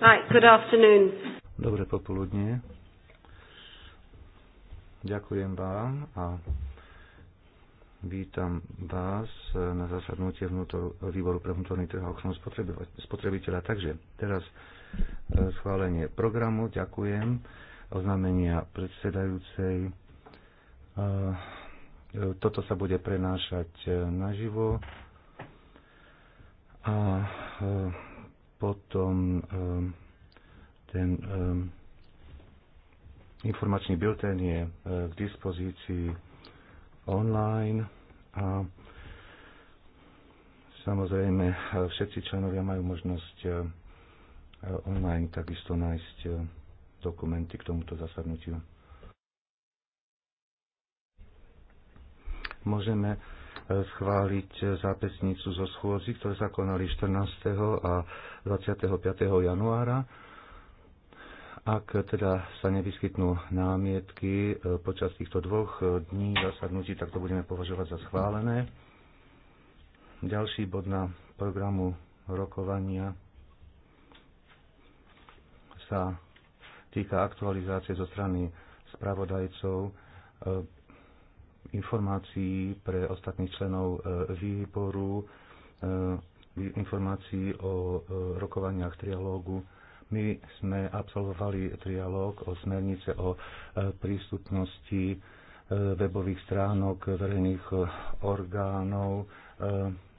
Right, good afternoon. Dobré popoludnie. Ďakujem vám a vítam vás na zasadnutie vnútor, výboru pre vnútorný trh a ochranu spotrebiteľa. Takže teraz e, schválenie programu. Ďakujem. Oznámenia predsedajúcej. E, e, toto sa bude prenášať naživo. A potom ehm, ten ehm, informačný bilten je eh, k dispozícii online a samozrejme eh, všetci členovia majú možnosť eh, online takisto nájsť dokumenty k tomuto zasadnutiu. Môžeme schváliť zápisnicu zo schôzy, ktoré sa konali 14. a 25. januára. Ak teda sa nevyskytnú námietky e, počas týchto dvoch e, dní zasadnutí, tak to budeme považovať za schválené. Ďalší bod na programu rokovania sa týka aktualizácie zo strany spravodajcov e, informácií pre ostatných členov e, výboru, e, informácií o e, rokovaniach trialógu. My sme absolvovali trialóg o smernice o prístupnosti webových stránok verejných orgánov.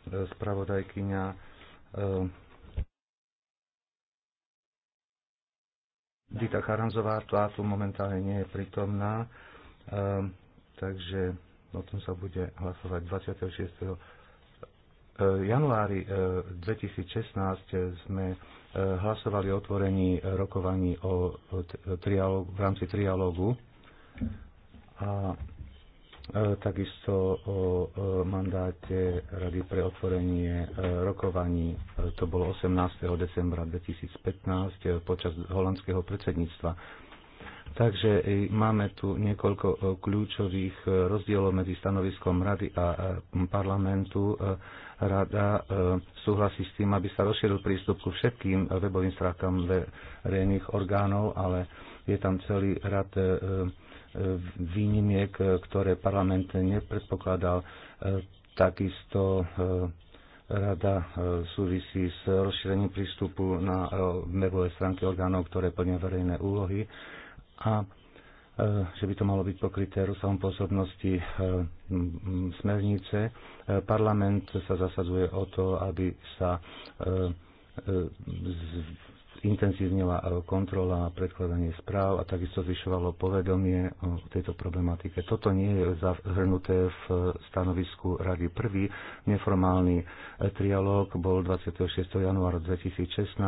Spravodajkyňa Dita Charanzová, tá tu momentálne nie je prítomná takže o tom sa bude hlasovať 26. E, januári 2016 e, sme e, hlasovali o otvorení rokovaní o v rámci trialógu a takisto o mandáte Rady pre otvorenie rokovaní. To bolo 18. decembra 2015 počas holandského predsedníctva. Takže e, máme tu niekoľko e, kľúčových e, rozdielov medzi stanoviskom Rady a parlamentu. Rada súhlasí s tým, aby sa rozšíril prístup ku všetkým webovým stránkam verejných orgánov, ale je tam celý rad výnimiek, ktoré parlament nepredpokladal. Takisto rada súvisí s rozšírením prístupu na webové stránky orgánov, ktoré plnia verejné úlohy a e, že by to malo byť pokryté rozsahom pôsobnosti e, smernice. E, parlament sa zasadzuje o to, aby sa intenzívnila kontrola a predkladanie správ a takisto zvyšovalo povedomie o tejto problematike. Toto nie je zahrnuté v stanovisku Rady. Prvý neformálny trialóg bol 26. januára 2016.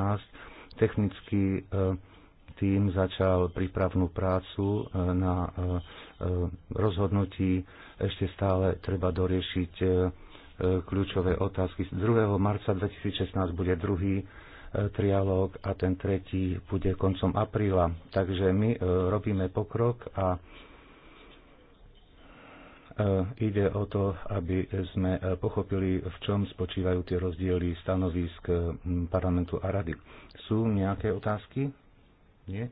Technicky tým začal prípravnú prácu e, na e, e, rozhodnutí. Ešte stále treba doriešiť kľúčové otázky. 2. marca 2016 bude druhý trialóg a ten tretí bude koncom apríla. Takže my robíme pokrok a ide o to, aby sme pochopili, v čom spočívajú tie rozdiely stanovisk parlamentu a rady. Sú nejaké otázky? Nie?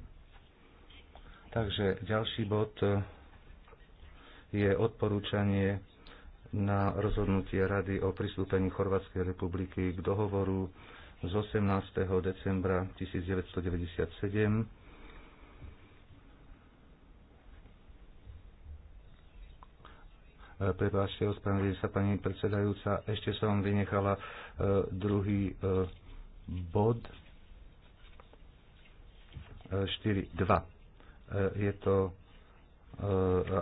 Takže ďalší bod e, je odporúčanie na rozhodnutie Rady o pristúpení Chorvátskej republiky k dohovoru z 18. decembra 1997 e, Prepáčte, ospravedlňujem sa pani predsedajúca, ešte som vynechala e, druhý bod 4.2. E, je to e,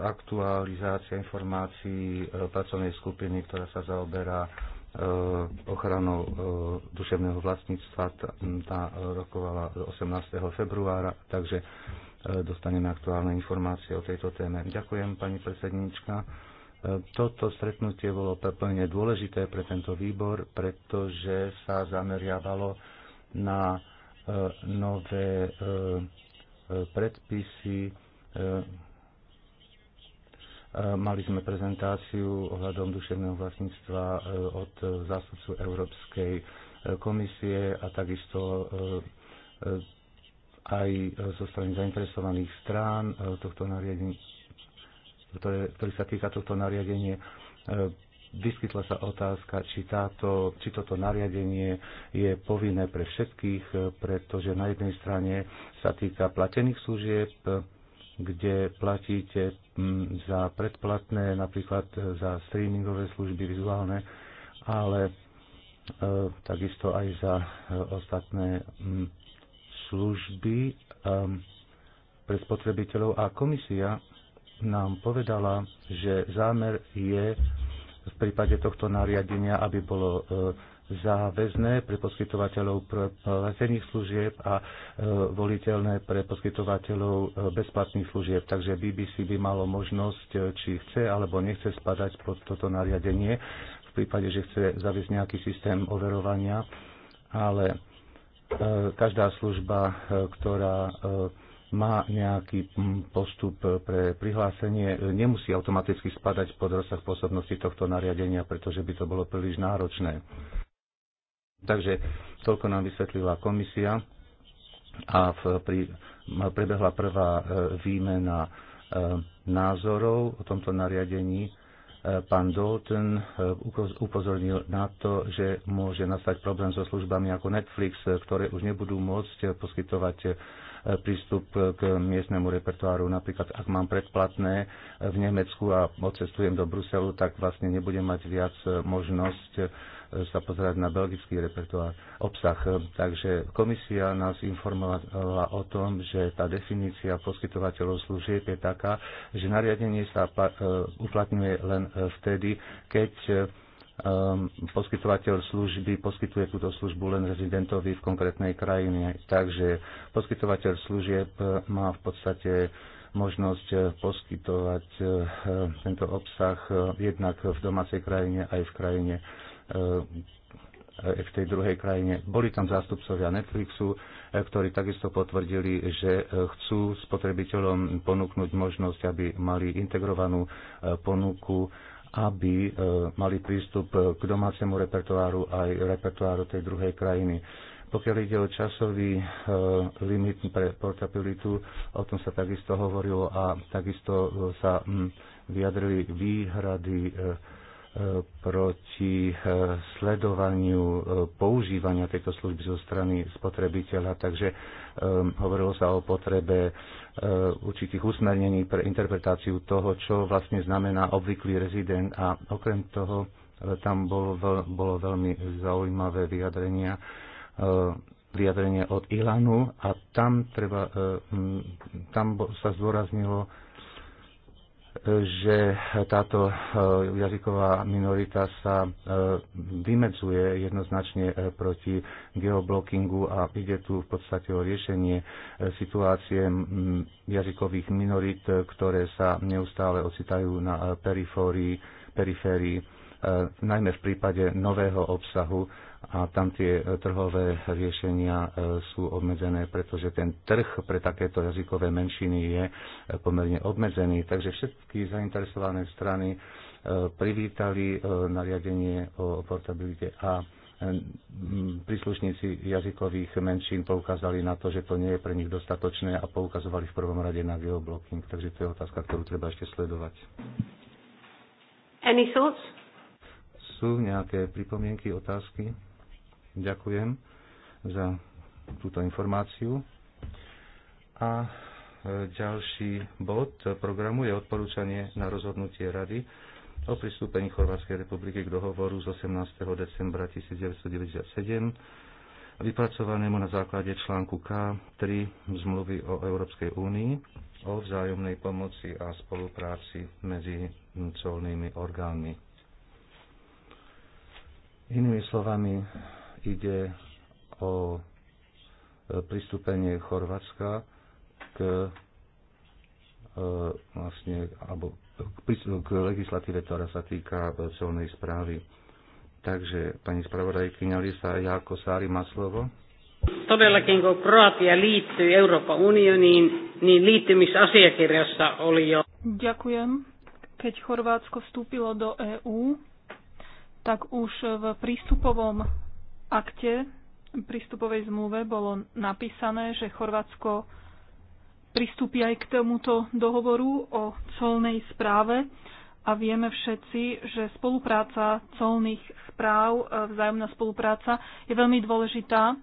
aktualizácia informácií e, pracovnej skupiny, ktorá sa zaoberá ochranou duševného vlastníctva. Tá rokovala 18. februára, takže dostaneme aktuálne informácie o tejto téme. Ďakujem, pani predsednička. Toto stretnutie bolo plne dôležité pre tento výbor, pretože sa zameriavalo na E, nové e, e, predpisy. Mali sme prezentáciu ohľadom duševného vlastníctva od zástupcu Európskej komisie a takisto aj zo strany zainteresovaných strán tohto nariadenia, ktoré, ktorý sa týka tohto nariadenie vyskytla sa otázka, či, táto, či toto nariadenie je povinné pre všetkých, pretože na jednej strane sa týka platených služieb, kde platíte mm, za predplatné, napríklad za streamingové služby vizuálne, ale e, takisto aj za e, ostatné mm, služby ehm, pre spotrebiteľov. A komisia nám povedala, že zámer je v prípade tohto nariadenia, aby bolo e, záväzné pre poskytovateľov platených služieb a e, voliteľné pre poskytovateľov e, bezplatných služieb. Takže BBC by malo možnosť, či chce alebo nechce spadať pod toto nariadenie v prípade, že chce zaviesť nejaký systém overovania, ale každá služba, ktorá má nejaký mm, postup pre prihlásenie, nemusí automaticky spadať pod rozsah pôsobnosti tohto nariadenia, pretože by to bolo príliš náročné. Takže toľko nám vysvetlila komisia a v, pri, prebehla prvá e, výmena e, názorov o tomto nariadení e, pán Dalton upozornil na to, že môže nastať problém so službami ako Netflix, ktoré už nebudú môcť poskytovať prístup k miestnemu repertoáru. Napríklad, ak mám predplatné v Nemecku a odcestujem do Bruselu, tak vlastne nebudem mať viac možnosť sa pozerať na belgický repertoár, obsah. Takže komisia nás informovala o tom, že tá definícia poskytovateľov služieb je taká, že nariadenie sa e, uplatňuje len e, vtedy, keď Ehm, poskytovateľ služby poskytuje túto službu len rezidentovi v konkrétnej krajine. Takže poskytovateľ služieb e, má v podstate možnosť e, poskytovať e, tento obsah jednak v domácej krajine aj v krajine v tej druhej krajine. Boli tam zástupcovia Netflixu, ktorí takisto potvrdili, že chcú spotrebiteľom ponúknuť možnosť, aby mali integrovanú ponuku aby e, mali prístup k domácemu repertoáru aj repertoáru tej druhej krajiny. Pokiaľ ide o časový e, limit pre portabilitu, o tom sa takisto hovorilo a takisto e, sa mm, vyjadrili výhrady proti eh, sledovaniu eh, používania tejto služby zo strany spotrebiteľa, takže ehm, hovorilo sa o potrebe eh, určitých usmernení pre interpretáciu toho, čo vlastne znamená obvyklý rezident a okrem toho tam bolo, bolo veľmi zaujímavé vyjadrenia vyjadrenie od Ilanu a tam, treba, tam sa zdôraznilo že táto e, jazyková minorita sa e, vymedzuje jednoznačne e, proti geoblockingu a ide tu v podstate o riešenie situácie jazykových minorit, ktoré sa neustále ocitajú na perifórii, periférii, najmä v prípade nového obsahu, a tam tie trhové riešenia e, sú obmedzené, pretože ten trh pre takéto jazykové menšiny je e, pomerne obmedzený. Takže všetky zainteresované strany e, privítali nariadenie o portabilite a príslušníci jazykových menšín poukázali na to, že to nie je pre nich dostatočné a poukazovali v prvom rade na geoblocking. Takže to je otázka, ktorú treba ešte sledovať. Any thoughts? Sú nejaké pripomienky, otázky? Ďakujem za túto informáciu. A e, ďalší bod programu je odporúčanie na rozhodnutie Rady o pristúpení Chorvátskej republiky k dohovoru z 18. decembra 1997 vypracovanému na základe článku K3 zmluvy o Európskej únii o vzájomnej pomoci a spolupráci medzi colnými orgánmi. Inými slovami, ide o e, pristúpenie Chorvátska k e, vlastne, alebo k k legislatíve, ktorá sa týka e, celnej správy. Takže pani spravodajkyňa Lisa Jaako Sári má slovo. Todellakin kun Kroatia liittyy Euroopan unioniin, niin liittymisasiakirjassa oli jo... Ďakujem. Keď Chorvátsko vstúpilo do EÚ, tak už v prístupovom akte prístupovej zmluve bolo napísané, že Chorvátsko pristúpi aj k tomuto dohovoru o colnej správe a vieme všetci, že spolupráca colných správ, e, vzájomná spolupráca je veľmi dôležitá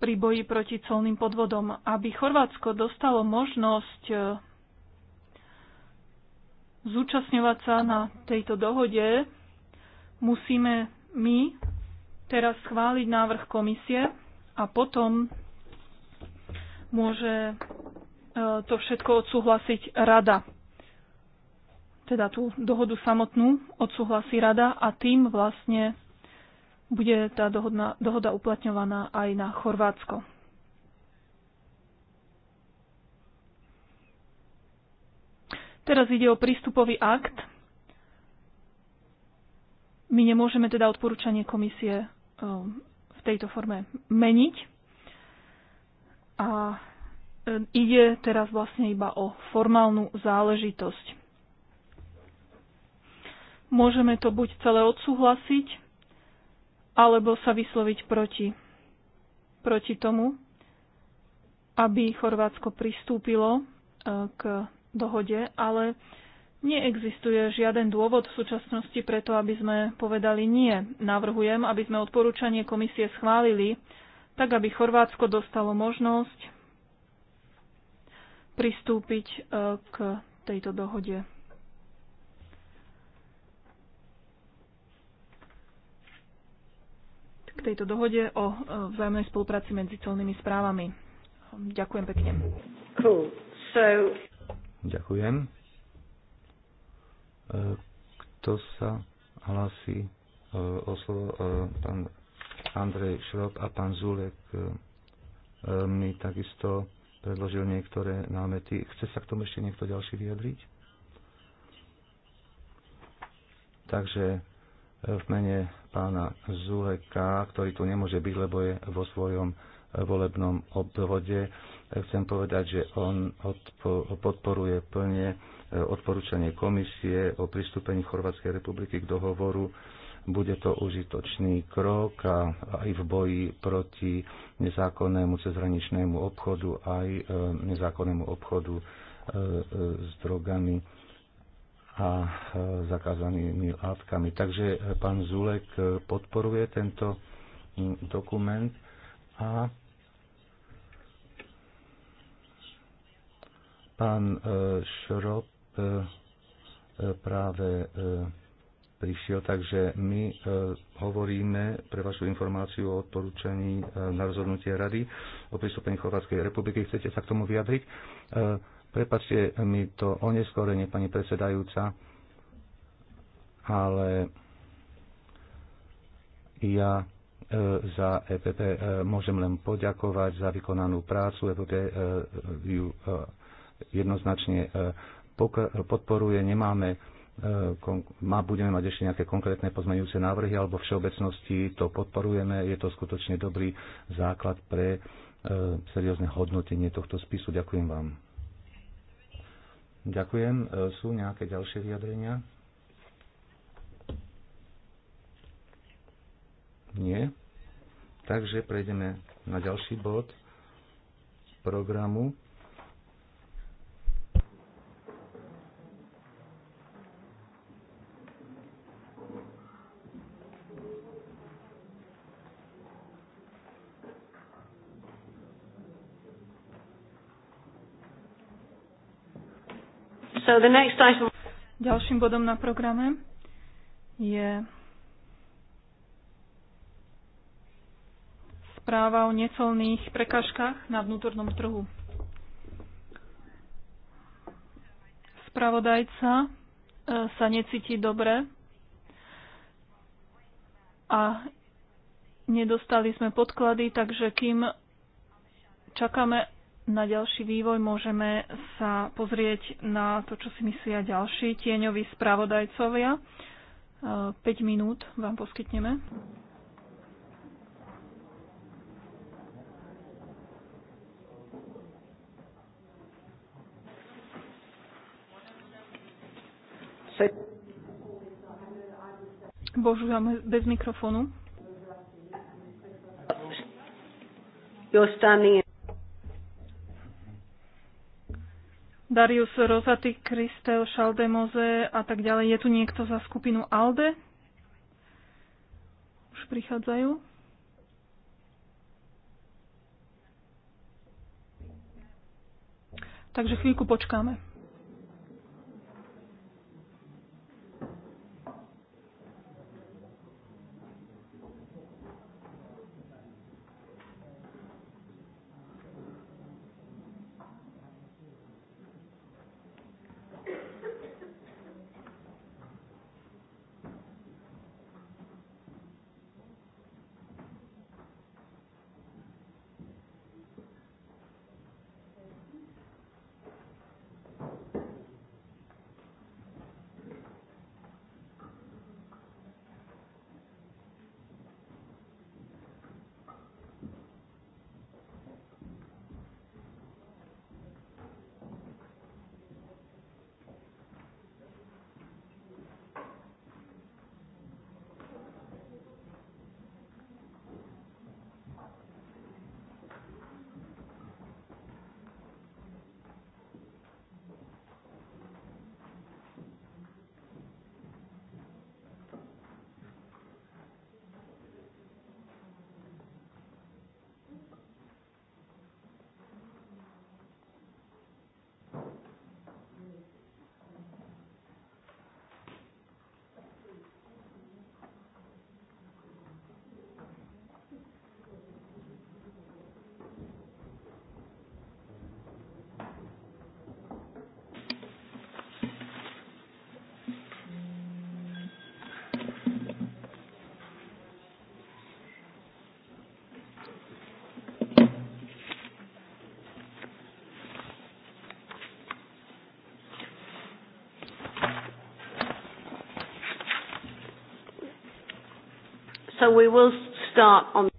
pri boji proti colným podvodom. Aby Chorvátsko dostalo možnosť e, zúčastňovať sa na tejto dohode, musíme my teraz schváliť návrh komisie a potom môže e, to všetko odsúhlasiť rada. Teda tú dohodu samotnú odsúhlasí rada a tým vlastne bude tá dohodna, dohoda uplatňovaná aj na Chorvátsko. Teraz ide o prístupový akt. My nemôžeme teda odporúčanie komisie Um, v tejto forme meniť. A um, ide teraz vlastne iba o formálnu záležitosť. Môžeme to buď celé odsúhlasiť, alebo sa vysloviť proti. Proti tomu, aby Chorvátsko pristúpilo uh, k dohode, ale Neexistuje žiaden dôvod v súčasnosti preto, aby sme povedali nie. Navrhujem, aby sme odporúčanie komisie schválili, tak aby Chorvátsko dostalo možnosť pristúpiť e, k tejto dohode. K tejto dohode o e, vzájomnej spolupráci medzi celnými správami. Ďakujem pekne. Cool. So... Ďakujem. Kto sa hlasí e, o slovo? E, pán Andrej Šrob a pán Zulek e, mi takisto predložil niektoré námety. Chce sa k tomu ešte niekto ďalší vyjadriť? Takže v mene pána Zuleka, ktorý tu nemôže byť, lebo je vo svojom volebnom obvode, chcem povedať, že on podporuje plne odporúčanie komisie o pristúpení Chorvátskej republiky k dohovoru. Bude to užitočný krok a aj v boji proti nezákonnému cezhraničnému obchodu, aj e, nezákonnému obchodu e, e, s drogami a zakázanými látkami. Takže pán Zulek podporuje tento dokument a pán Šrop E, e, práve e, prišiel, takže my hovoríme pre vašu informáciu o odporúčaní na rozhodnutie Rady o pristúpení Chorvátskej republiky. Chcete sa k tomu vyjadriť? Prepačte mi to oneskorenie, pani predsedajúca, ale ja za EPP môžem len poďakovať za vykonanú prácu. EPP ju jednoznačne podporuje, nemáme e, má, budeme mať ešte nejaké konkrétne pozmeňujúce návrhy alebo všeobecnosti to podporujeme. Je to skutočne dobrý základ pre e, seriózne hodnotenie tohto spisu. Ďakujem vám. Ďakujem. E, sú nejaké ďalšie vyjadrenia? Nie. Takže prejdeme na ďalší bod programu. So the next item... Ďalším bodom na programe je správa o necelných prekažkách na vnútornom trhu. Spravodajca e, sa necíti dobre a nedostali sme podklady, takže kým čakáme na ďalší vývoj môžeme sa pozrieť na to, čo si myslia ďalší tieňoví spravodajcovia. 5 e, minút vám poskytneme. Božu, Božujem bez mikrofónu. You're standing Darius Rosati, Kristel Šaldemoze a tak ďalej. Je tu niekto za skupinu ALDE? Už prichádzajú. Takže chvíľku počkáme. we will start on...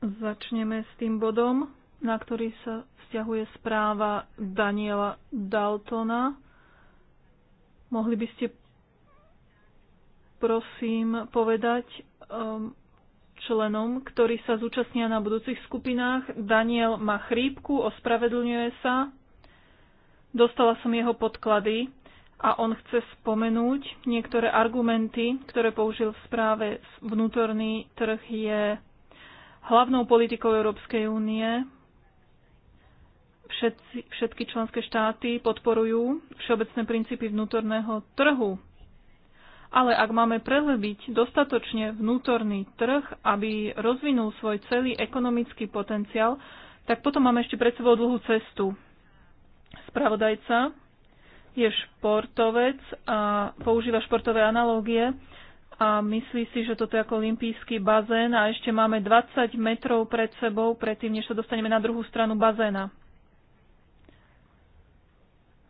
Začneme s tým bodom, na ktorý sa vzťahuje správa Daniela Daltona. Mohli by ste prosím povedať um, členom, ktorí sa zúčastnia na budúcich skupinách. Daniel má chrípku, ospravedlňuje sa. Dostala som jeho podklady a on chce spomenúť niektoré argumenty, ktoré použil v správe. Vnútorný trh je hlavnou politikou Európskej únie. Všetci, všetky členské štáty podporujú všeobecné princípy vnútorného trhu. Ale ak máme prehlbiť dostatočne vnútorný trh, aby rozvinul svoj celý ekonomický potenciál, tak potom máme ešte pred sebou dlhú cestu. Spravodajca je športovec a používa športové analógie a myslí si, že toto je ako olimpijský bazén a ešte máme 20 metrov pred sebou, predtým než sa dostaneme na druhú stranu bazéna.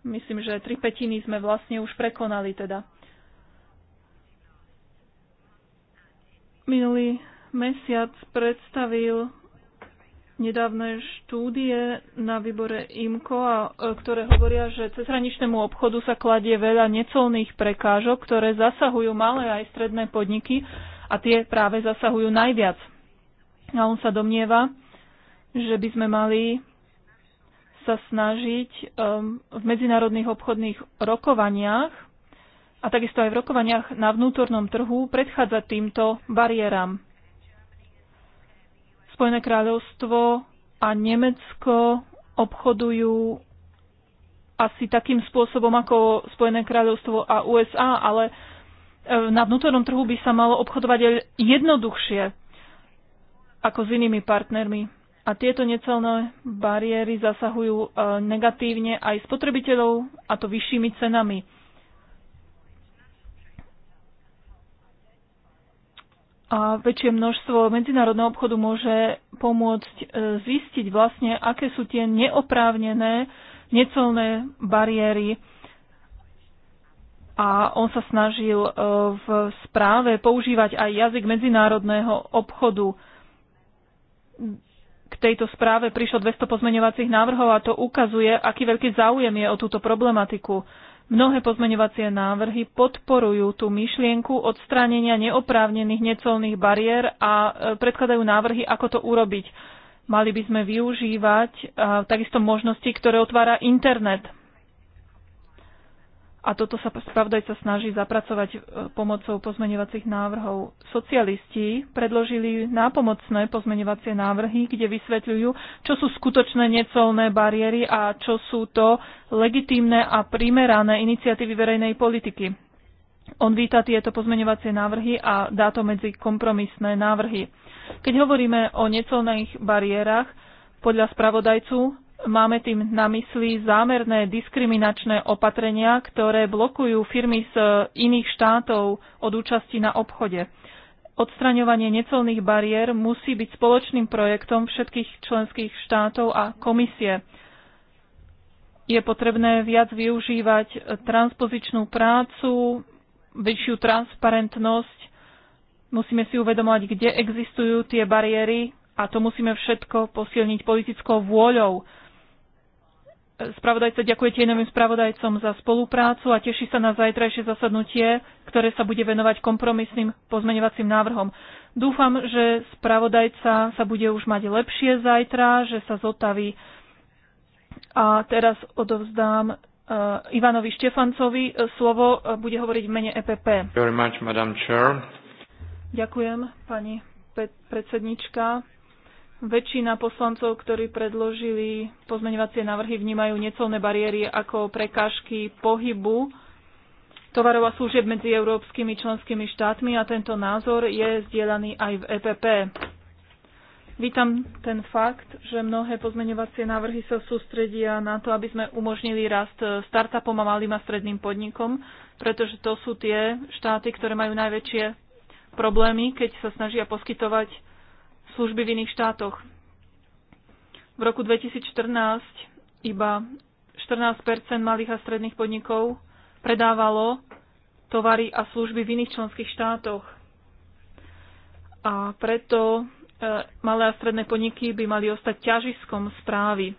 Myslím, že tri petiny sme vlastne už prekonali teda. Minulý mesiac predstavil nedávne štúdie na výbore IMCO, a, e, ktoré hovoria, že cezhraničnému obchodu sa kladie veľa necolných prekážok, ktoré zasahujú malé aj stredné podniky a tie práve zasahujú najviac. A on sa domnieva, že by sme mali sa snažiť um, v medzinárodných obchodných rokovaniach a takisto aj v rokovaniach na vnútornom trhu predchádzať týmto bariéram. Spojené kráľovstvo a Nemecko obchodujú asi takým spôsobom ako Spojené kráľovstvo a USA, ale e, na vnútornom trhu by sa malo obchodovať jednoduchšie ako s inými partnermi. A tieto necelné bariéry zasahujú e, negatívne aj spotrebiteľov, a to vyššími cenami. a väčšie množstvo medzinárodného obchodu môže pomôcť e, zistiť vlastne, aké sú tie neoprávnené, necelné bariéry. A on sa snažil e, v správe používať aj jazyk medzinárodného obchodu. K tejto správe prišlo 200 pozmeňovacích návrhov a to ukazuje, aký veľký záujem je o túto problematiku. Mnohé pozmeňovacie návrhy podporujú tú myšlienku odstránenia neoprávnených necolných bariér a e, predkladajú návrhy, ako to urobiť. Mali by sme využívať e, takisto možnosti, ktoré otvára internet. A toto sa spravodajca snaží zapracovať e, pomocou pozmeňovacích návrhov. Socialisti predložili nápomocné pozmeňovacie návrhy, kde vysvetľujú, čo sú skutočné necolné bariéry a čo sú to legitímne a primerané iniciatívy verejnej politiky. On víta tieto pozmeňovacie návrhy a dá to medzi kompromisné návrhy. Keď hovoríme o necolných bariérach, podľa spravodajcu Máme tým na mysli zámerné diskriminačné opatrenia, ktoré blokujú firmy z e, iných štátov od účasti na obchode. Odstraňovanie necelných bariér musí byť spoločným projektom všetkých členských štátov a komisie. Je potrebné viac využívať transpozičnú prácu, väčšiu transparentnosť. Musíme si uvedomovať, kde existujú tie bariéry a to musíme všetko posilniť politickou vôľou Spravodajca ďakuje tieňovým spravodajcom za spoluprácu a teší sa na zajtrajšie zasadnutie, ktoré sa bude venovať kompromisným pozmeňovacím návrhom. Dúfam, že spravodajca sa bude už mať lepšie zajtra, že sa zotaví. A teraz odovzdám e, Ivanovi Štefancovi slovo, e, bude hovoriť v mene EPP. Much, Ďakujem, pani predsednička väčšina poslancov, ktorí predložili pozmeňovacie návrhy, vnímajú necelné bariéry ako prekážky pohybu tovarov a služieb medzi európskymi členskými štátmi a tento názor je zdieľaný aj v EPP. Vítam ten fakt, že mnohé pozmeňovacie návrhy sa sústredia na to, aby sme umožnili rast startupom a malým a stredným podnikom, pretože to sú tie štáty, ktoré majú najväčšie problémy, keď sa snažia poskytovať služby v iných štátoch. V roku 2014 iba 14 malých a stredných podnikov predávalo tovary a služby v iných členských štátoch. A preto e, malé a stredné podniky by mali ostať ťažiskom správy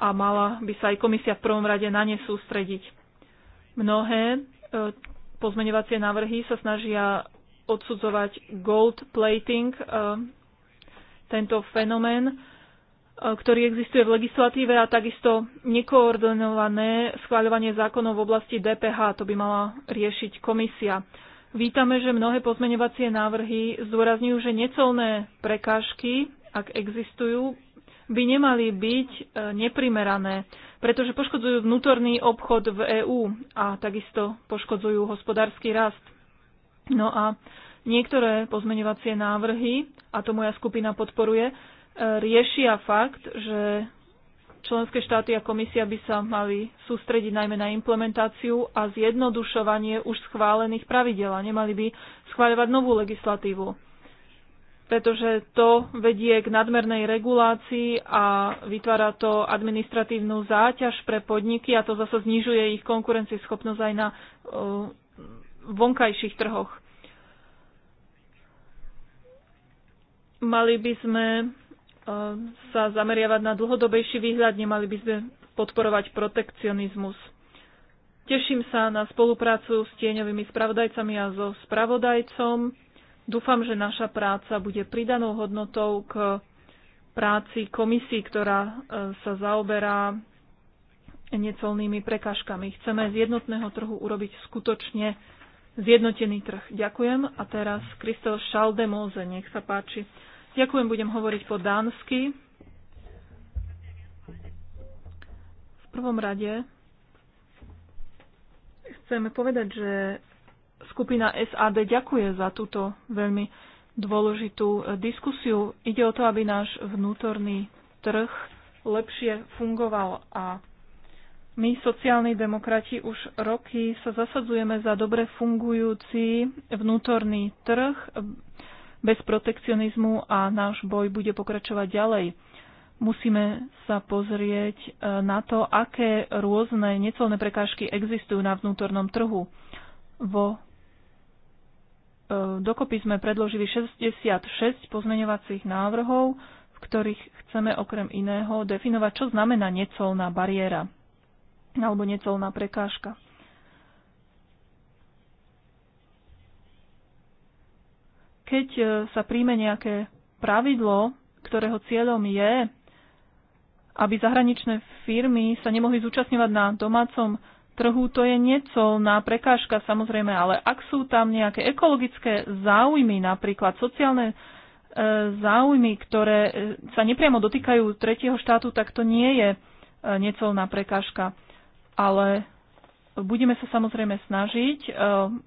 a mala by sa aj komisia v prvom rade na ne sústrediť. Mnohé e, pozmeňovacie návrhy sa snažia odsudzovať gold plating e, tento fenomén, e, ktorý existuje v legislatíve a takisto nekoordinované schváľovanie zákonov v oblasti DPH. To by mala riešiť komisia. Vítame, že mnohé pozmeňovacie návrhy zdôrazňujú, že necelné prekážky, ak existujú, by nemali byť e, neprimerané, pretože poškodzujú vnútorný obchod v EÚ a takisto poškodzujú hospodársky rast. No a Niektoré pozmeňovacie návrhy, a to moja skupina podporuje, e, riešia fakt, že členské štáty a komisia by sa mali sústrediť najmä na implementáciu a zjednodušovanie už schválených pravidel a nemali by schváľovať novú legislatívu. Pretože to vedie k nadmernej regulácii a vytvára to administratívnu záťaž pre podniky a to zase znižuje ich konkurencieschopnosť aj na e, vonkajších trhoch. Mali by sme e, sa zameriavať na dlhodobejší výhľad, nemali by sme podporovať protekcionizmus. Teším sa na spoluprácu s tieňovými spravodajcami a so spravodajcom. Dúfam, že naša práca bude pridanou hodnotou k práci komisii, ktorá e, sa zaoberá necolnými prekažkami. Chceme z jednotného trhu urobiť skutočne zjednotený trh. Ďakujem. A teraz Kristel Šaldemóze, nech sa páči. Ďakujem, budem hovoriť po dánsky. V prvom rade chcem povedať, že skupina SAD ďakuje za túto veľmi dôležitú e, diskusiu. Ide o to, aby náš vnútorný trh lepšie fungoval a my, sociálni demokrati, už roky sa zasadzujeme za dobre fungujúci vnútorný trh bez protekcionizmu a náš boj bude pokračovať ďalej. Musíme sa pozrieť e, na to, aké rôzne necelné prekážky existujú na vnútornom trhu. Vo e, dokopy sme predložili 66 pozmeňovacích návrhov, v ktorých chceme okrem iného definovať, čo znamená necolná bariéra alebo necolná prekážka. Keď e, sa príjme nejaké pravidlo, ktorého cieľom je, aby zahraničné firmy sa nemohli zúčastňovať na domácom trhu, to je necolná prekážka samozrejme, ale ak sú tam nejaké ekologické záujmy, napríklad sociálne e, záujmy, ktoré e, sa nepriamo dotýkajú tretieho štátu, tak to nie je necolná prekážka. Ale budeme sa samozrejme snažiť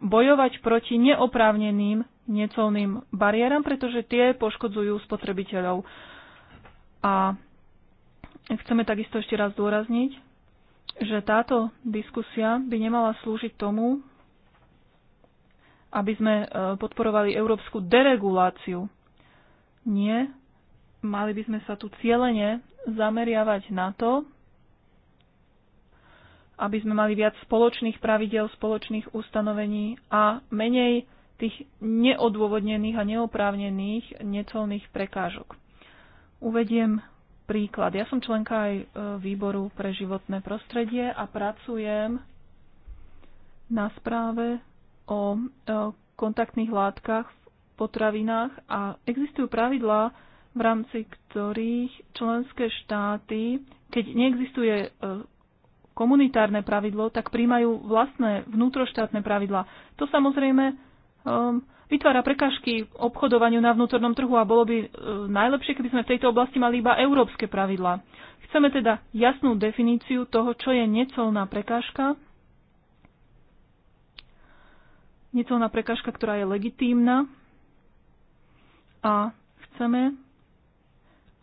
bojovať proti neoprávneným necolným bariéram, pretože tie poškodzujú spotrebiteľov. A chceme takisto ešte raz dôrazniť, že táto diskusia by nemala slúžiť tomu, aby sme e, podporovali európsku dereguláciu. Nie, mali by sme sa tu cieľene zameriavať na to, aby sme mali viac spoločných pravidel, spoločných ustanovení a menej tých neodôvodnených a neoprávnených necelných prekážok. Uvediem príklad. Ja som členka aj e, výboru pre životné prostredie a pracujem na správe o e, kontaktných látkach v potravinách a existujú pravidlá, v rámci ktorých členské štáty, keď neexistuje e, komunitárne pravidlo, tak príjmajú vlastné vnútroštátne pravidlá. To samozrejme Um, vytvára prekážky obchodovaniu na vnútornom trhu a bolo by uh, najlepšie, keby sme v tejto oblasti mali iba európske pravidlá. Chceme teda jasnú definíciu toho, čo je necelná prekážka. Necolná prekážka, ktorá je legitímna. A chceme,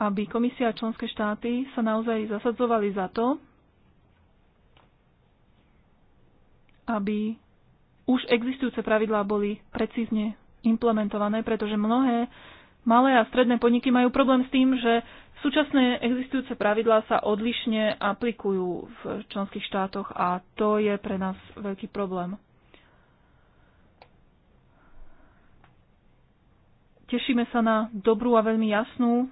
aby komisia a členské štáty sa naozaj zasadzovali za to, aby už existujúce pravidlá boli precízne implementované, pretože mnohé malé a stredné podniky majú problém s tým, že súčasné existujúce pravidlá sa odlišne aplikujú v členských štátoch a to je pre nás veľký problém. Tešíme sa na dobrú a veľmi jasnú,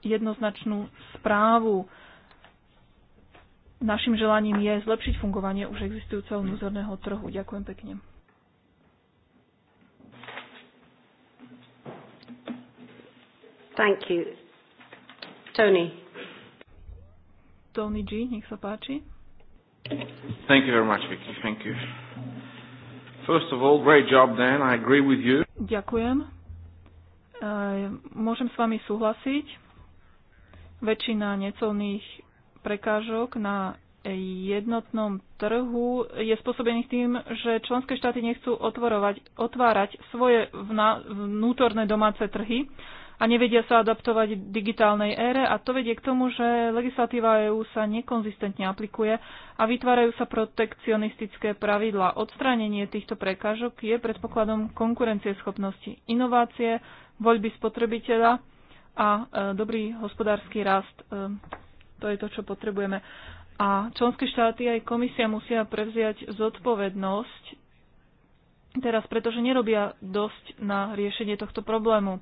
jednoznačnú správu našim želaním je zlepšiť fungovanie už existujúceho vnútorného trhu. Ďakujem pekne. Thank you. Tony. Tony G, nech sa páči. Thank you very much, Vicky. Thank you. First of all, great job, Dan. I agree with you. Ďakujem. E, môžem s vami súhlasiť. Väčšina necelných prekážok na jednotnom trhu je spôsobených tým, že členské štáty nechcú otvorovať, otvárať svoje vnútorné domáce trhy a nevedia sa adaptovať v digitálnej ére a to vedie k tomu, že legislatíva EÚ sa nekonzistentne aplikuje a vytvárajú sa protekcionistické pravidlá. Odstránenie týchto prekážok je predpokladom konkurencieschopnosti, inovácie, voľby spotrebiteľa a e, dobrý hospodársky rast e, to je to, čo potrebujeme. A členské štáty aj komisia musia prevziať zodpovednosť teraz, pretože nerobia dosť na riešenie tohto problému.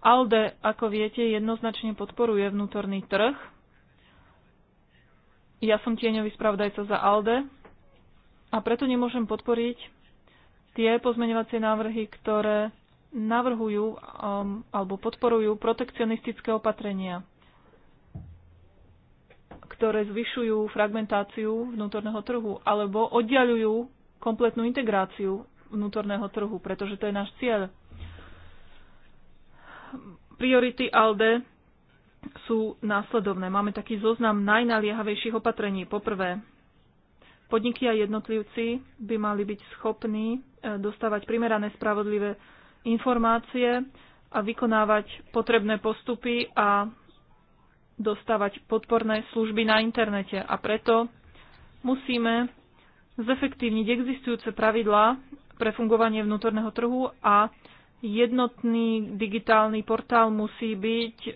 ALDE, ako viete, jednoznačne podporuje vnútorný trh. Ja som tieňový spravodajca za ALDE a preto nemôžem podporiť tie pozmeňovacie návrhy, ktoré navrhujú um, alebo podporujú protekcionistické opatrenia ktoré zvyšujú fragmentáciu vnútorného trhu alebo oddialujú kompletnú integráciu vnútorného trhu, pretože to je náš cieľ. Priority ALDE sú následovné. Máme taký zoznam najnaliehavejších opatrení. Poprvé, podniky a jednotlivci by mali byť schopní e, dostávať primerané spravodlivé informácie a vykonávať potrebné postupy a dostávať podporné služby na internete a preto musíme zefektívniť existujúce pravidlá pre fungovanie vnútorného trhu a jednotný digitálny portál musí byť e,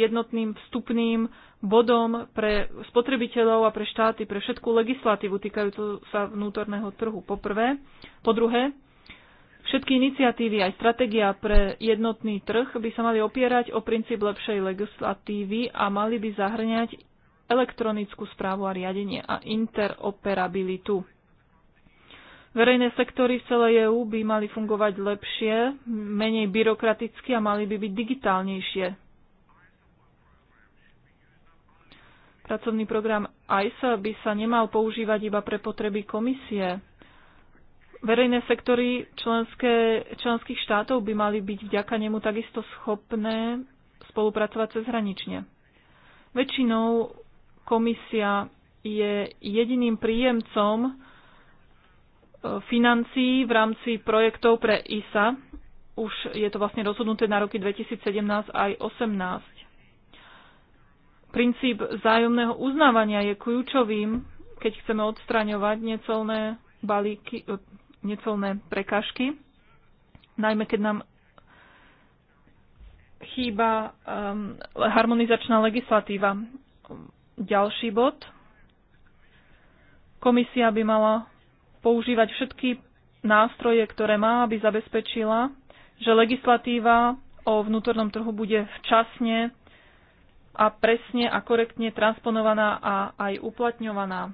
jednotným vstupným bodom pre spotrebiteľov a pre štáty, pre všetkú legislatívu týkajúcu sa vnútorného trhu. Po prvé, po druhé, Všetky iniciatívy aj stratégia pre jednotný trh by sa mali opierať o princíp lepšej legislatívy a mali by zahrňať elektronickú správu a riadenie a interoperabilitu. Verejné sektory v celej EÚ by mali fungovať lepšie, menej byrokraticky a mali by byť digitálnejšie. Pracovný program ICE by sa nemal používať iba pre potreby komisie Verejné sektory členské, členských štátov by mali byť vďaka nemu takisto schopné spolupracovať cezhranične. Väčšinou komisia je jediným príjemcom e, financií v rámci projektov pre ISA. Už je to vlastne rozhodnuté na roky 2017 aj 2018. Princíp vzájomného uznávania je kľúčovým, keď chceme odstraňovať necelné balíky, e, necelné prekážky, najmä keď nám chýba um, harmonizačná legislatíva. Ďalší bod. Komisia by mala používať všetky nástroje, ktoré má, aby zabezpečila, že legislatíva o vnútornom trhu bude včasne a presne a korektne transponovaná a aj uplatňovaná.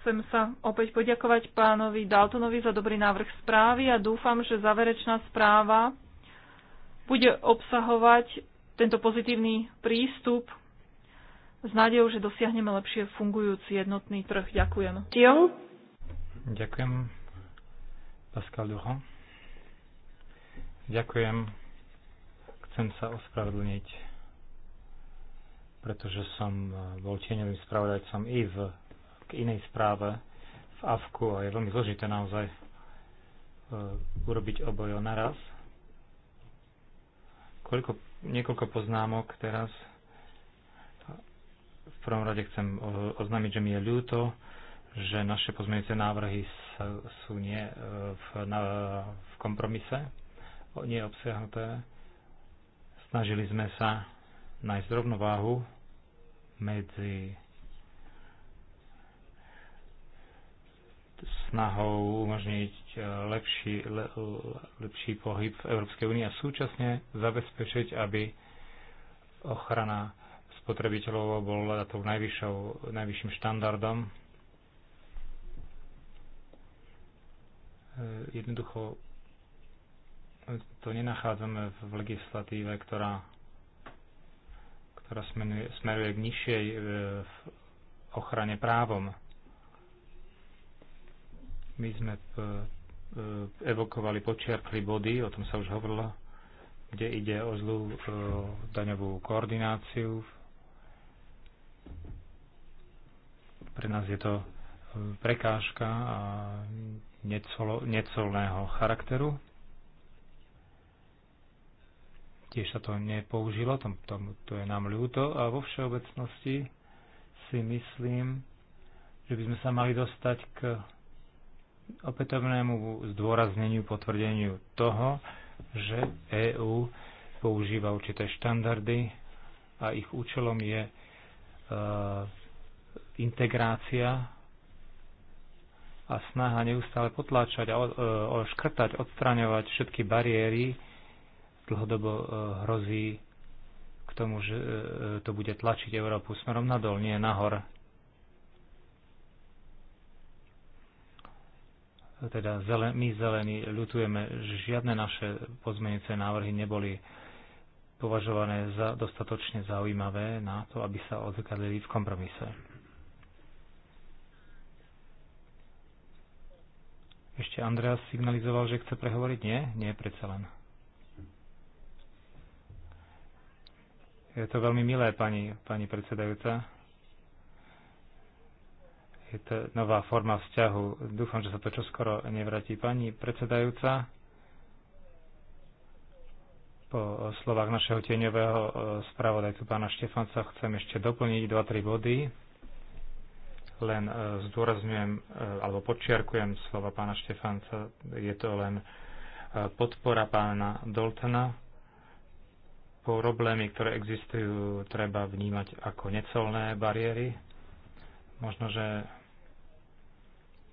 Chcem sa opäť poďakovať pánovi Daltonovi za dobrý návrh správy a dúfam, že záverečná správa bude obsahovať tento pozitívny prístup s nádejou, že dosiahneme lepšie fungujúci jednotný trh. Ďakujem. Ďakujem. Pascal Duron. Ďakujem. Chcem sa ospravedlniť, pretože som bol tieňovým spravodajcom i v k inej správe v AFKu a je veľmi zložité naozaj e, urobiť obojo naraz. Koľko, niekoľko poznámok teraz. V prvom rade chcem e, oznámiť, že mi je ľúto, že naše pozmeňujúce návrhy sú nie e, v, na, v kompromise, nie obsiahnuté. Snažili sme sa nájsť rovnováhu medzi snahou umožniť e, lepší, le, e, lepší pohyb v Európskej únii a súčasne zabezpečiť, aby ochrana spotrebiteľov bola tou najvyššou, najvyšším štandardom. E, jednoducho to nenachádzame v legislatíve, ktorá, ktorá smeruje, smeruje k nižšej ochrane právom my sme e, e, evokovali, počiarkli body, o tom sa už hovorilo, kde ide o zlú e, daňovú koordináciu. Pre nás je to e, prekážka a necolného charakteru. Tiež sa to nepoužilo, tom, tom, to je nám ľúto a vo všeobecnosti si myslím, že by sme sa mali dostať k opätovnému zdôrazneniu, potvrdeniu toho, že EÚ používa určité štandardy a ich účelom je e, integrácia a snaha neustále potláčať a o, e, škrtať, odstraňovať všetky bariéry dlhodobo e, hrozí k tomu, že to bude tlačiť Európu smerom nadol, nie nahor. teda zelen, my zelení ľutujeme, žiadne naše pozmenujúce návrhy neboli považované za dostatočne zaujímavé na to, aby sa odzrkadlili v kompromise. Ešte Andreas signalizoval, že chce prehovoriť. Nie? Nie, predsa len. Je to veľmi milé, pani, pani predsedajúca je to nová forma vzťahu. Dúfam, že sa to čoskoro nevratí. Pani predsedajúca, po slovách našeho tieňového e, spravodajcu pána Štefanca chcem ešte doplniť 2-3 body. Len e, zdôrazňujem e, alebo podčiarkujem slova pána Štefanca. Je to len podpora pána Doltona. Problémy, ktoré existujú, treba vnímať ako necolné bariéry. Možno, že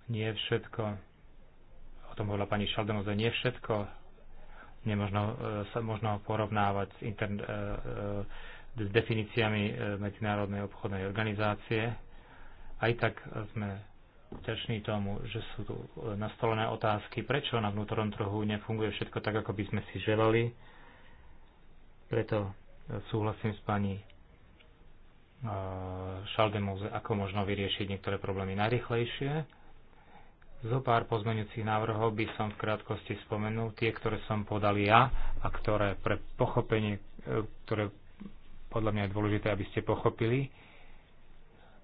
nie všetko, o tom hovorila pani že nie všetko nemožno e, sa možno porovnávať s, intern, e, e, s definíciami Medzinárodnej obchodnej organizácie. Aj tak sme vďační tomu, že sú tu nastolené otázky, prečo na vnútornom trhu nefunguje všetko tak, ako by sme si želali. Preto súhlasím s pani Šaldemoze, ako možno vyriešiť niektoré problémy najrychlejšie. Zo pár pozmenujúcich návrhov by som v krátkosti spomenul tie, ktoré som podal ja a ktoré pre pochopenie, e, ktoré podľa mňa je dôležité, aby ste pochopili.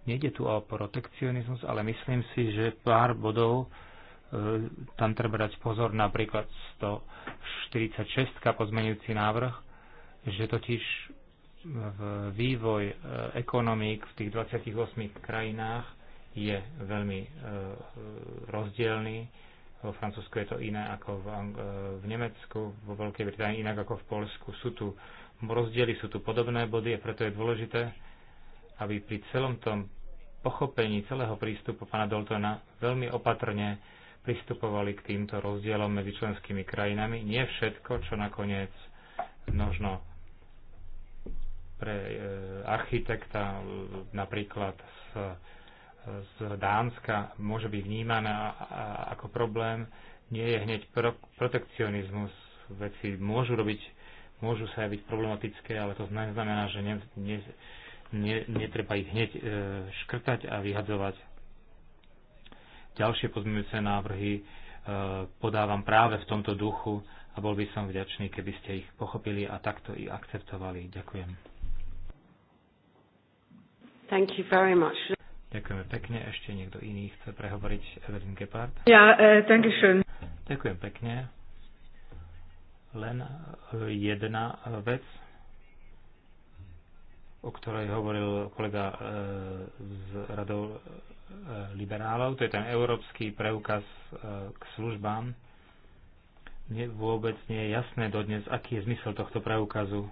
Nejde tu o protekcionizmus, ale myslím si, že pár bodov e, tam treba dať pozor, napríklad 146 pozmenujúci návrh, že totiž vývoj e, ekonomík v tých 28 krajinách je veľmi e, rozdielný. Vo Francúzsku je to iné ako v, e, v Nemecku, vo Veľkej Británii inak ako v Polsku. Sú tu rozdiely, sú tu podobné body a preto je dôležité, aby pri celom tom pochopení celého prístupu pána Doltona veľmi opatrne pristupovali k týmto rozdielom medzi členskými krajinami. Nie všetko, čo nakoniec možno pre e, architekta napríklad z z Dánska môže byť vnímaná ako problém, nie je hneď pro, protekcionizmus. Veci môžu robiť, môžu sa byť problematické, ale to neznamená, že ne, ne, ne, netreba ich hneď e, škrtať a vyhadzovať. Ďalšie pozmeňujúce návrhy e, podávam práve v tomto duchu a bol by som vďačný, keby ste ich pochopili a takto i akceptovali. Ďakujem. Thank you very much. Ďakujeme pekne. Ešte niekto iný chce prehovoriť Evelyn Gepard? Ja, thank e, you. Ďakujem pekne. Len e, jedna e, vec, o ktorej hovoril kolega z radou liberálov, to je ten európsky preukaz k službám. Mne vôbec nie je jasné dodnes, aký je zmysel tohto preukazu.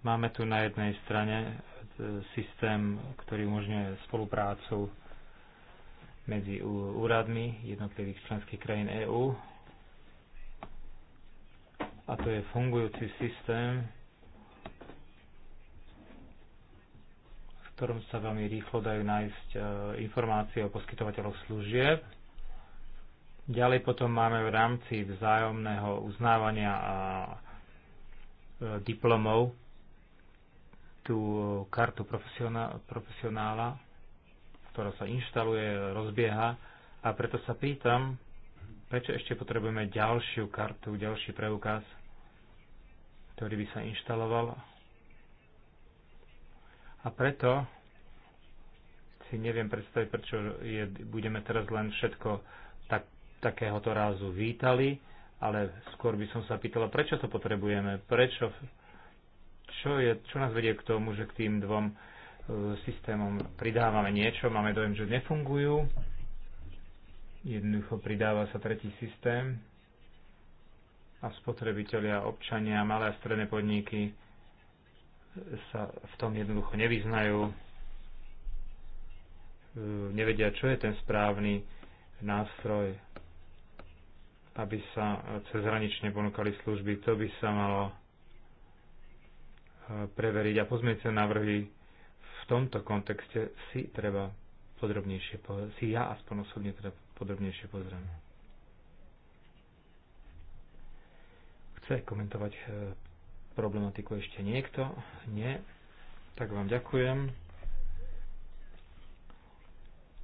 Máme tu na jednej strane E, systém, ktorý umožňuje spoluprácu medzi úradmi jednotlivých členských krajín EÚ. A to je fungujúci systém, v ktorom sa veľmi rýchlo dajú nájsť e, informácie o poskytovateľoch služieb. Ďalej potom máme v rámci vzájomného uznávania a e, diplomov tú e, kartu profesionála, ktorá sa inštaluje, rozbieha a preto sa pýtam, prečo ešte potrebujeme ďalšiu kartu, ďalší preukaz, ktorý by sa inštaloval. A preto si neviem predstaviť, prečo je, budeme teraz len všetko tak, takéhoto rázu vítali, ale skôr by som sa pýtala, prečo to potrebujeme, prečo čo, je, čo nás vedie k tomu, že k tým dvom e, systémom pridávame niečo, máme dojem, že nefungujú. Jednoducho pridáva sa tretí systém a spotrebitelia, občania, malé a stredné podniky sa v tom jednoducho nevyznajú, e, nevedia, čo je ten správny nástroj, aby sa cezhranične ponúkali služby. To by sa malo preveriť a pozmeňujúce návrhy v tomto kontexte si treba podrobnejšie, si ja aspoň osobne teda podrobnejšie pozriem. Chce komentovať e, problematiku ešte niekto? Nie? Tak vám ďakujem.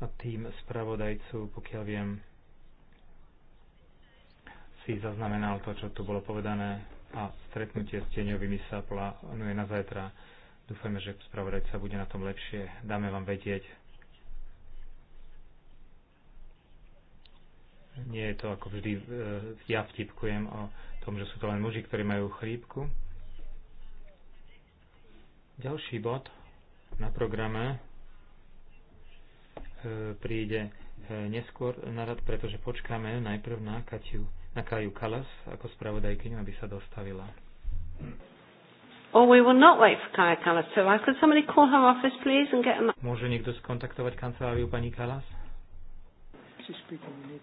A tým spravodajcu, pokiaľ viem, si zaznamenal to, čo tu bolo povedané a stretnutie s tieňovými sa plánuje na zajtra. Dúfame, že spravodajca bude na tom lepšie. Dáme vám vedieť. Nie je to ako vždy, e, ja vtipkujem o tom, že sú to len muži, ktorí majú chrípku. Ďalší bod na programe e, príde e, neskôr na rad, pretože počkáme najprv na Katiu na Kaju Kalas ako spravodajkyňu, aby sa dostavila. Or oh, we will not wait for Kaya Kalas to arrive. Uh, could somebody call her office, please, and get them... Môže niekto skontaktovať kanceláriu pani Kalas? She's speaking in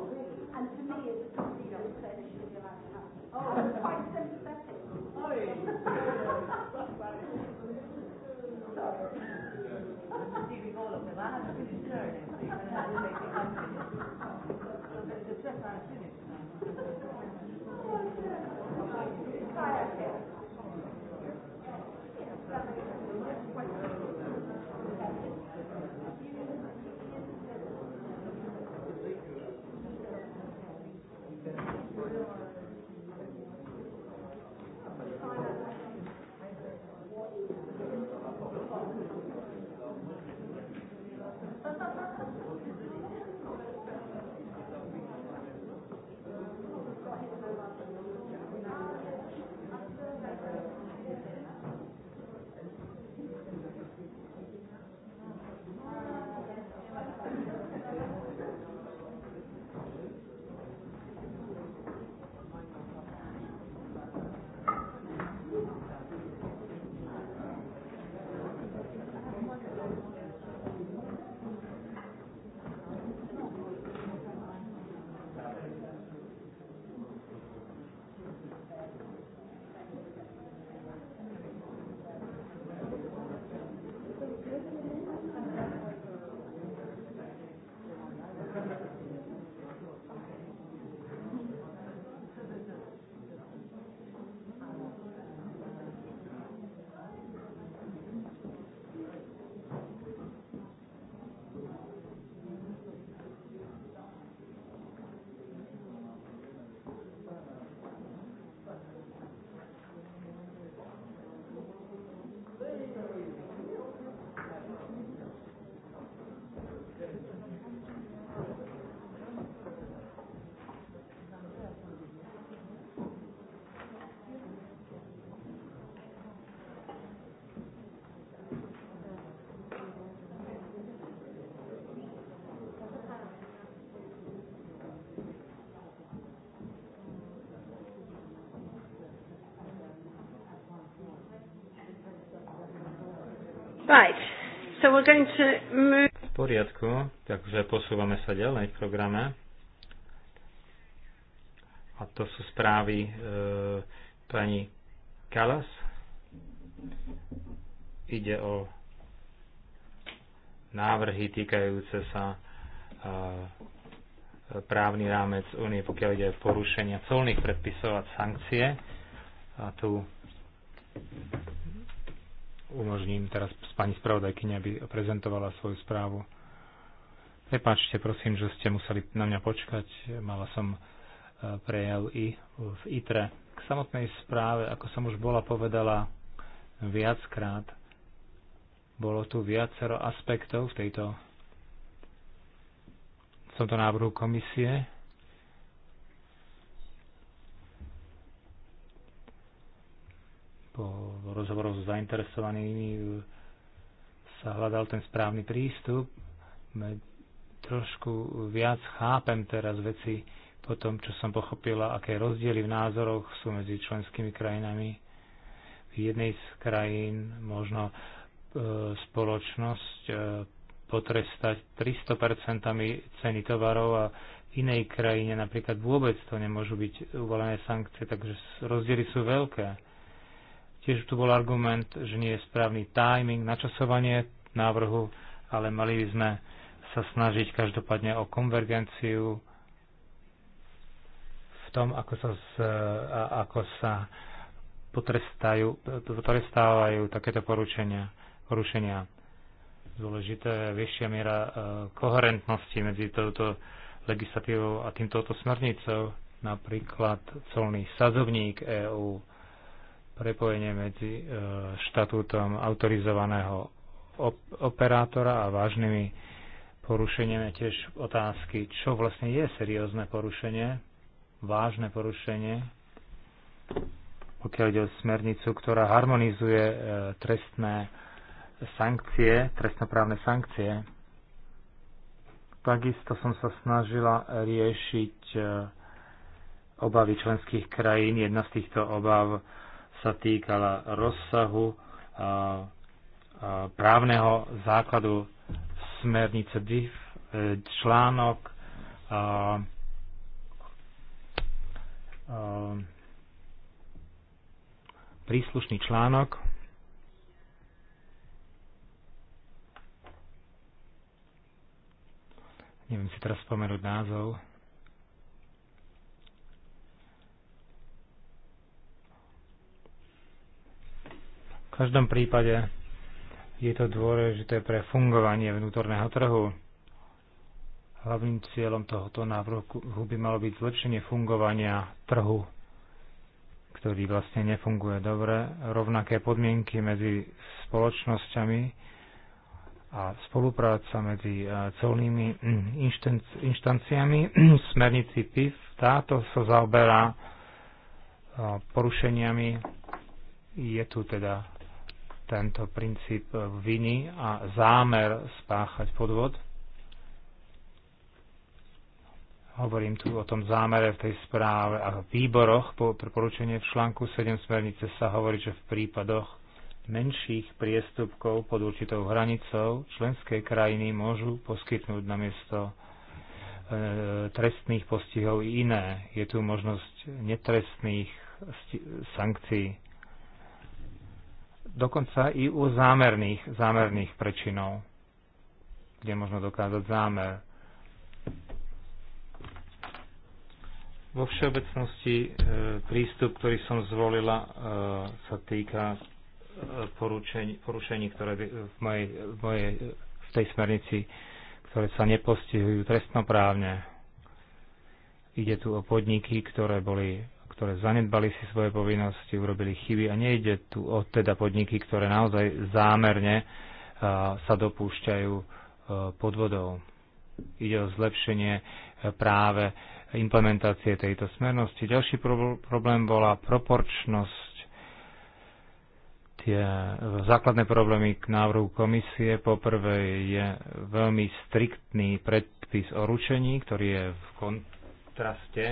And to me, it's a complete obsession with the amount of Oh, I'm quite sympathetic. Sorry. Receiving I have to be discerning, so you can have it Right. So we're going to move... V poriadku, takže posúvame sa ďalej v programe. A to sú správy uh, pani Kalas. Ide o návrhy týkajúce sa uh, právny rámec únie, pokiaľ ide o porušenia colných predpisov a sankcie. A tu umožním teraz pani spravodajkyňa by prezentovala svoju správu. Prepáčte, prosím, že ste museli na mňa počkať. Mala som e, prejav i v ITRE. K samotnej správe, ako som už bola povedala viackrát, bolo tu viacero aspektov v tejto v tomto návrhu komisie. Po rozhovoroch s zainteresovanými sa hľadal ten správny prístup. Trošku viac chápem teraz veci po tom, čo som pochopila, aké rozdiely v názoroch sú medzi členskými krajinami. V jednej z krajín možno e, spoločnosť e, potrestať 300% ceny tovarov a v inej krajine napríklad vôbec to nemôžu byť uvolené sankcie, takže rozdiely sú veľké Tiež tu bol argument, že nie je správny timing, načasovanie návrhu, ale mali by sme sa snažiť každopádne o konvergenciu v tom, ako sa, z, a, ako sa potrestajú, potrestávajú takéto porušenia. porušenia. Dôležité je vyššia miera e, koherentnosti medzi touto legislatívou a týmto smernicou, napríklad colný sazovník EÚ prepojenie medzi e, štatútom autorizovaného operátora a vážnymi porušeniami tiež otázky, čo vlastne je seriózne porušenie, vážne porušenie, pokiaľ ide o smernicu, ktorá harmonizuje e, trestné sankcie, trestnoprávne sankcie. Takisto som sa snažila riešiť e, obavy členských krajín. Jedna z týchto obav sa týkala rozsahu právneho základu smernice DIF, e, článok príslušný článok neviem si teraz spomenúť názov V každom prípade je to dôležité pre fungovanie vnútorného trhu. Hlavným cieľom tohoto návrhu by malo byť zlepšenie fungovania trhu, ktorý vlastne nefunguje dobre, rovnaké podmienky medzi spoločnosťami a spolupráca medzi eh, celnými eh, inštanciami. Smernici PIF táto sa zaoberá eh, porušeniami. Je tu teda tento princíp viny a zámer spáchať podvod. Hovorím tu o tom zámere v tej správe a výboroch po poručenie v článku 7 smernice sa hovorí, že v prípadoch menších priestupkov pod určitou hranicou členské krajiny môžu poskytnúť namiesto e, trestných postihov iné. Je tu možnosť netrestných sankcií dokonca i u zámerných, zámerných prečinov, kde možno dokázať zámer. Vo všeobecnosti e, prístup, ktorý som zvolila, e, sa týka e, porušení, ktoré v, mojej, v, mojej, v tej smernici, ktoré sa nepostihujú trestnoprávne. Ide tu o podniky, ktoré boli ktoré zanedbali si svoje povinnosti, urobili chyby a nejde tu o teda podniky, ktoré naozaj zámerne uh, sa dopúšťajú uh, podvodov. Ide o zlepšenie uh, práve implementácie tejto smernosti. Ďalší problém bola proporčnosť tie základné problémy k návrhu komisie. Poprvé je veľmi striktný predpis o ručení, ktorý je v kontraste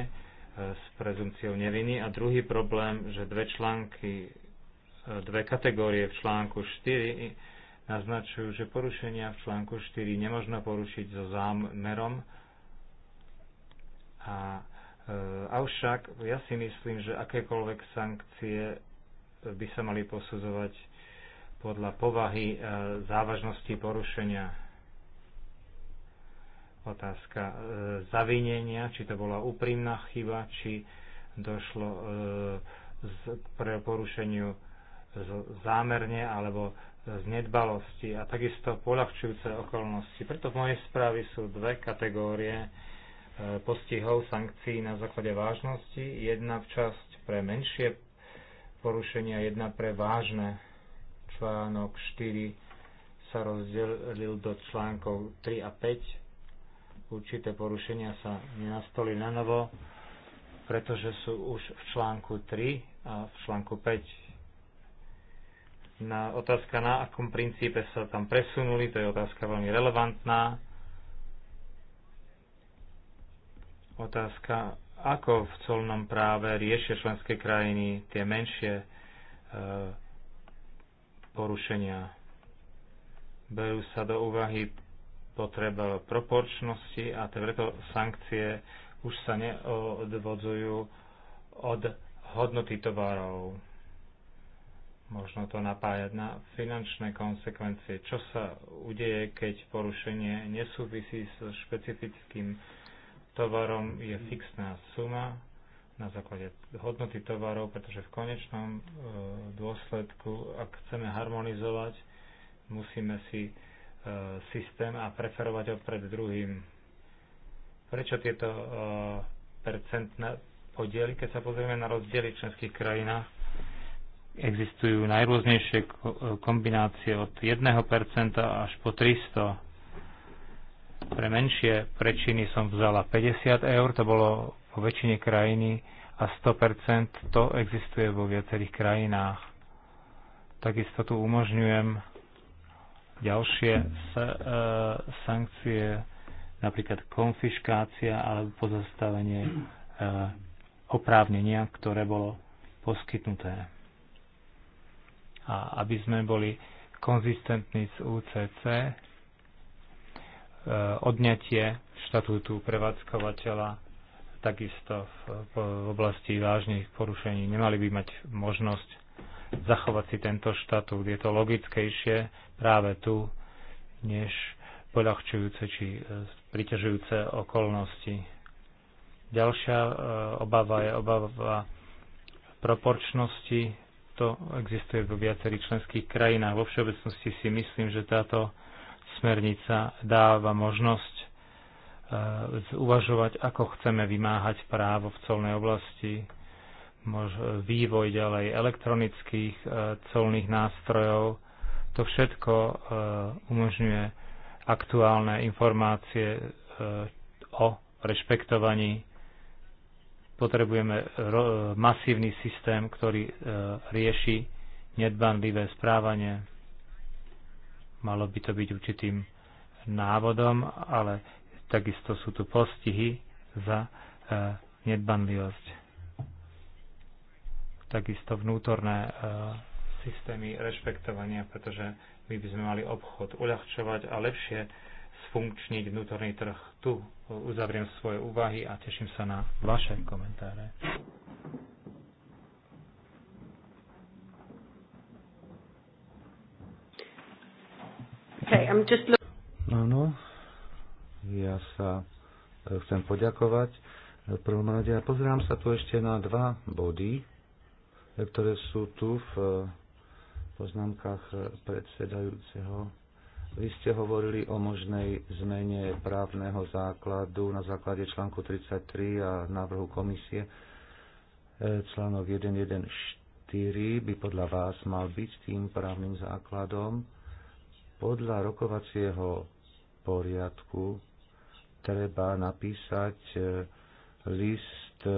s prezumciou neviny. A druhý problém, že dve články, e, dve kategórie v článku 4 naznačujú, že porušenia v článku 4 nemožno porušiť so zámerom. A, e, avšak ja si myslím, že akékoľvek sankcie by sa mali posudzovať podľa povahy e, závažnosti porušenia otázka e, zavinenia, či to bola úprimná chyba, či došlo e, z, porušeniu z, zámerne alebo z nedbalosti a takisto poľahčujúce okolnosti. Preto v mojej správe sú dve kategórie e, postihov sankcií na základe vážnosti. Jedna časť pre menšie porušenia, jedna pre vážne. Článok 4 sa rozdelil do článkov 3 a 5 určité porušenia sa nenastoli na novo, pretože sú už v článku 3 a v článku 5. Na otázka, na akom princípe sa tam presunuli, to je otázka veľmi relevantná. Otázka, ako v colnom práve riešia členské krajiny tie menšie e, porušenia. Berú sa do úvahy potreba proporčnosti a preto sankcie už sa neodvodzujú od hodnoty tovarov. Možno to napájať na finančné konsekvencie. Čo sa udeje, keď porušenie nesúvisí s špecifickým tovarom je fixná suma na základe hodnoty tovarov, pretože v konečnom e, dôsledku, ak chceme harmonizovať, musíme si E, systém a preferovať ho pred druhým. Prečo tieto e, percentné podiely, keď sa pozrieme na rozdiely v členských krajinách, existujú najrôznejšie e, kombinácie od 1% až po 300. Pre menšie prečiny som vzala 50 eur, to bolo vo väčšine krajiny a 100% to existuje vo viacerých krajinách. Takisto tu umožňujem ďalšie sa, e, sankcie, napríklad konfiškácia alebo pozastavenie e, oprávnenia, ktoré bolo poskytnuté. A aby sme boli konzistentní s UCC, e, odňatie štatútu prevádzkovateľa takisto v, v oblasti vážnych porušení nemali by mať možnosť zachovať si tento štatút. Je to logickejšie práve tu, než poľahčujúce či e, priťažujúce okolnosti. Ďalšia e, obava je obava proporčnosti. To existuje vo viacerých členských krajinách. Vo všeobecnosti si myslím, že táto smernica dáva možnosť e, uvažovať, ako chceme vymáhať právo v colnej oblasti, E, vývoj ďalej elektronických e, colných nástrojov. To všetko e, umožňuje aktuálne informácie o rešpektovaní. Potrebujeme masívny systém, ktorý rieši nedbanlivé správanie. Malo by to byť určitým návodom, ale takisto sú tu postihy za nedbanlivosť takisto vnútorné e, systémy rešpektovania, pretože my by sme mali obchod uľahčovať a lepšie sfunkčniť vnútorný trh. Tu e, uzavriem svoje úvahy a teším sa na vaše komentáre. Áno, ja sa e, chcem poďakovať. V prvom rade ja pozerám sa tu ešte na dva body, ktoré sú tu v e, poznámkach predsedajúceho. Vy ste hovorili o možnej zmene právneho základu na základe článku 33 a návrhu komisie. E, článok 114 by podľa vás mal byť tým právnym základom. Podľa rokovacieho poriadku treba napísať e, list E,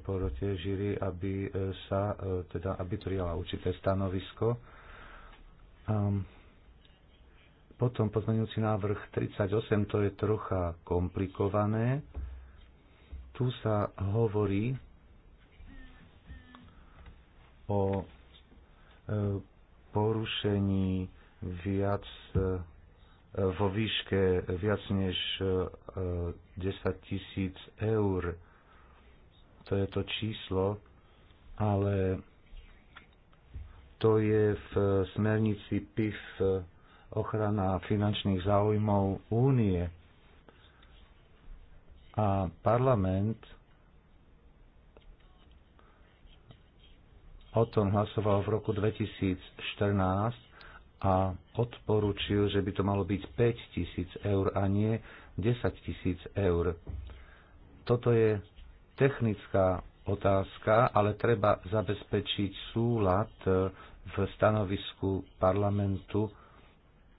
po rote aby e, sa e, teda, aby prijala určité stanovisko. potom pozmeňujúci návrh 38, to je trocha komplikované. Tu sa hovorí o porušení viac vo výške viac než 10 tisíc eur to je to číslo, ale to je v smernici PIF ochrana finančných záujmov únie. A parlament o tom hlasoval v roku 2014 a odporučil, že by to malo byť 5 tisíc eur a nie 10 tisíc eur. Toto je technická otázka, ale treba zabezpečiť súlad e, v stanovisku parlamentu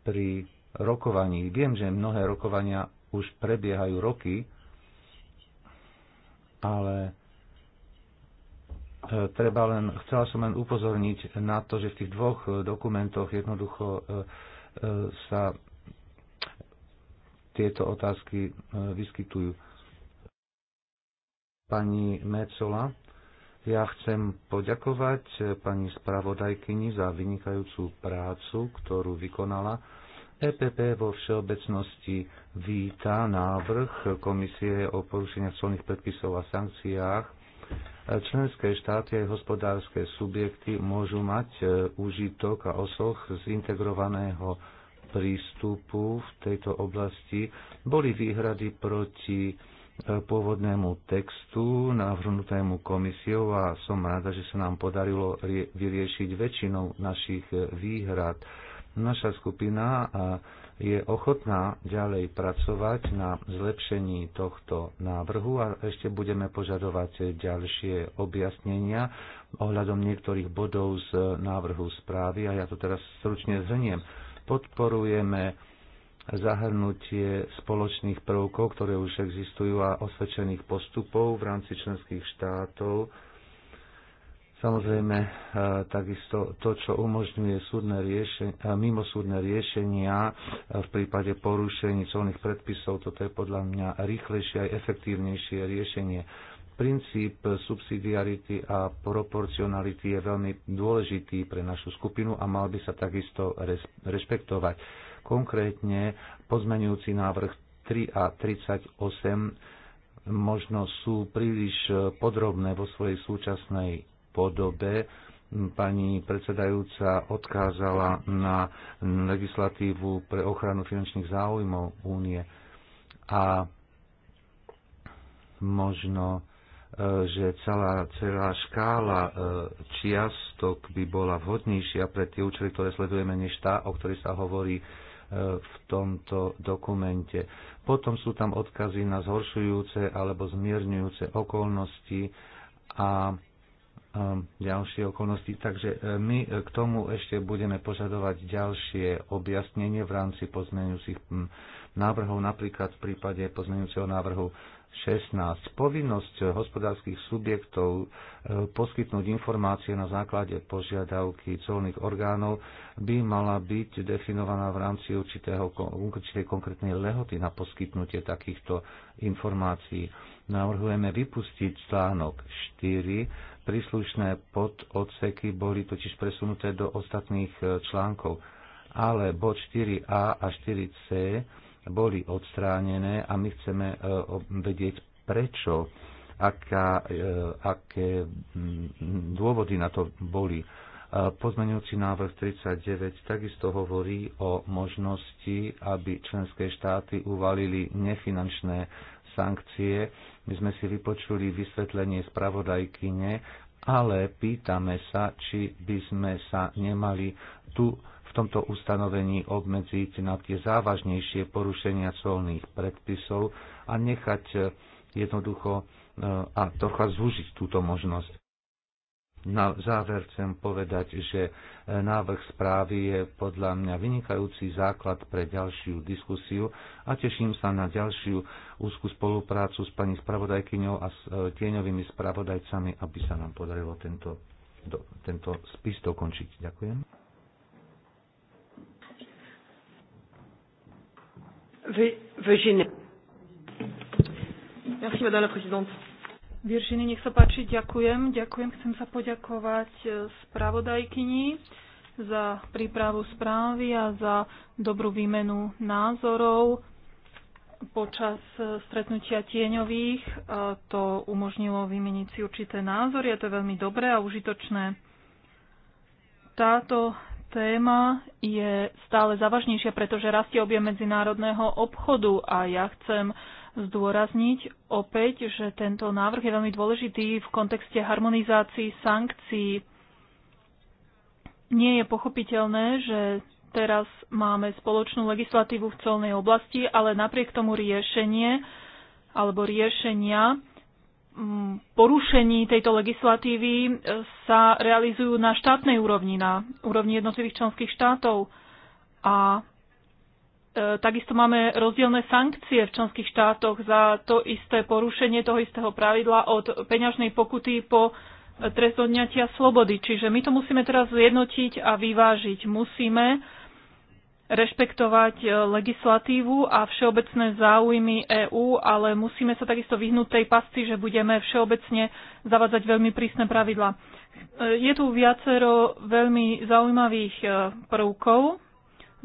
pri rokovaní. Viem, že mnohé rokovania už prebiehajú roky, ale e, treba len, chcela som len upozorniť na to, že v tých dvoch e, dokumentoch jednoducho sa tieto otázky vyskytujú pani Mecola. Ja chcem poďakovať eh, pani spravodajkyni za vynikajúcu prácu, ktorú vykonala. EPP vo všeobecnosti víta návrh Komisie o porušeniach colných predpisov a sankciách. Eh, členské štáty a hospodárske subjekty môžu mať eh, užitok a osoch z integrovaného prístupu v tejto oblasti. Boli výhrady proti pôvodnému textu navrhnutému komisiou a som rada, že sa nám podarilo vyriešiť väčšinou našich e, výhrad. Naša skupina je ochotná ďalej pracovať na zlepšení tohto návrhu a ešte budeme požadovať ďalšie objasnenia ohľadom niektorých bodov z návrhu správy a ja to teraz stručne zhrniem. Podporujeme zahrnutie spoločných prvkov, ktoré už existujú a osvedčených postupov v rámci členských štátov. Samozrejme, e, takisto to, čo umožňuje súdne riešenie, mimosúdne riešenia e, v prípade porušení colných predpisov, toto je podľa mňa rýchlejšie aj efektívnejšie riešenie. Princíp subsidiarity a proporcionality je veľmi dôležitý pre našu skupinu a mal by sa takisto rešpektovať Konkrétne pozmenujúci návrh 3 a 38 možno sú príliš podrobné vo svojej súčasnej podobe. Pani predsedajúca odkázala na legislatívu pre ochranu finančných záujmov únie a možno, e, že celá, celá škála e, čiastok by bola vhodnejšia pre tie účely, ktoré sledujeme, než tá, o ktorej sa hovorí v tomto dokumente. Potom sú tam odkazy na zhoršujúce alebo zmierňujúce okolnosti a ďalšie okolnosti. Takže e, my k tomu ešte budeme požadovať ďalšie objasnenie v rámci pozmeňujúcich návrhov, napríklad v prípade pozmeňujúceho návrhu 16. Povinnosť hospodárskych subjektov e, poskytnúť informácie na základe požiadavky colných orgánov by mala byť definovaná v rámci určitého, určitej konkrétnej lehoty na poskytnutie takýchto informácií. Navrhujeme vypustiť článok 4. Príslušné pododseky boli totiž presunuté do ostatných e, článkov, ale bod 4a a 4c boli odstránené a my chceme e, vedieť prečo, aká, e, aké mm, dôvody na to boli. E, pozmeňujúci návrh 39 takisto hovorí o možnosti, aby členské štáty uvalili nefinančné sankcie. My sme si vypočuli vysvetlenie spravodajkyne, ale pýtame sa, či by sme sa nemali tu tomto ustanovení obmedziť na tie závažnejšie porušenia colných predpisov a nechať e, jednoducho e, a trocha zúžiť túto možnosť. Na záver chcem povedať, že e, návrh správy je podľa mňa vynikajúci základ pre ďalšiu diskusiu a teším sa na ďalšiu úzku spoluprácu s pani spravodajkyňou a s tieňovými spravodajcami, aby sa nám podarilo tento, tento spis dokončiť. Ďakujem. Virginie. Merci, madame la présidente. Virginie, nech sa páči, ďakujem. Ďakujem, chcem sa poďakovať e, spravodajkyni za prípravu správy a za dobrú výmenu názorov počas e, stretnutia tieňových. E, to umožnilo vymeniť si určité názory a to je veľmi dobré a užitočné. Táto téma je stále závažnejšia, pretože rastie objem medzinárodného obchodu a ja chcem zdôrazniť opäť, že tento návrh je veľmi dôležitý v kontexte harmonizácií sankcií. Nie je pochopiteľné, že teraz máme spoločnú legislatívu v celnej oblasti, ale napriek tomu riešenie alebo riešenia porušení tejto legislatívy e, sa realizujú na štátnej úrovni, na úrovni jednotlivých členských štátov. A e, takisto máme rozdielne sankcie v členských štátoch za to isté porušenie toho istého pravidla od peňažnej pokuty po trest odňatia slobody. Čiže my to musíme teraz zjednotiť a vyvážiť. Musíme rešpektovať e, legislatívu a všeobecné záujmy EÚ, ale musíme sa takisto vyhnúť tej pasci, že budeme všeobecne zavádzať veľmi prísne pravidla. E, je tu viacero veľmi zaujímavých e, prvkov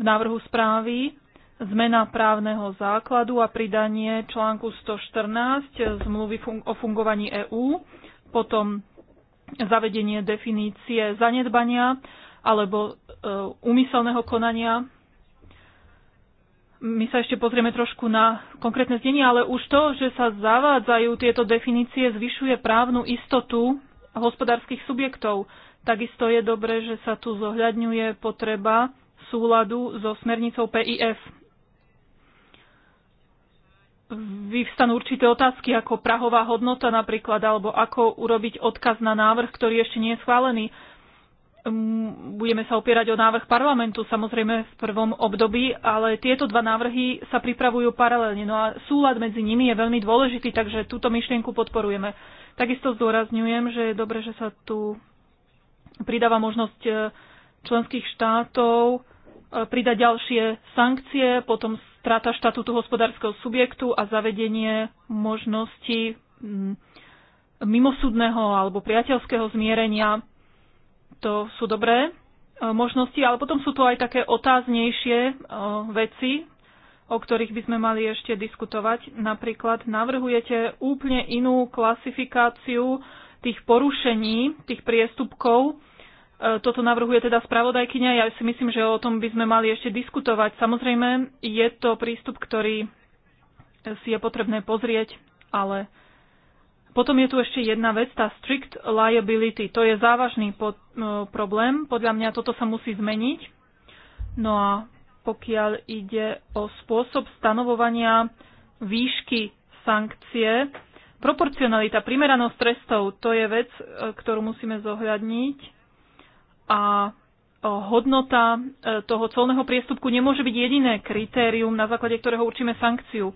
v návrhu správy. Zmena právneho základu a pridanie článku 114 zmluvy fun- o fungovaní EÚ, potom zavedenie definície zanedbania alebo e, umyselného konania my sa ešte pozrieme trošku na konkrétne znenie, ale už to, že sa zavádzajú tieto definície, zvyšuje právnu istotu hospodárskych subjektov. Takisto je dobré, že sa tu zohľadňuje potreba súladu so smernicou PIF. Vyvstanú určité otázky ako prahová hodnota napríklad, alebo ako urobiť odkaz na návrh, ktorý ešte nie je schválený. Ehm, budeme sa opierať o návrh parlamentu samozrejme v prvom období, ale tieto dva návrhy sa pripravujú paralelne. No a súlad medzi nimi je veľmi dôležitý, takže túto myšlienku podporujeme. Takisto zdôrazňujem, že je dobre, že sa tu pridáva možnosť e, členských štátov e, pridať ďalšie sankcie, potom strata štatútu hospodárskeho subjektu a zavedenie možnosti mimosudného alebo priateľského zmierenia to sú dobré e, možnosti, ale potom sú tu aj také otáznejšie e, veci, o ktorých by sme mali ešte diskutovať. Napríklad navrhujete úplne inú klasifikáciu tých porušení, tých priestupkov. E, toto navrhuje teda spravodajkyňa. Ja si myslím, že o tom by sme mali ešte diskutovať. Samozrejme, je to prístup, ktorý si je potrebné pozrieť, ale potom je tu ešte jedna vec, tá strict liability. To je závažný pod, e, problém. Podľa mňa toto sa musí zmeniť. No a pokiaľ ide o spôsob stanovovania výšky sankcie, proporcionalita, primeranosť trestov, to je vec, e, ktorú musíme zohľadniť. A e, hodnota e, toho colného priestupku nemôže byť jediné kritérium, na základe ktorého určíme sankciu.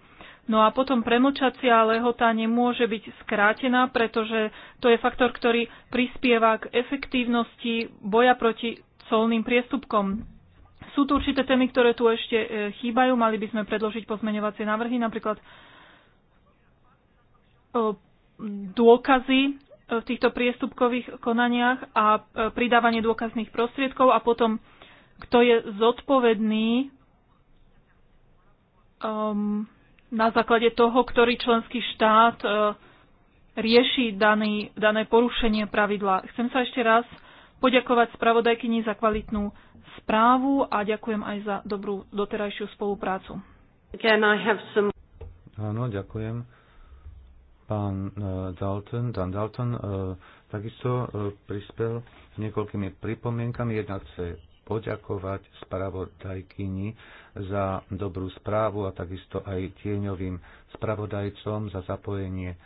No a potom premlčacia lehota nemôže byť skrátená, pretože to je faktor, ktorý prispieva k efektívnosti boja proti colným priestupkom. Sú tu určité témy, ktoré tu ešte e, chýbajú. Mali by sme predložiť pozmeňovacie návrhy, napríklad e, dôkazy e, v týchto priestupkových konaniach a pridávanie dôkazných prostriedkov a potom, kto je zodpovedný um, na základe toho, ktorý členský štát e, rieši daný, dané porušenie pravidla. Chcem sa ešte raz poďakovať spravodajkyni za kvalitnú správu a ďakujem aj za dobrú doterajšiu spoluprácu. Again, I have some... Áno, ďakujem. Pán uh, Dalton, Dan Dalton uh, takisto uh, prispel s niekoľkými pripomienkami. Jedna chce poďakovať spravodajkyni za dobrú správu a takisto aj tieňovým spravodajcom za zapojenie,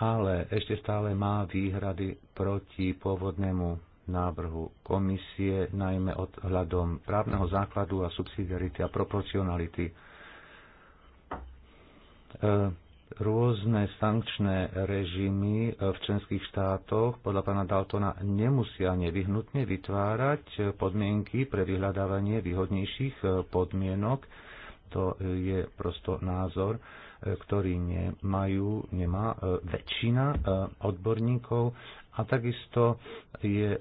ale ešte stále má výhrady proti pôvodnému návrhu komisie, najmä hľadom právneho základu a subsidiarity a proporcionality. E, rôzne sankčné režimy e, v členských štátoch podľa pána Daltona nemusia nevyhnutne vytvárať podmienky pre vyhľadávanie výhodnejších e, podmienok. To je prosto názor, e, ktorý nemajú, nemá väčšina odborníkov a takisto je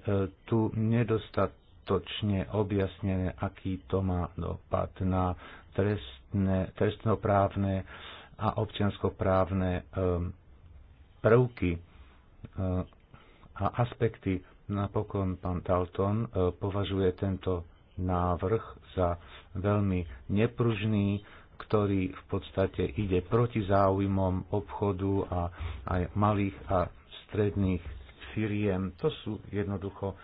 tu nedostatočne objasnené, aký to má dopad na trestné, trestnoprávne právne a občianskoprávne ehm, prvky ehm, a aspekty. Napokon pán Dalton ehm, považuje tento návrh za veľmi nepružný, ktorý v podstate ide proti záujmom obchodu a aj malých a stredných firiem. To sú jednoducho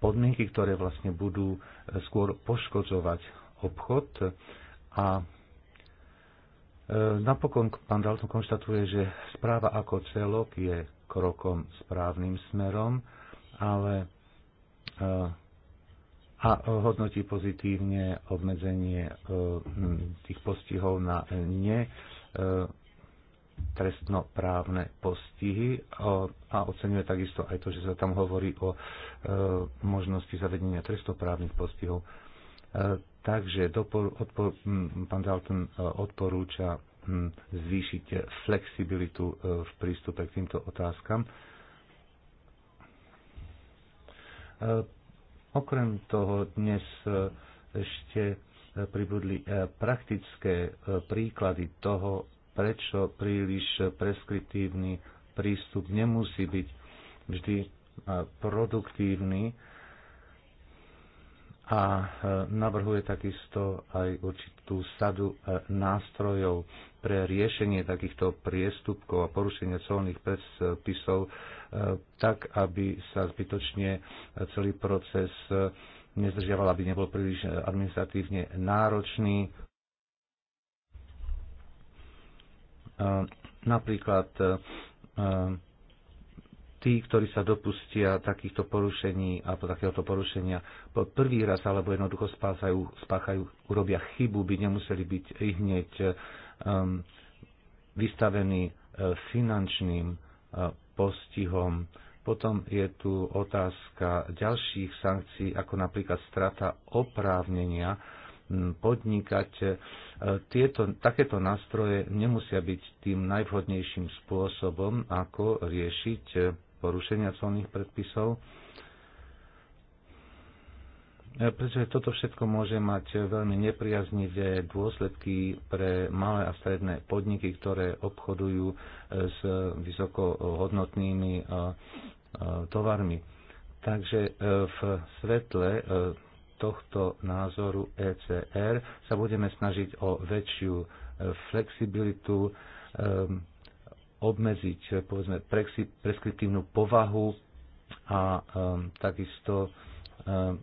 podmienky, ktoré vlastne budú eh, skôr poškodzovať obchod a E, napokon pán Dalton konštatuje, že správa ako celok je krokom správnym smerom, ale e, a hodnotí pozitívne obmedzenie e, tých postihov na ne trestnoprávne postihy a oceňuje takisto aj to, že sa tam hovorí o možnosti zavedenia trestnoprávnych postihov Takže dopor, odpor, pán Dalton e, odporúča zvýšiť flexibilitu e, v prístupe k týmto otázkam. E, okrem toho dnes ešte pribudli praktické príklady toho, prečo príliš preskriptívny prístup nemusí byť vždy produktívny a e, navrhuje takisto aj určitú sadu e, nástrojov pre riešenie takýchto priestupkov a porušenia colných predpisov e, tak, aby sa zbytočne celý proces nezdržiaval, aby nebol príliš administratívne náročný. Napríklad tí, ktorí sa dopustia takýchto porušení alebo takéhoto porušenia po prvý raz alebo jednoducho spáchajú, spáchajú urobia chybu, by nemuseli byť i hneď um, vystavení uh, finančným uh, postihom. Potom je tu otázka ďalších sankcií, ako napríklad strata oprávnenia podnikať. Uh, tieto, takéto nástroje nemusia byť tým najvhodnejším spôsobom, ako riešiť porušenia colných predpisov. E, pretože toto všetko môže mať veľmi nepriaznivé dôsledky pre malé a stredné podniky, ktoré obchodujú e, s vysokohodnotnými e, tovarmi. Takže v svetle tohto názoru ECR sa budeme snažiť o väčšiu flexibilitu obmedziť povedzme preskriptívnu povahu a um, takisto um,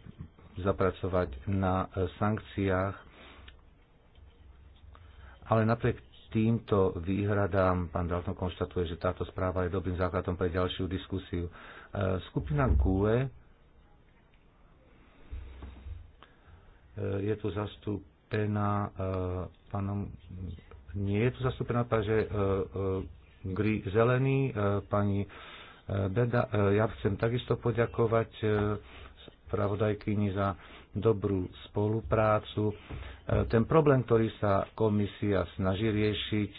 zapracovať na uh, sankciách. Ale napriek týmto výhradám pán Dalton konštatuje, že táto správa je dobrým základom pre ďalšiu diskusiu. Uh, skupina GUE uh, je tu zastúpená pánom nie je tu zastúpená, takže Gri Zelený, e, pani e, Beda. E, ja chcem takisto poďakovať spravodajkyni za dobrú spoluprácu. Ten problém, ktorý sa komisia snaží riešiť,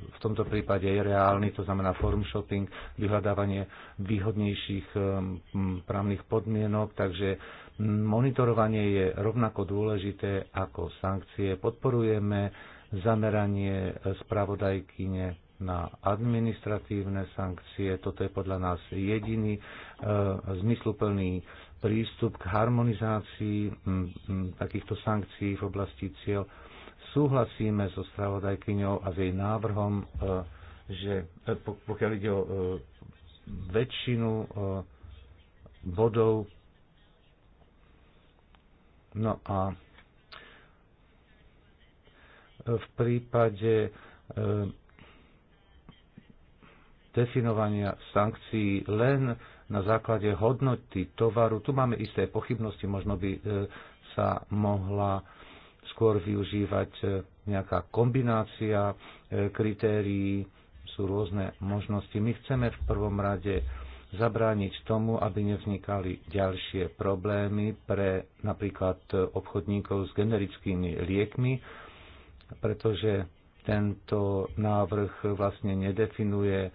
v tomto prípade je reálny, to znamená forum shopping, vyhľadávanie výhodnejších právnych podmienok, takže monitorovanie je rovnako dôležité ako sankcie. Podporujeme zameranie spravodajkyne na administratívne sankcie. Toto je podľa nás jediný e, zmysluplný prístup k harmonizácii m, m, takýchto sankcií v oblasti cieľ. Súhlasíme so spravodajkyňou a s jej návrhom, e, že e, pokiaľ ide o e, väčšinu e, bodov, no a e, v prípade e, definovania sankcií len na základe hodnoty tovaru. Tu máme isté pochybnosti, možno by e, sa mohla skôr využívať e, nejaká kombinácia e, kritérií, sú rôzne možnosti. My chceme v prvom rade zabrániť tomu, aby nevznikali ďalšie problémy pre napríklad obchodníkov s generickými liekmi, pretože tento návrh vlastne nedefinuje, e,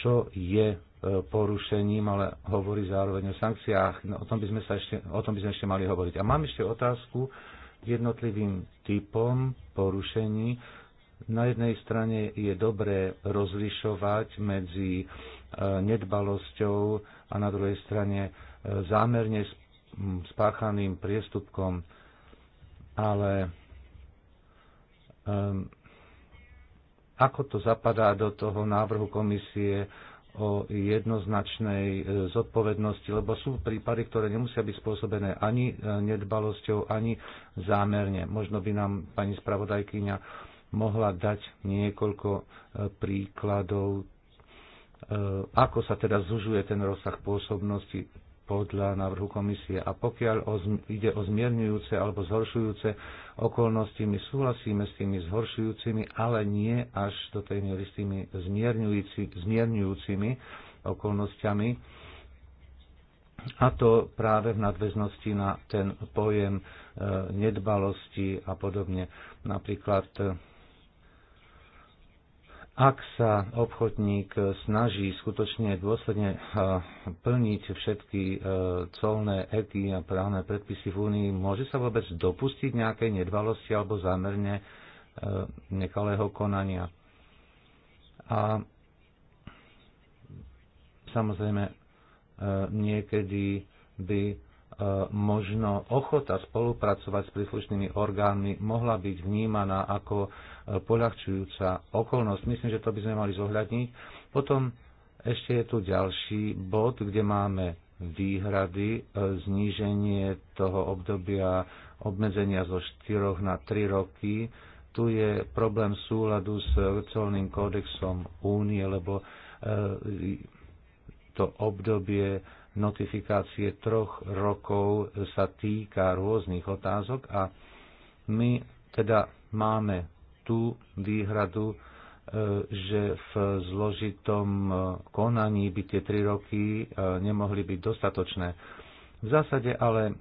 čo je e, porušením, ale hovorí zároveň o sankciách. No, o, tom by sme sa ešte, o tom by sme ešte mali hovoriť. A mám ešte otázku k jednotlivým typom porušení. Na jednej strane je dobré rozlišovať medzi e, nedbalosťou a na druhej strane zámerne spáchaným priestupkom, ale ako to zapadá do toho návrhu komisie o jednoznačnej e, zodpovednosti, lebo sú prípady, ktoré nemusia byť spôsobené ani e, nedbalosťou, ani zámerne. Možno by nám pani spravodajkyňa mohla dať niekoľko e, príkladov, ako sa teda zužuje ten rozsah pôsobnosti podľa návrhu komisie. A pokiaľ o, ide o zmierňujúce alebo zhoršujúce okolnosti, my súhlasíme s tými zhoršujúcimi, ale nie až do tej miery s tými zmierňujúci, zmierňujúcimi okolnostiami. A to práve v nadväznosti na ten pojem e, nedbalosti a podobne. Napríklad e, ak sa obchodník snaží skutočne dôsledne eh, plniť všetky eh, colné ety a právne predpisy v Únii, môže sa vôbec dopustiť nejakej nedbalosti alebo zámerne eh, nekalého konania. A samozrejme niekedy by možno ochota spolupracovať s príslušnými orgánmi mohla byť vnímaná ako poľahčujúca okolnosť. Myslím, že to by sme mali zohľadniť. Potom ešte je tu ďalší bod, kde máme výhrady, e, zníženie toho obdobia obmedzenia zo 4 na 3 roky. Tu je problém súladu s celným kódexom únie, lebo e, to obdobie notifikácie troch rokov sa týka rôznych otázok a my teda máme tú výhradu, e, že v zložitom e, konaní by tie tri roky e, nemohli byť dostatočné. V zásade ale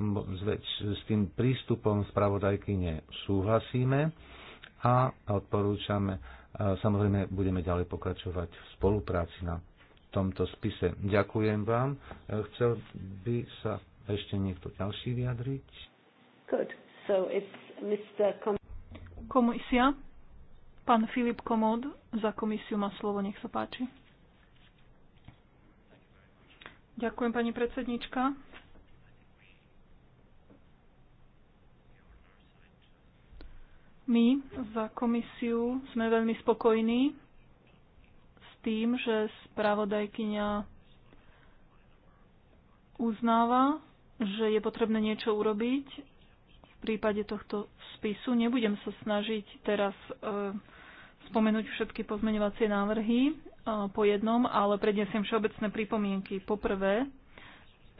s tým prístupom spravodajkyne súhlasíme a odporúčame, samozrejme budeme ďalej pokračovať v spolupráci na tomto spise. Ďakujem vám. Chcel by sa ešte niekto ďalší vyjadriť? Good. So it's Mr. Komisia. Pán Filip Komod za komisiu má slovo, nech sa páči. Ďakujem, pani predsednička. My za komisiu sme veľmi spokojní s tým, že spravodajkyňa uznáva, že je potrebné niečo urobiť v prípade tohto spisu. Nebudem sa snažiť teraz e, spomenúť všetky pozmeňovacie návrhy e, po jednom, ale prednesiem všeobecné pripomienky. Poprvé, e,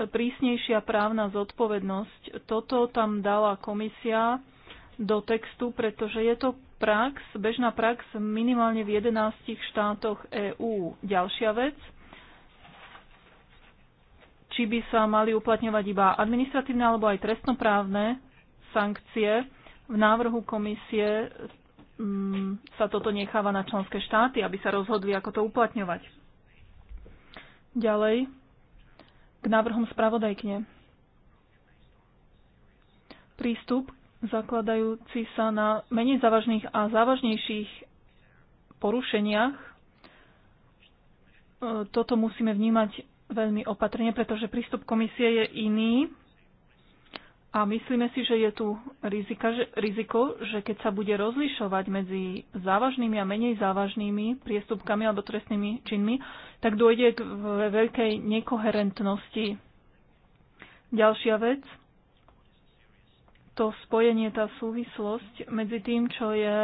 prísnejšia právna zodpovednosť. Toto tam dala komisia do textu, pretože je to prax, bežná prax minimálne v 11 štátoch EÚ. Ďalšia vec, či by sa mali uplatňovať iba administratívne alebo aj trestnoprávne sankcie. V návrhu komisie Mm, sa toto necháva na členské štáty, aby sa rozhodli, ako to uplatňovať. Ďalej k návrhom spravodajkne. Prístup zakladajúci sa na menej závažných a závažnejších porušeniach. E, toto musíme vnímať veľmi opatrne, pretože prístup komisie je iný a myslíme si, že je tu rizika, že, riziko, že keď sa bude rozlišovať medzi závažnými a menej závažnými priestupkami alebo trestnými činmi, tak dôjde k veľkej nekoherentnosti. Ďalšia vec, to spojenie, tá súvislosť medzi tým, čo je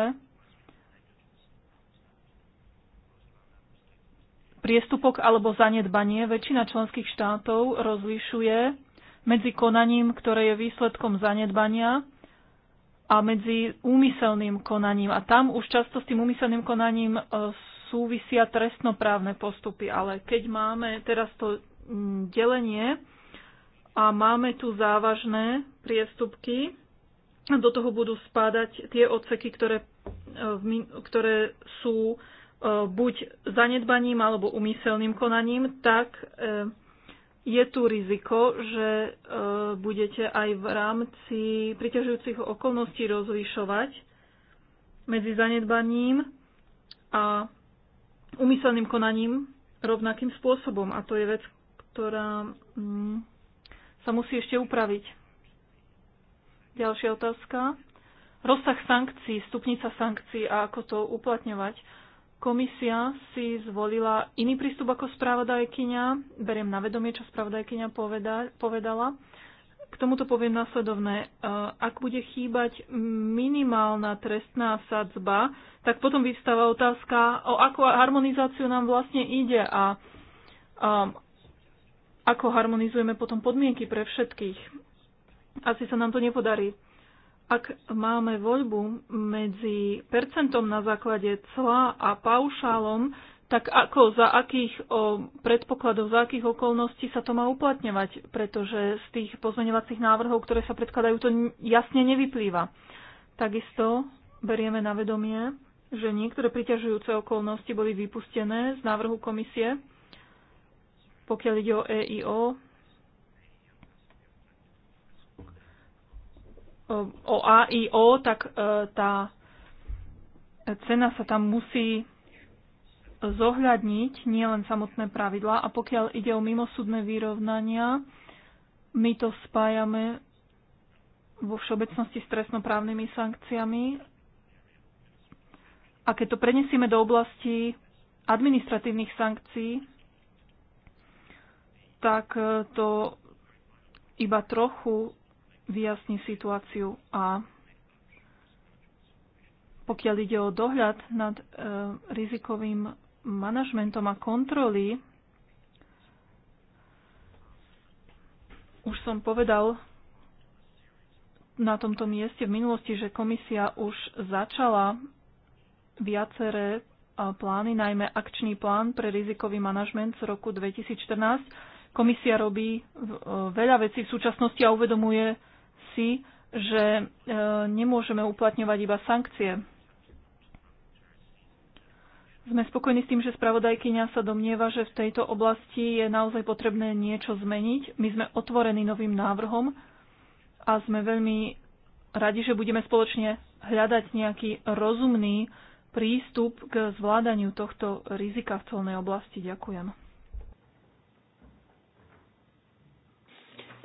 priestupok alebo zanedbanie. Väčšina členských štátov rozlišuje medzi konaním, ktoré je výsledkom zanedbania a medzi úmyselným konaním. A tam už často s tým úmyselným konaním e, súvisia trestnoprávne postupy. Ale keď máme teraz to delenie a máme tu závažné priestupky, do toho budú spadať tie odseky, ktoré, e, ktoré sú e, buď zanedbaním alebo umyselným konaním, tak je tu riziko, že e, budete aj v rámci priťažujúcich okolností rozlišovať medzi zanedbaním a umyselným konaním rovnakým spôsobom. A to je vec, ktorá mm, sa musí ešte upraviť. Ďalšia otázka. Rozsah sankcií, stupnica sankcií a ako to uplatňovať. Komisia si zvolila iný prístup ako spravodajkyňa. Beriem na vedomie, čo spravodajkyňa povedala. K tomuto poviem následovné. E, ak bude chýbať minimálna trestná sadzba, tak potom vystáva otázka, o akú harmonizáciu nám vlastne ide a ako harmonizujeme potom podmienky pre všetkých. Asi sa nám to nepodarí. Ak máme voľbu medzi percentom na základe cla a paušálom, tak ako, za akých o, predpokladov, za akých okolností sa to má uplatňovať, pretože z tých pozmeňovacích návrhov, ktoré sa predkladajú, to jasne nevyplýva. Takisto berieme na vedomie, že niektoré priťažujúce okolnosti boli vypustené z návrhu komisie, pokiaľ ide o EIO, o AIO, tak e, tá cena sa tam musí zohľadniť nielen samotné pravidlá a pokiaľ ide o mimosúdne vyrovnania, my to spájame vo všeobecnosti s trestnoprávnymi sankciami a keď to prenesieme do oblasti administratívnych sankcií, tak e, to iba trochu vyjasní situáciu a pokiaľ ide o dohľad nad e, rizikovým manažmentom a kontroly, už som povedal na tomto mieste v minulosti, že komisia už začala viaceré e, plány, najmä akčný plán pre rizikový manažment z roku 2014. Komisia robí e, veľa vecí v súčasnosti a uvedomuje si, že e, nemôžeme uplatňovať iba sankcie. Sme spokojní s tým, že spravodajkyňa sa domnieva, že v tejto oblasti je naozaj potrebné niečo zmeniť. My sme otvorení novým návrhom a sme veľmi radi, že budeme spoločne hľadať nejaký rozumný prístup k zvládaniu tohto rizika v celnej oblasti. Ďakujem.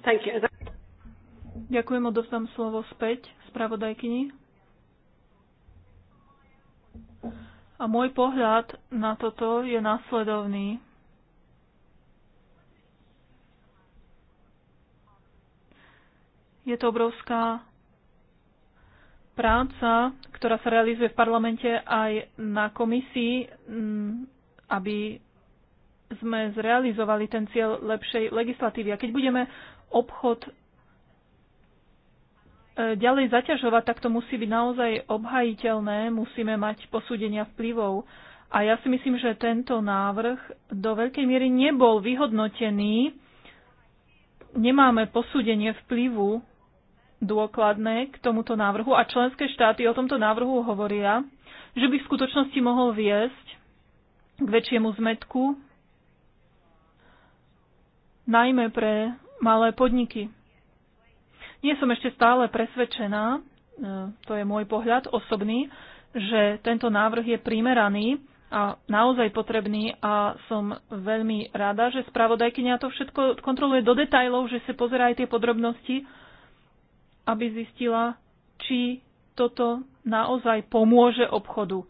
Thank you. Ďakujem, odovzdám slovo späť spravodajkyni. A môj pohľad na toto je následovný. Je to obrovská práca, ktorá sa realizuje v parlamente aj na komisii, mm, aby sme zrealizovali ten cieľ lepšej legislatívy. A keď budeme obchod E, ďalej zaťažovať, tak to musí byť naozaj obhajiteľné, musíme mať posúdenia vplyvov. A ja si myslím, že tento návrh do veľkej miery nebol vyhodnotený. Nemáme posúdenie vplyvu dôkladné k tomuto návrhu a členské štáty o tomto návrhu hovoria, že by v skutočnosti mohol viesť k väčšiemu zmetku, najmä pre malé podniky. Nie som ešte stále presvedčená, e, to je môj pohľad osobný, že tento návrh je primeraný a naozaj potrebný a som veľmi rada, že spravodajkynia to všetko kontroluje do detajlov, že sa pozerá aj tie podrobnosti, aby zistila, či toto naozaj pomôže obchodu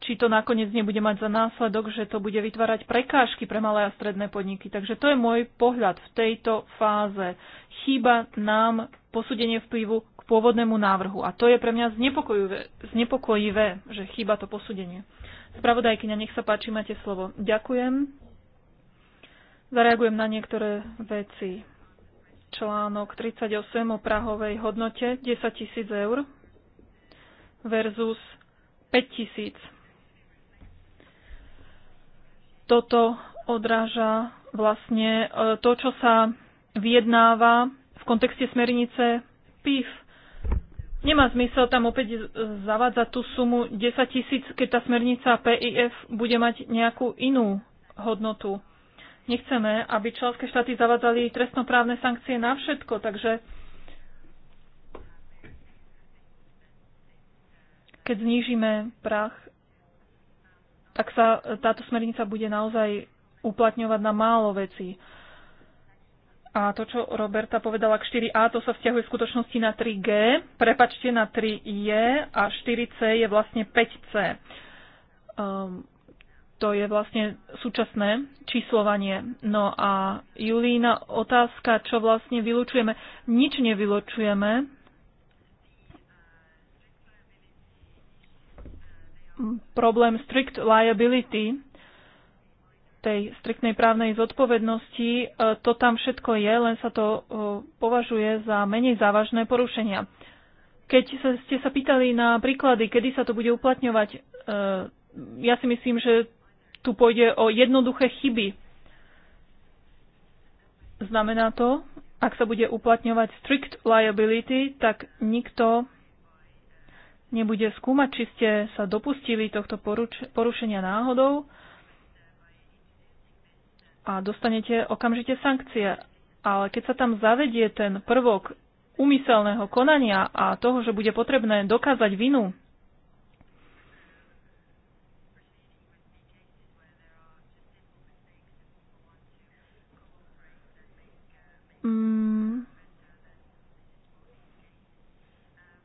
či to nakoniec nebude mať za následok, že to bude vytvárať prekážky pre malé a stredné podniky. Takže to je môj pohľad v tejto fáze. Chýba nám posúdenie vplyvu k pôvodnému návrhu. A to je pre mňa znepokojivé, znepokojivé že chýba to posúdenie. Spravodajkyňa, nech sa páči, máte slovo. Ďakujem. Zareagujem na niektoré veci. Článok 38 o prahovej hodnote 10 tisíc eur versus 5 tisíc toto odráža vlastne e, to, čo sa vyjednáva v kontexte smernice PIF. Nemá zmysel tam opäť zavádzať tú sumu 10 tisíc, keď tá smernica PIF bude mať nejakú inú hodnotu. Nechceme, aby členské štáty zavádzali trestnoprávne sankcie na všetko, takže keď znížime prach ak sa táto smernica bude naozaj uplatňovať na málo vecí. A to, čo Roberta povedala k 4A, to sa vzťahuje v skutočnosti na 3G, prepačte na 3J a 4C je vlastne 5C. Um, ehm, to je vlastne súčasné číslovanie. No a Julína otázka, čo vlastne vylučujeme. Nič nevylučujeme, problém strict liability, tej striktnej právnej zodpovednosti, e, to tam všetko je, len sa to e, považuje za menej závažné porušenia. Keď sa, ste sa pýtali na príklady, kedy sa to bude uplatňovať, e, ja si myslím, že tu pôjde o jednoduché chyby. Znamená to, ak sa bude uplatňovať strict liability, tak nikto nebude skúmať, či ste sa dopustili tohto porušenia náhodou a dostanete okamžite sankcie. Ale keď sa tam zavedie ten prvok úmyselného konania a toho, že bude potrebné dokázať vinu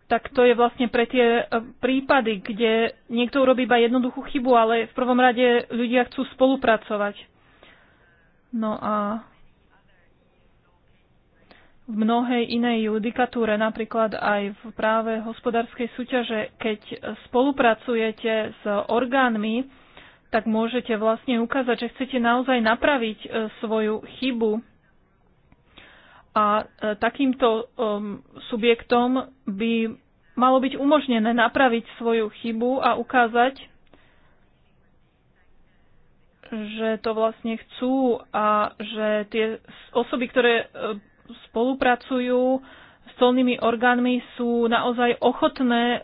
tak to je vlastne pre tie e, prípady, kde niekto urobí iba jednoduchú chybu, ale v prvom rade ľudia chcú spolupracovať. No a v mnohej inej judikatúre, napríklad aj v práve hospodárskej súťaže, keď spolupracujete s orgánmi, tak môžete vlastne ukázať, že chcete naozaj napraviť e, svoju chybu a e, takýmto um, subjektom by malo byť umožnené napraviť svoju chybu a ukázať, že to vlastne chcú a že tie osoby, ktoré e, spolupracujú s colnými orgánmi, sú naozaj ochotné e,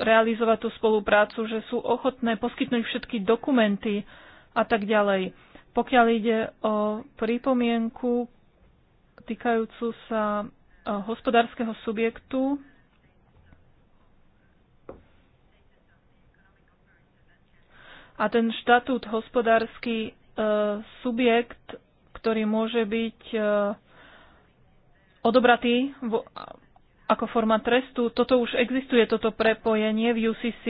realizovať tú spoluprácu, že sú ochotné poskytnúť všetky dokumenty a tak ďalej. Pokiaľ ide o pripomienku týkajúcu sa e, hospodárskeho subjektu a ten štatút hospodársky e, subjekt, ktorý môže byť e, odobratý vo, ako forma trestu, toto už existuje, toto prepojenie v UCC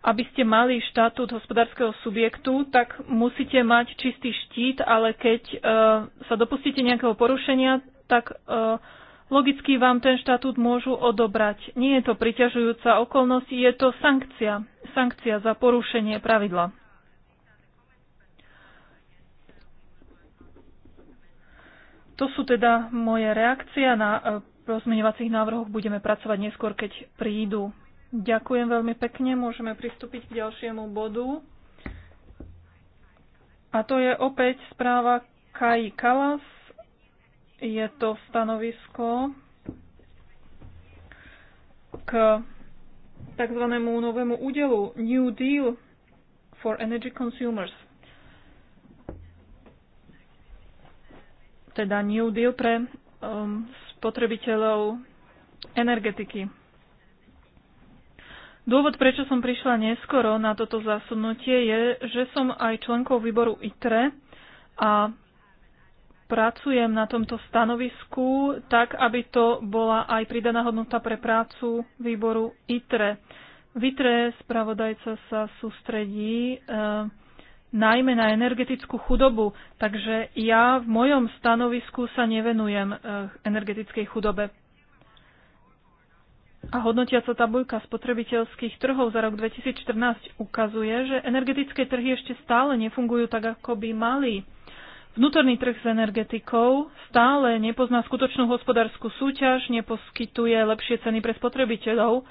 aby ste mali štatút hospodárskeho subjektu, tak musíte mať čistý štít, ale keď e, sa dopustíte nejakého porušenia, tak e, logicky vám ten štatút môžu odobrať. Nie je to priťažujúca okolnosť, je to sankcia. Sankcia za porušenie pravidla. To sú teda moje reakcia na e, pozmeňovacích návrhoch. Budeme pracovať neskôr, keď prídu Ďakujem veľmi pekne. Môžeme pristúpiť k ďalšiemu bodu. A to je opäť správa Kai Kalas. Je to stanovisko k tzv. novému údelu New Deal for Energy Consumers. Teda New Deal pre um, spotrebiteľov energetiky. Dôvod, prečo som prišla neskoro na toto zasunutie, je, že som aj členkou výboru ITRE a pracujem na tomto stanovisku tak, aby to bola aj pridaná hodnota pre prácu výboru ITRE. V ITRE spravodajca sa sústredí e, najmä na energetickú chudobu, takže ja v mojom stanovisku sa nevenujem e, energetickej chudobe a hodnotiaca tabuľka spotrebiteľských trhov za rok 2014 ukazuje, že energetické trhy ešte stále nefungujú tak, ako by mali. Vnútorný trh s energetikou stále nepozná skutočnú hospodárskú súťaž, neposkytuje lepšie ceny pre spotrebiteľov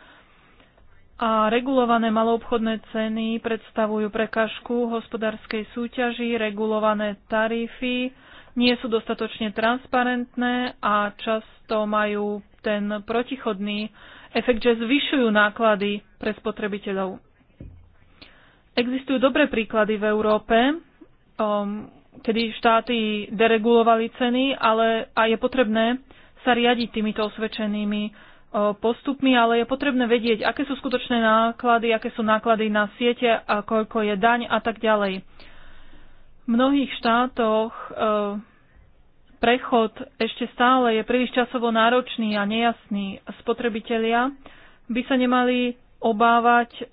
a regulované maloobchodné ceny predstavujú prekážku hospodárskej súťaži, regulované tarify nie sú dostatočne transparentné a často majú ten protichodný efekt, že zvyšujú náklady pre spotrebiteľov. Existujú dobré príklady v Európe, um, kedy štáty deregulovali ceny, ale a je potrebné sa riadiť týmito osvedčenými uh, postupmi, ale je potrebné vedieť, aké sú skutočné náklady, aké sú náklady na siete a koľko je daň a tak ďalej. V mnohých štátoch uh, prechod ešte stále je príliš časovo náročný a nejasný. Spotrebitelia by sa nemali obávať e,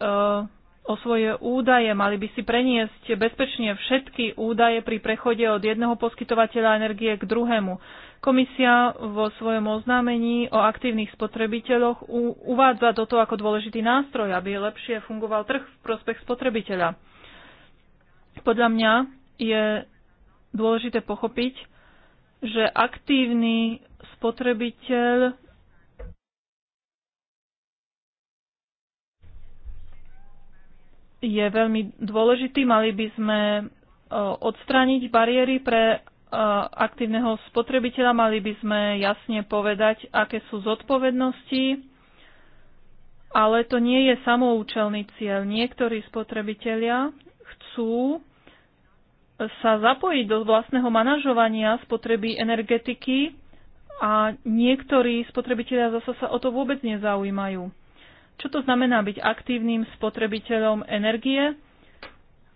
o svoje údaje, mali by si preniesť bezpečne všetky údaje pri prechode od jedného poskytovateľa energie k druhému. Komisia vo svojom oznámení o aktívnych spotrebiteľoch u- uvádza toto ako dôležitý nástroj, aby lepšie fungoval trh v prospech spotrebiteľa. Podľa mňa je dôležité pochopiť, že aktívny spotrebiteľ je veľmi dôležitý. Mali by sme e, odstrániť bariéry pre e, aktívneho spotrebiteľa, mali by sme jasne povedať, aké sú zodpovednosti, ale to nie je samoučelný cieľ. Niektorí spotrebitelia chcú sa zapojiť do vlastného manažovania spotreby energetiky a niektorí spotrebitelia zasa sa o to vôbec nezaujímajú. Čo to znamená byť aktívnym spotrebiteľom energie?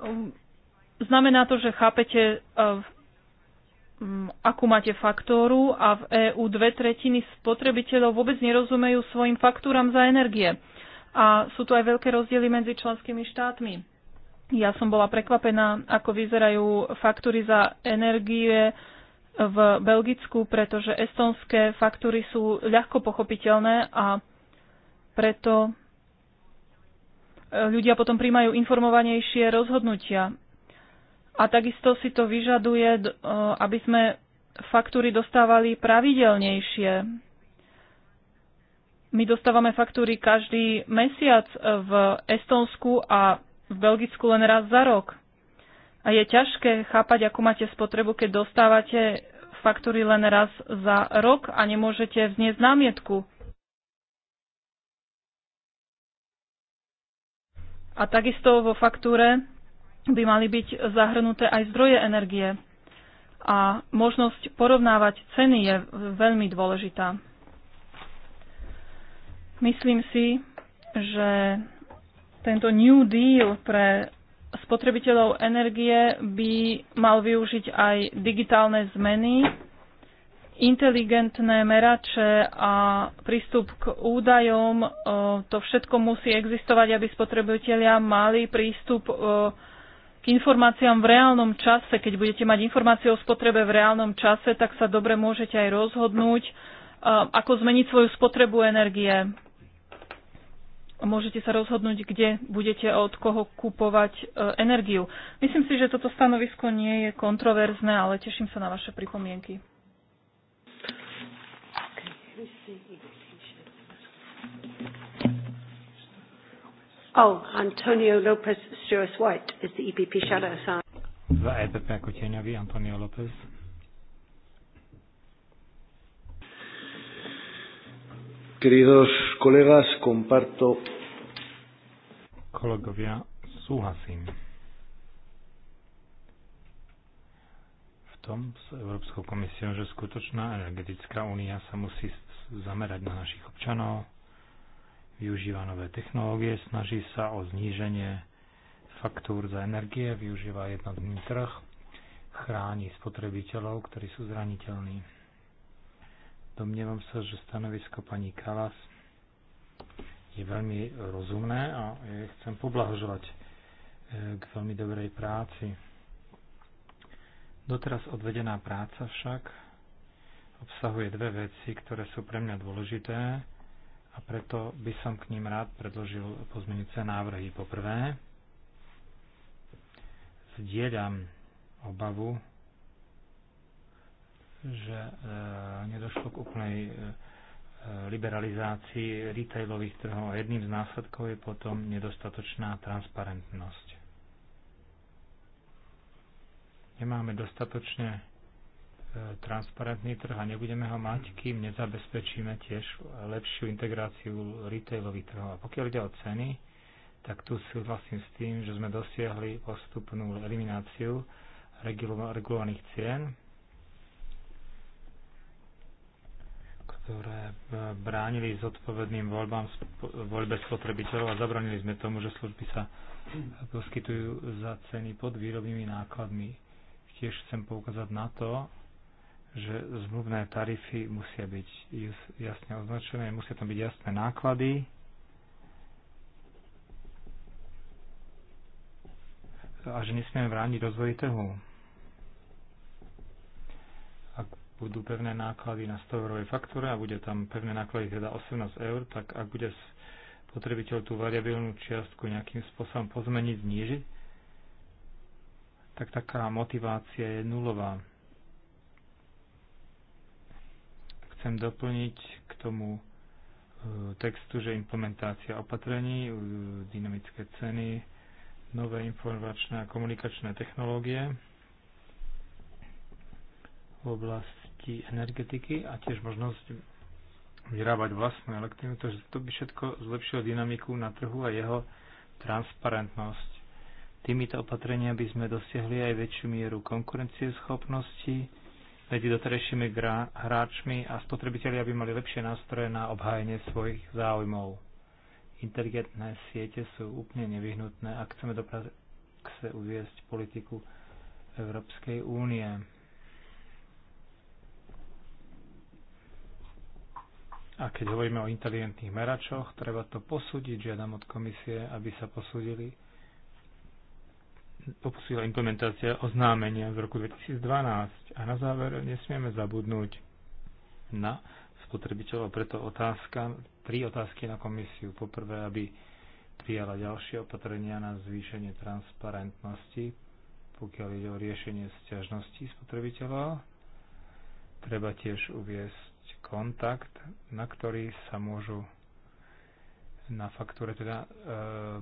Um, znamená to, že chápete, uh, um, akú máte faktóru a v EÚ dve tretiny spotrebiteľov vôbec nerozumejú svojim faktúram za energie. A sú tu aj veľké rozdiely medzi členskými štátmi. Ja som bola prekvapená, ako vyzerajú faktúry za energie v Belgicku, pretože estonské faktúry sú ľahko pochopiteľné a preto e, ľudia potom príjmajú informovanejšie rozhodnutia. A takisto si to vyžaduje, e, aby sme faktúry dostávali pravidelnejšie. My dostávame faktúry každý mesiac v Estonsku a v Belgicku len raz za rok. A je ťažké chápať, ako máte spotrebu, keď dostávate faktúry len raz za rok a nemôžete vznieť námietku. A takisto vo faktúre by mali byť zahrnuté aj zdroje energie. A možnosť porovnávať ceny je veľmi dôležitá. Myslím si, že tento New Deal pre spotrebiteľov energie by mal využiť aj digitálne zmeny, inteligentné merače a prístup k údajom. To všetko musí existovať, aby spotrebitelia mali prístup k informáciám v reálnom čase. Keď budete mať informácie o spotrebe v reálnom čase, tak sa dobre môžete aj rozhodnúť, ako zmeniť svoju spotrebu energie môžete sa rozhodnúť, kde budete od koho kupovať e, energiu. Myslím si, že toto stanovisko nie je kontroverzné, ale teším sa na vaše pripomienky. Oh, Antonio Lopez Stewart White is the EPP shadow sign. Za EPP ako tieňavý Antonio Lopez. Queridos colegas, comparto. Kolegovia, súhlasím. V tom s Európskou komisiou, že skutočná energetická únia sa musí zamerať na našich občanov, využíva nové technológie, snaží sa o zníženie faktúr za energie, využíva jednotný trh, chráni spotrebiteľov, ktorí sú zraniteľní Domnievam sa, že stanovisko pani Kalas je veľmi rozumné a chcem poblahožovať eh, k veľmi dobrej práci. Doteraz odvedená práca však obsahuje dve veci, ktoré sú pre mňa dôležité a preto by som k ním rád predložil pozmeňujúce návrhy. Poprvé zdieľam obavu že e, nedošlo k úplnej e, liberalizácii retailových trhov. Jedným z následkov je potom nedostatočná transparentnosť. Nemáme dostatočne e, transparentný trh a nebudeme ho mať, kým nezabezpečíme tiež lepšiu integráciu retailových trhov. A pokiaľ ide o ceny, tak tu súhlasím s tým, že sme dosiahli postupnú elimináciu regulovaných cien, ktoré e, bránili zodpovedným voľbám, voľbe spotrebiteľov a zabranili sme tomu, že služby sa poskytujú za ceny pod výrobnými nákladmi. Tiež chcem poukázať na to, že zmluvné tarify musia byť jasne označené, musia tam byť jasné náklady. a že nesmieme brániť rozvoji trhu. budú pevné náklady na 100 eurovej faktúre a bude tam pevné náklady teda 18 eur, tak ak bude spotrebiteľ tú variabilnú čiastku nejakým spôsobom pozmeniť, znížiť, tak taká motivácia je nulová. Chcem doplniť k tomu e, textu, že implementácia opatrení, e, dynamické ceny, nové informačné a komunikačné technológie, v oblasti oblasti energetiky a tiež možnosť vyrábať vlastnú elektrinu, takže to by všetko zlepšilo dynamiku na trhu a jeho transparentnosť. Týmito opatrenia by sme dosiahli aj väčšiu mieru konkurencieschopnosti medzi doterajšími hráčmi a spotrebitelia by mali lepšie nástroje na obhájenie svojich záujmov. Inteligentné siete sú úplne nevyhnutné, ak chceme do praxe uviesť politiku Európskej únie. A keď hovoríme o inteligentných meračoch, treba to posúdiť, žiadam od komisie, aby sa posúdili posúdila implementácia oznámenia z roku 2012. A na záver nesmieme zabudnúť na spotrebiteľov, preto otázka, tri otázky na komisiu. Poprvé, aby prijala ďalšie opatrenia na zvýšenie transparentnosti, pokiaľ ide o riešenie sťažností spotrebiteľa. Treba tiež uviesť kontakt, na ktorý sa môžu na faktúre teda e,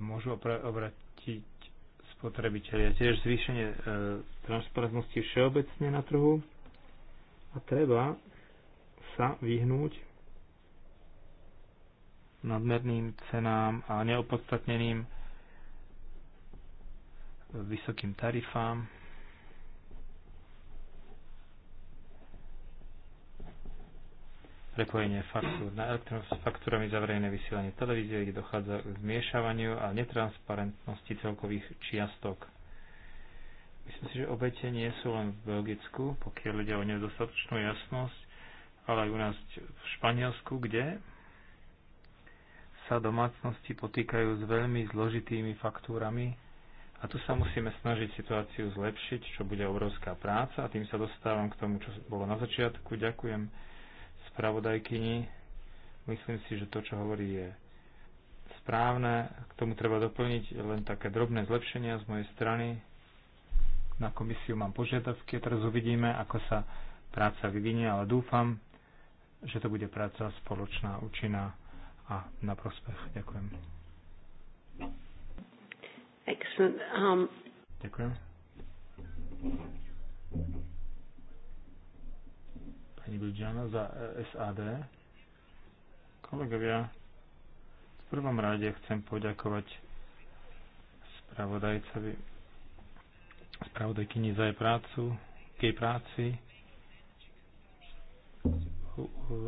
môžu obratiť spotrebitelia. Tiež zvýšenie e, transparentnosti všeobecne na trhu a treba sa vyhnúť nadmerným cenám a neopodstatneným vysokým tarifám. prepojenie faktúr na elektron s faktúrami za verejné vysielanie televízie, kde dochádza k zmiešavaniu a netransparentnosti celkových čiastok. Myslím si, že obete nie sú len v Belgicku, pokiaľ ide o nedostatočnú jasnosť, ale aj u nás v Španielsku, kde sa domácnosti potýkajú s veľmi zložitými faktúrami a tu sa musíme snažiť situáciu zlepšiť, čo bude obrovská práca a tým sa dostávam k tomu, čo bolo na začiatku. Ďakujem spravodajkyni. Myslím si, že to, čo hovorí, je správne. K tomu treba doplniť len také drobné zlepšenia z mojej strany. Na komisiu mám požiadavky, teraz uvidíme, ako sa práca vyvinie, ale dúfam, že to bude práca spoločná, účinná a na prospech. Ďakujem. Excellent. Um... Ďakujem pani za SAD. Kolegovia, v prvom rade chcem poďakovať spravodajcovi, spravodajkyni za jej prácu, k jej práci.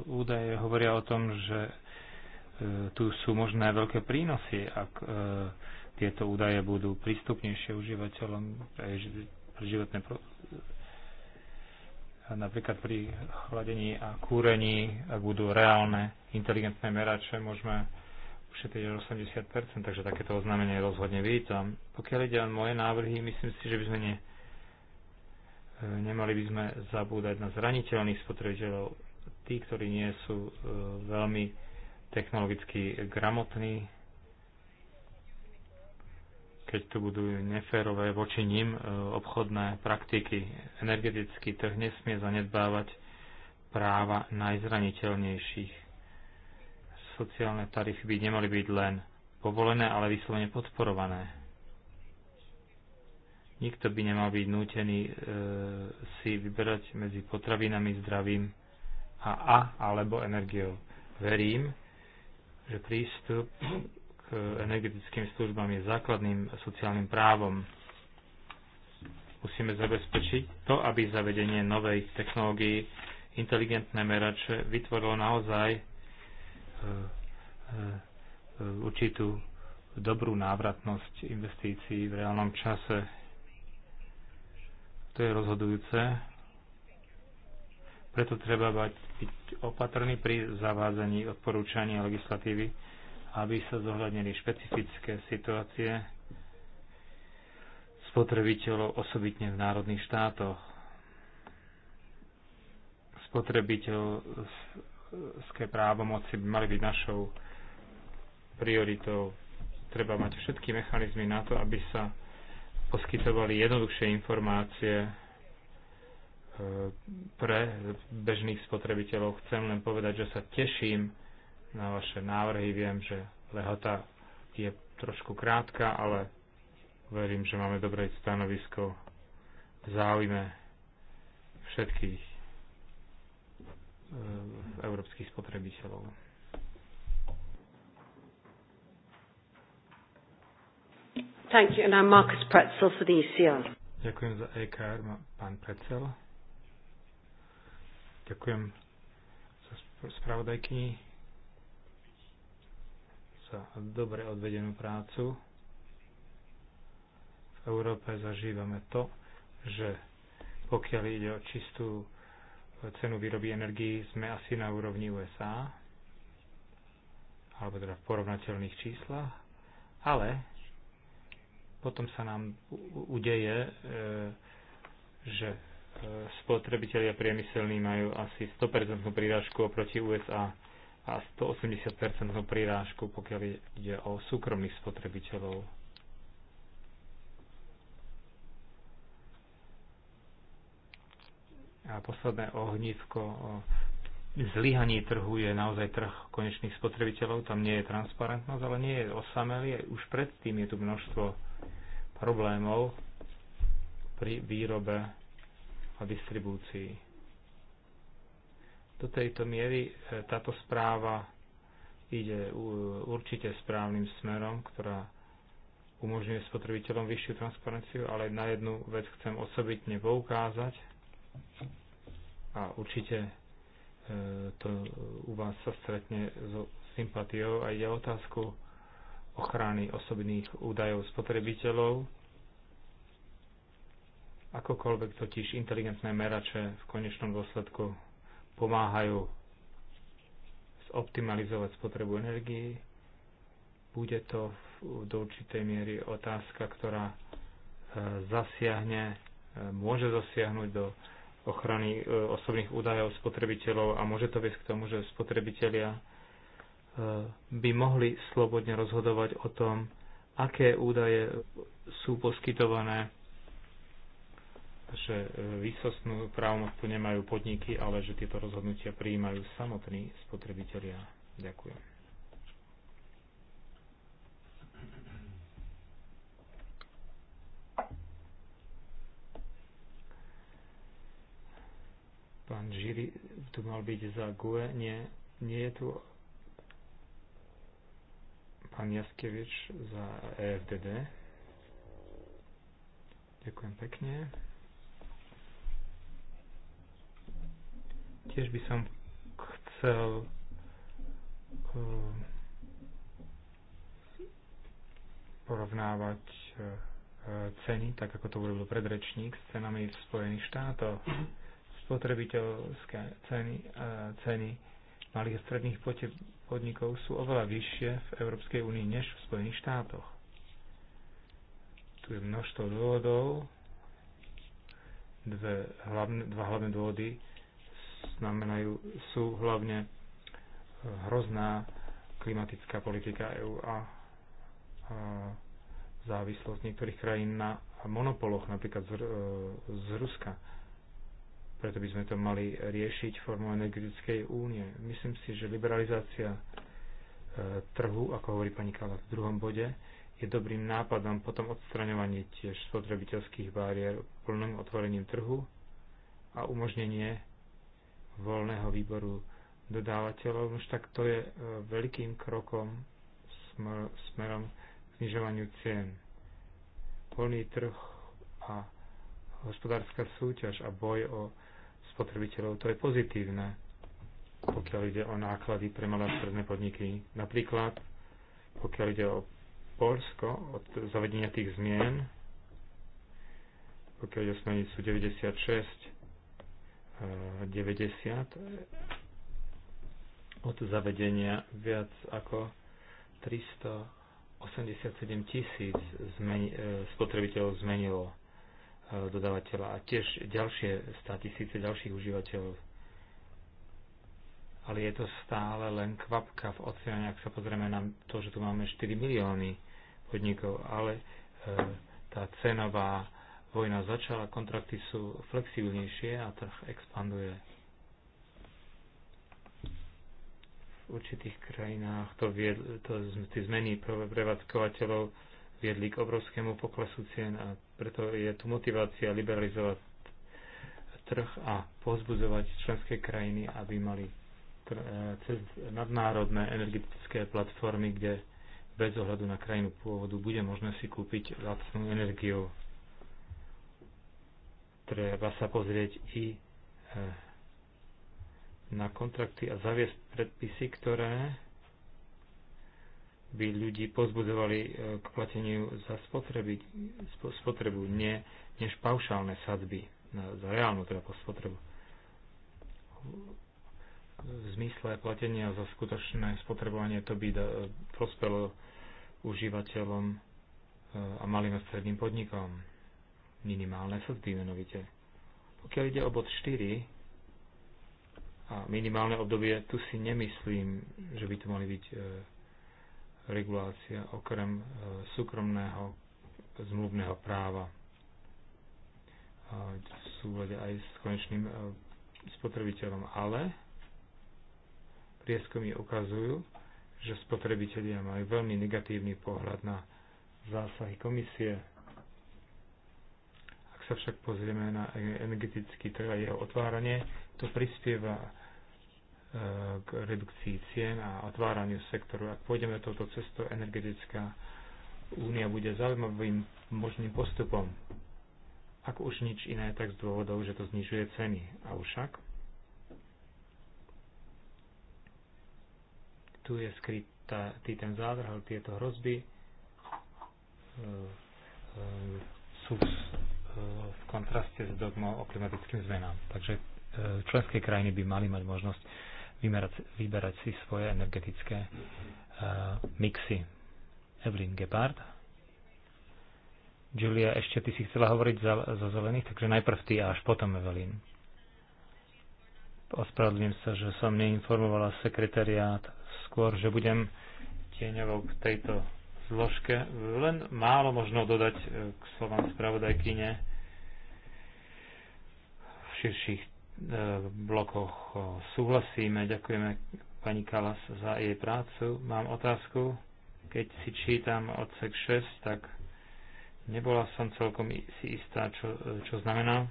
Údaje hovoria o tom, že e, tu sú možné veľké prínosy, ak e, tieto údaje budú prístupnejšie užívateľom pre životné napríklad pri chladení a kúrení, ak budú reálne inteligentné merače, môžeme ušetriť 80%, takže takéto oznámenie rozhodne vítam. Pokiaľ ide o moje návrhy, myslím si, že by sme ne, e, nemali by sme zabúdať na zraniteľných spotrebiteľov, tí, ktorí nie sú e, veľmi technologicky gramotní, keď tu budú neférové voči ním e, obchodné praktiky. Energetický trh nesmie zanedbávať práva najzraniteľnejších. Sociálne tarify by nemali byť len povolené, ale vyslovene podporované. Nikto by nemal byť nútený e, si vyberať medzi potravinami, zdravím a, a alebo energiou. Verím, že prístup energetickým službám je základným sociálnym právom. Musíme zabezpečiť to, aby zavedenie novej technológií inteligentné merače vytvorilo naozaj e, e, e, určitú dobrú návratnosť investícií v reálnom čase. To je rozhodujúce. Preto treba byť opatrný pri zavádzaní odporúčaní legislatívy aby sa zohľadnili špecifické situácie spotrebiteľov osobitne v národných štátoch. Spotrebiteľské právomoci by mali byť našou prioritou. Treba mať všetky mechanizmy na to, aby sa poskytovali jednoduchšie informácie e, pre bežných spotrebiteľov. Chcem len povedať, že sa teším na vaše návrhy. Viem, že lehota je trošku krátka, ale verím, že máme dobré stanovisko v záujme všetkých eh, európskych spotrebiteľov. Thank you. And I'm Marcus Pretzel for the ECR. Ďakujem za EKR, pán Pretzel. Ďakujem za spravodajkyni za dobre odvedenú prácu. V Európe zažívame to, že pokiaľ ide o čistú cenu výroby energií, sme asi na úrovni USA, alebo teda v porovnateľných číslach, ale potom sa nám udeje, e, že e, spotrebitelia priemyselní majú asi 100% prírážku oproti USA a 180% prirážku, pokiaľ ide o súkromných spotrebiteľov. A posledné ohnívko o zlyhaní trhu je naozaj trh konečných spotrebiteľov, tam nie je transparentnosť, ale nie je osamelý, už predtým je tu množstvo problémov pri výrobe a distribúcii do tejto miery e, táto správa ide určite správnym smerom, ktorá umožňuje spotrebiteľom vyššiu transparenciu, ale na jednu vec chcem osobitne poukázať a určite e, to u vás sa stretne so sympatiou a ide otázku ochrany osobných údajov spotrebiteľov. Akokoľvek totiž inteligentné merače v konečnom dôsledku pomáhajú zoptimalizovať spotrebu energii. Bude to do určitej miery otázka, ktorá e, zasiahne, e, môže zasiahnuť do ochrany e, osobných údajov spotrebiteľov a môže to viesť k tomu, že spotrebitelia by mohli slobodne rozhodovať o tom, aké údaje sú poskytované že e, výsostnú právomoc tu nemajú podniky, ale že tieto rozhodnutia prijímajú samotní spotrebitelia. Ďakujem. Pán Žiri tu mal byť za GUE. Nie, nie je tu pán Jaskevič za EFDD. Ďakujem pekne. Tiež by som chcel eh, porovnávať eh, ceny, tak ako to urobil predrečník, s cenami v Spojených štátoch. Spotrebiteľské ceny, eh, ceny malých a stredných podnikov sú oveľa vyššie v Európskej únii než v Spojených štátoch. Tu je množstvo dôvodov. Dve hlavne, dva hlavné dôvody znamenajú, sú hlavne eh, hrozná klimatická politika EÚ a, a eh, závislosť niektorých krajín na monopoloch, napríklad z, eh, z Ruska. Preto by sme to mali riešiť formou energetickej únie. Myslím si, že liberalizácia trhu, ako hovorí pani Kala v druhom bode, je dobrým nápadom potom odstraňovanie tiež spotrebiteľských bariér plným otvorením trhu a umožnenie voľného výboru dodávateľov, už tak to je e, veľkým krokom smerom k znižovaniu cien. Voľný trh a hospodárska súťaž a boj o spotrebiteľov, to je pozitívne, pokiaľ ide o náklady pre malé stredné podniky. Napríklad, pokiaľ ide o Polsko, od zavedenia tých zmien, pokiaľ ide o smernicu 96, 90 od zavedenia viac ako 387 tisíc zmeni- e, spotrebiteľov zmenilo e, dodávateľa a tiež ďalšie 100 tisíce ďalších užívateľov. Ale je to stále len kvapka v oceáne, ak sa pozrieme na to, že tu máme 4 milióny podnikov, ale e, tá cenová Vojna začala, kontrakty sú flexibilnejšie a trh expanduje. V určitých krajinách to, vied, to tie zmeny prevádzkovateľov viedli k obrovskému poklesu cien a preto je tu motivácia liberalizovať trh a pozbudzovať členské krajiny, aby mali e, cez nadnárodné energetické platformy, kde bez ohľadu na krajinu pôvodu bude možné si kúpiť lacnú energiu. Treba sa pozrieť i e, na kontrakty a zaviesť predpisy, ktoré by ľudí pozbudzovali e, k plateniu za spotreby, spotrebu, nie, než paušálne sadby za reálnu teda spotrebu. V zmysle platenia za skutočné spotrebovanie to by e, prospelo užívateľom a malým a stredným podnikom minimálne sadzby menovite. Pokiaľ ide o bod 4 a minimálne obdobie, tu si nemyslím, že by to mali byť e, regulácia okrem e, súkromného zmluvného práva v súlade aj s konečným e, spotrebiteľom, ale prieskumy ukazujú, že spotrebitelia majú veľmi negatívny pohľad na zásahy komisie sa však pozrieme na e- energetický trh a jeho otváranie, to prispieva e, k redukcii cien a otváraniu sektoru. Ak pôjdeme touto cestou, energetická únia bude zaujímavým možným postupom. Ak už nič iné, tak z dôvodov, že to znižuje ceny. A však tu je skrytý ten zádrhel, tieto hrozby e, sú v kontraste s dogmou o klimatickým zmenám. Takže e, členské krajiny by mali mať možnosť vymerať, vyberať si svoje energetické e, mixy. Evelyn Gebhardt. Julia, ešte ty si chcela hovoriť za, za zelených, takže najprv ty a až potom Evelyn. Ospravedlňujem sa, že som neinformovala sekretariát skôr, že budem tieňovou k tejto zložke. Len málo možno dodať e, k slovám spravodajkyne v širších e, blokoch súhlasíme. Ďakujeme pani Kalas za jej prácu. Mám otázku. Keď si čítam odsek 6, tak nebola som celkom si istá, čo, čo znamená.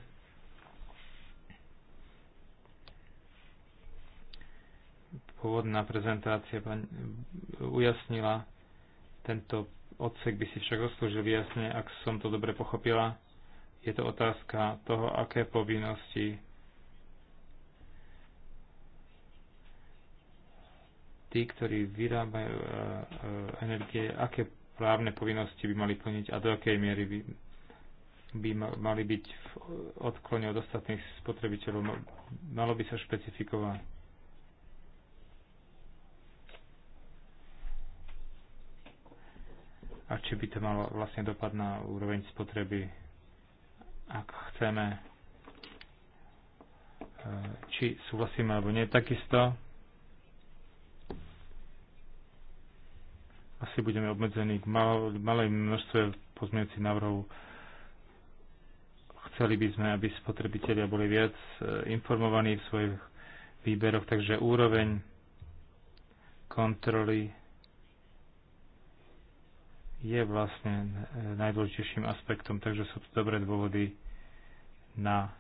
Pôvodná prezentácia pani, ujasnila, tento odsek by si však rozslúžil jasne, ak som to dobre pochopila. Je to otázka toho, aké povinnosti tí, ktorí vyrábajú e, e, energie, aké právne povinnosti by mali plniť a do akej miery by, by mali byť v odklone od ostatných spotrebiteľov. No, malo by sa špecifikovať. a či by to malo vlastne dopad na úroveň spotreby, ak chceme, eh, či súhlasíme alebo nie. Takisto asi budeme obmedzení k malej množstve pozmeňujúcich návrhov. Chceli by sme, aby spotrebitelia boli viac eh, informovaní v svojich výberoch, takže úroveň kontroly je vlastne najdôležitejším aspektom, takže sú to dobré dôvody na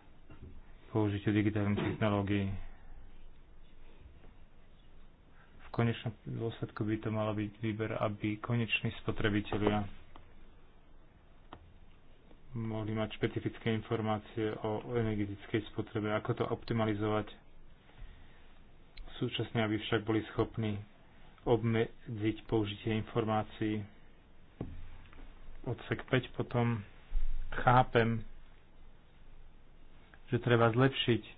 použitie digitálnych technológií. V konečnom dôsledku by to malo byť výber, aby koneční spotrebitelia mohli mať špecifické informácie o energetickej spotrebe, ako to optimalizovať, súčasne aby však boli schopní obmedziť použitie informácií odsek 5 potom chápem, že treba zlepšiť e,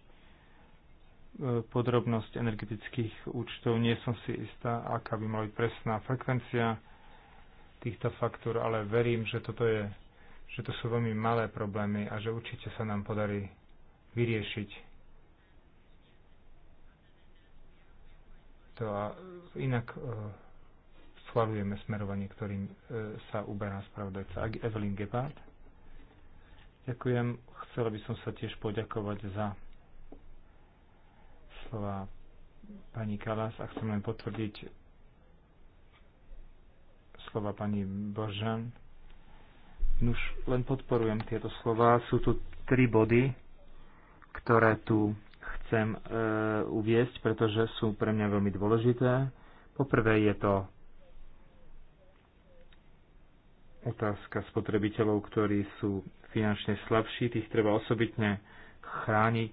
podrobnosť energetických účtov. Nie som si istá, aká by mala byť presná frekvencia týchto faktúr, ale verím, že toto je, že to sú veľmi malé problémy a že určite sa nám podarí vyriešiť. To a inak e, Schvalujeme smerovanie, ktorým e, sa uberá spravodajca Evelyn Gebhardt. Ďakujem. Chcela by som sa tiež poďakovať za slova pani Kalas a chcem len potvrdiť slova pani Božan. Už len podporujem tieto slova. Sú tu tri body, ktoré tu chcem e, uviesť, pretože sú pre mňa veľmi dôležité. Poprvé je to otázka spotrebiteľov, ktorí sú finančne slabší, tých treba osobitne chrániť.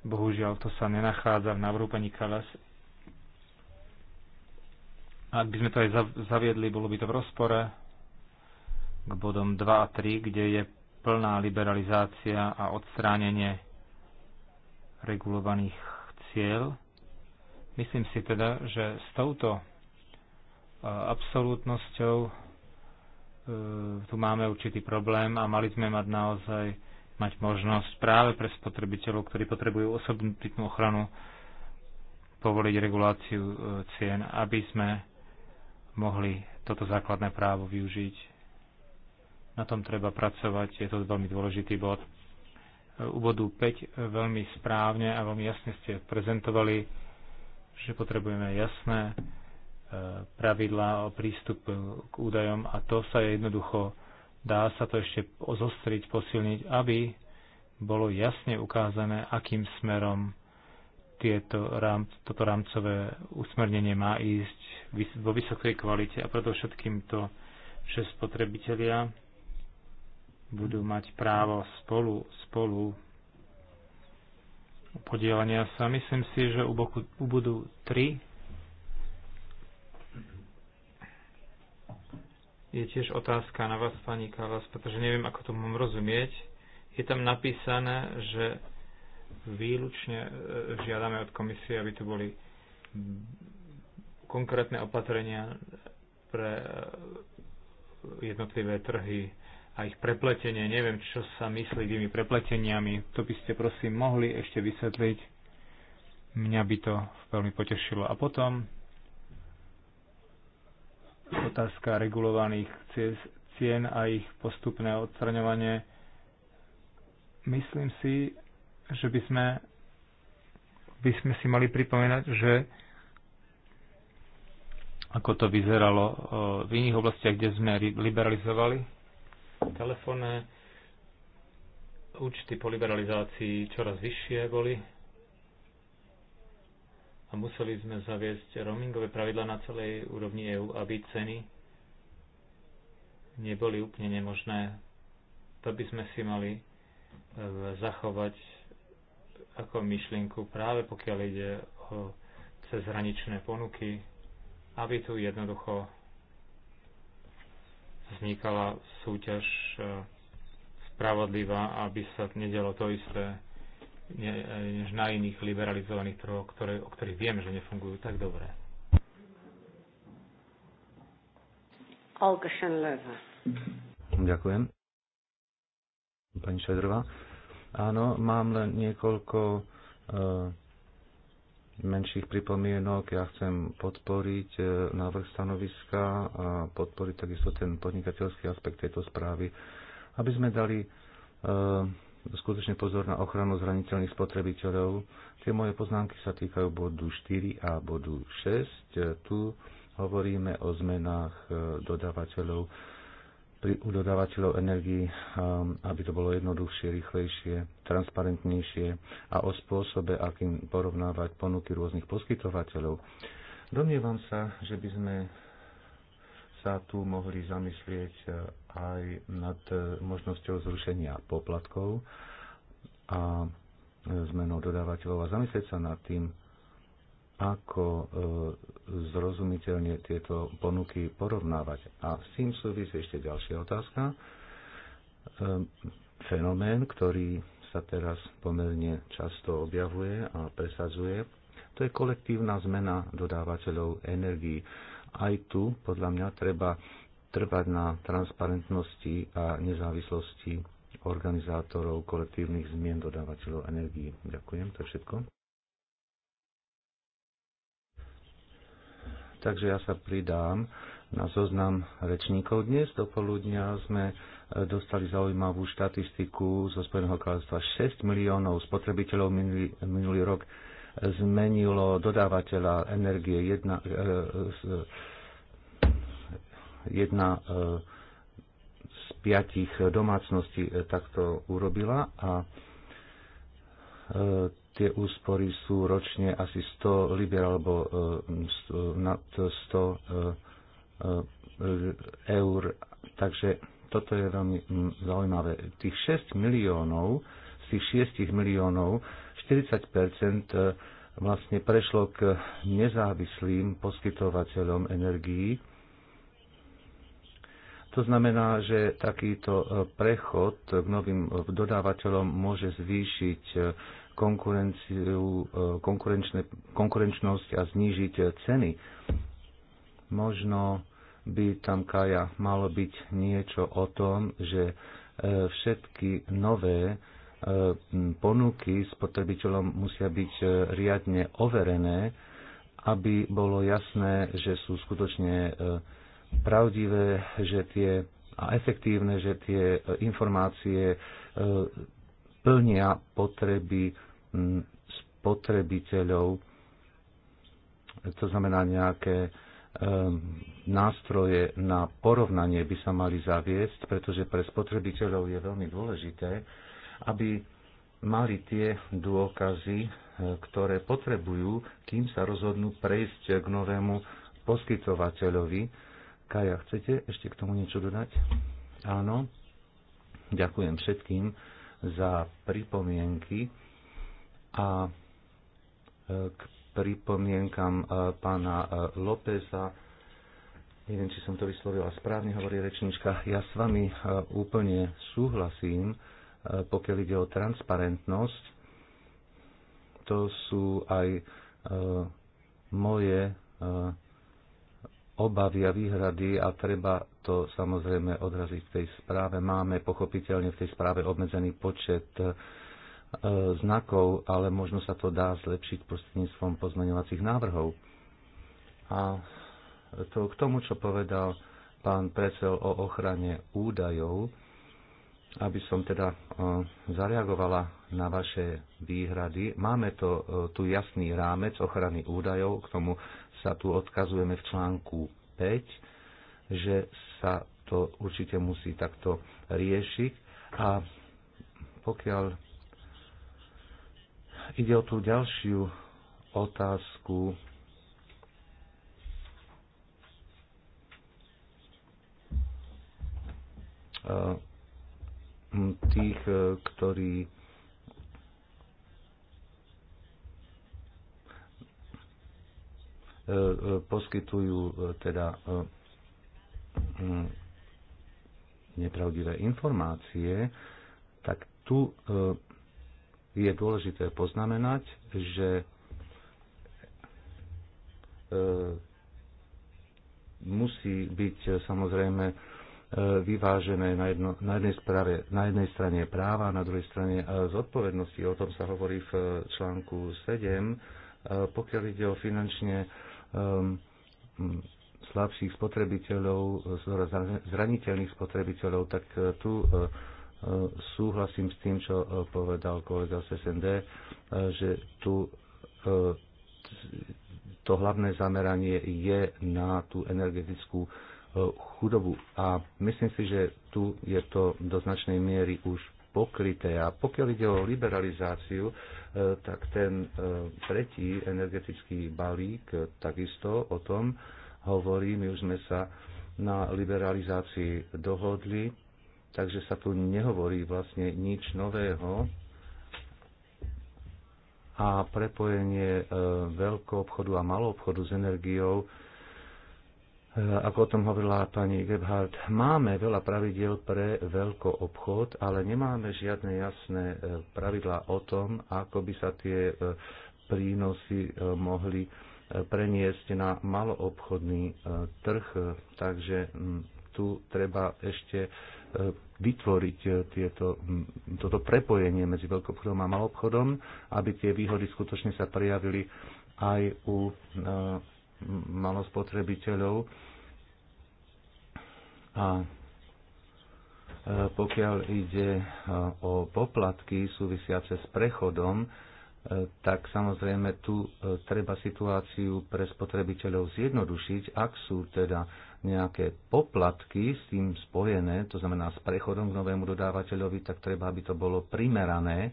Bohužiaľ, to sa nenachádza v návrhu pani Kalas. Ak by sme to aj zaviedli, bolo by to v rozpore k bodom 2 a 3, kde je plná liberalizácia a odstránenie regulovaných cieľ. Myslím si teda, že s touto absolútnosťou e, tu máme určitý problém a mali sme mať naozaj mať možnosť práve pre spotrebiteľov, ktorí potrebujú osobnitnú ochranu, povoliť reguláciu e, cien, aby sme mohli toto základné právo využiť. Na tom treba pracovať, je to veľmi dôležitý bod. E, u bodu 5 veľmi správne a veľmi jasne ste prezentovali, že potrebujeme jasné pravidlá o prístup k údajom a to sa jednoducho dá sa to ešte zostriť, posilniť, aby bolo jasne ukázané, akým smerom tieto rám, toto rámcové usmernenie má ísť vo vysokej kvalite a preto všetkým to, že spotrebitelia budú mať právo spolu, spolu podielania sa. Myslím si, že u boku, u budú tri je tiež otázka na vás, pani Kalas, pretože neviem, ako to mám rozumieť. Je tam napísané, že výlučne e, žiadame od komisie, aby to boli konkrétne opatrenia pre e, jednotlivé trhy a ich prepletenie. Neviem, čo sa myslí tými prepleteniami. To by ste prosím mohli ešte vysvetliť. Mňa by to veľmi potešilo. A potom otázka regulovaných cien a ich postupné odstraňovanie. Myslím si, že by sme, by sme si mali pripomínať, že ako to vyzeralo eh, v iných oblastiach, kde sme liberalizovali telefónne účty po liberalizácii čoraz vyššie boli a museli sme zaviesť roamingové pravidla na celej úrovni EÚ, aby ceny neboli úplne nemožné. To by sme si mali e, zachovať ako myšlienku práve pokiaľ ide o cezhraničné ponuky, aby tu jednoducho vznikala súťaž e, spravodlivá, aby sa nedelo to isté než na iných liberalizovaných trhoch, ktoré, o ktorých vieme, že nefungujú tak dobre. Ďakujem. Pani Šedrová. Áno, mám len niekoľko e, menších pripomienok. Ja chcem podporiť e, návrh stanoviska a podporiť takisto ten podnikateľský aspekt tejto správy, aby sme dali e, skutočne pozor na ochranu zraniteľných spotrebiteľov. Tie moje poznámky sa týkajú bodu 4 a bodu 6. Tu hovoríme o zmenách e, dodávateľov pri, u dodávateľov energii, e, aby to bolo jednoduchšie, rýchlejšie, transparentnejšie a o spôsobe, akým porovnávať ponuky rôznych poskytovateľov. Domnievam sa, že by sme sa tu mohli zamyslieť e, aj nad e, možnosťou zrušenia poplatkov a e, zmenou dodávateľov a zamyslieť sa nad tým, ako zrozumiteľne tieto ponuky porovnávať. A s tým súvisí ešte ďalšia otázka. Fenomén, ktorý sa teraz pomerne často objavuje a presadzuje, to je kolektívna zmena dodávateľov energií aj tu, podľa mňa, treba trvať na transparentnosti a nezávislosti organizátorov kolektívnych zmien dodávateľov energii. Ďakujem, to je všetko. Takže ja sa pridám na zoznam rečníkov. Dnes do poludnia sme e, dostali zaujímavú štatistiku zo Spojeného kráľovstva. 6 miliónov spotrebiteľov minulý, minulý rok zmenilo dodávateľa energie. Jedna, e, jedna e, z piatich domácností e, takto urobila a tie úspory sú ročne asi 100 liber alebo nad 100 eur. Takže toto je veľmi zaujímavé. Tých 6 miliónov, z tých 6 miliónov 40 vlastne prešlo k nezávislým poskytovateľom energií. To znamená, že takýto e, prechod k novým e, dodávateľom môže zvýšiť e, konkurenciu, konkurenčnosť a znížiť ceny. Možno by tam, Kaja, malo byť niečo o tom, že všetky nové E, ponuky spotrebiteľom musia byť e, riadne overené, aby bolo jasné, že sú skutočne e, pravdivé, že tie a efektívne, že tie informácie plnia potreby spotrebiteľov, to znamená nejaké nástroje na porovnanie by sa mali zaviesť, pretože pre spotrebiteľov je veľmi dôležité, aby mali tie dôkazy, e, ktoré potrebujú, kým sa rozhodnú prejsť k novému poskytovateľovi. Kaja, chcete ešte k tomu niečo dodať? Áno. Ďakujem všetkým za pripomienky a e, k pripomienkam e, pána Lópeza. Neviem, či som to vyslovila správne, hovorí rečnička. Ja s vami úplne súhlasím. E, pokiaľ ide o transparentnosť. To sú aj e, moje e, obavy a výhrady a treba to samozrejme odraziť v tej správe. Máme pochopiteľne v tej správe obmedzený počet znakov, ale možno sa to dá zlepšiť prostredníctvom pozmeňovacích návrhov. A to k tomu, čo povedal pán Precel o ochrane údajov, aby som teda e, zareagovala na vaše výhrady. Máme to e, tu jasný rámec ochrany údajov, k tomu sa tu odkazujeme v článku 5, že sa to určite musí takto riešiť. A pokiaľ ide o tú ďalšiu otázku, uh, tých, e, ktorí e, e, poskytujú teda nepravdivé informácie, tak tu je dôležité poznamenať, že musí byť samozrejme E, vyvážené na, jedno, na, jednej sprave, na jednej strane práva, na druhej strane e, zodpovednosti. O tom sa hovorí v e, článku 7. Pokiaľ ide o finančne slabších spotrebiteľov, zraniteľných spotrebiteľov, tak tu súhlasím s tým, čo povedal kolega z SND, že tu to hlavné zameranie je na tú energetickú E, chudobu. A myslím si, že tu je to do značnej miery už pokryté. A pokiaľ ide o liberalizáciu, e, tak ten e, tretí energetický balík takisto o tom hovorí. My už sme sa na liberalizácii dohodli, takže sa tu nehovorí vlastne nič nového. A prepojenie veľkého obchodu a malou obchodu s energiou E, ako o tom hovorila pani Gebhardt, máme veľa pravidel pre veľký obchod, ale nemáme žiadne jasné e, pravidlá o tom, ako by sa tie e, prínosy mohli preniesť na maloobchodný trh. Takže tu treba ešte vytvoriť tieto, toto prepojenie medzi veľkobchodom a malobchodom, aby tie výhody skutočne sa prejavili aj u malospotrebiteľov. A e, pokiaľ ide e, o poplatky súvisiace s prechodom, e, tak samozrejme tu treba situáciu pre spotrebiteľov zjednodušiť, ak sú teda nejaké poplatky s tým spojené, to znamená s prechodom k novému dodávateľovi, tak treba, aby to bolo primerané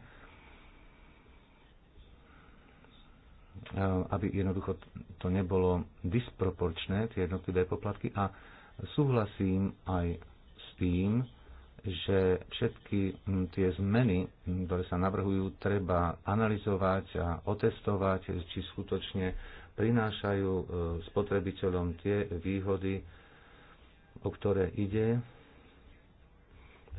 Eh, aby jednoducho to nebolo disproporčné, tie jednotlivé poplatky. A súhlasím aj s tým, že všetky hm, tie zmeny, hm, ktoré sa navrhujú, treba analyzovať a otestovať, či skutočne prinášajú eh, spotrebiteľom tie výhody, o ktoré ide.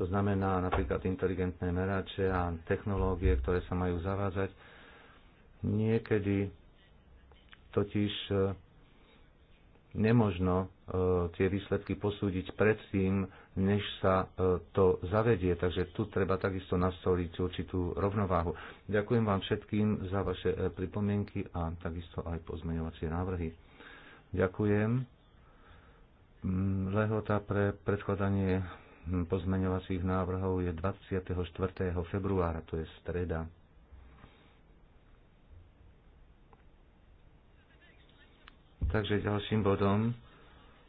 To znamená napríklad inteligentné merače a technológie, ktoré sa majú zavádzať. Niekedy totiž e, nemožno e, tie výsledky posúdiť predtým, než sa e, to zavedie. Takže tu treba takisto nastoliť určitú rovnováhu. Ďakujem vám všetkým za vaše pripomienky a takisto aj pozmeňovacie návrhy. Ďakujem. Mm, lehota pre predkladanie hm, pozmeňovacích návrhov je 24. februára, to je streda. Takže ďalším bodom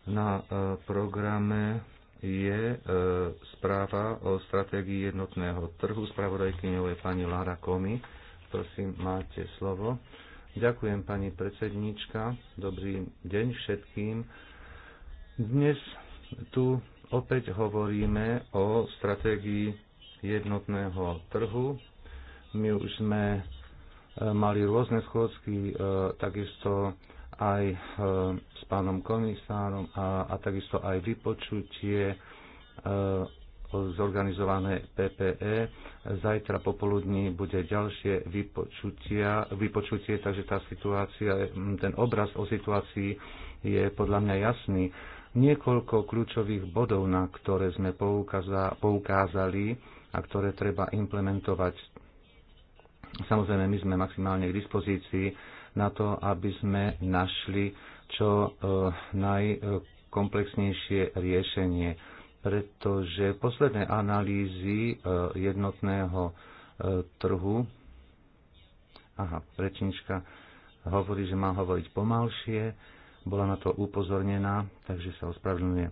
na e, programe je e, správa o stratégii jednotného trhu. Spravodajkyňou je pani Lara Komi. Prosím, máte slovo. Ďakujem, pani predsedníčka. Dobrý deň všetkým. Dnes tu opäť hovoríme o stratégii jednotného trhu. My už sme e, mali rôzne schôdzky, takisto aj e, s pánom komisárom a, a takisto aj vypočutie e, zorganizované PPE. Zajtra popoludní bude ďalšie vypočutia, vypočutie, takže tá situácia, ten obraz o situácii je podľa mňa jasný. Niekoľko kľúčových bodov, na ktoré sme poukázali a ktoré treba implementovať. Samozrejme, my sme maximálne k dispozícii na to, aby sme našli čo eh, najkomplexnejšie riešenie, pretože posledné analýzy eh, jednotného eh, trhu. Aha, rečnička hovorí, že má hovoriť pomalšie, bola na to upozornená, takže sa ospravedlňuje.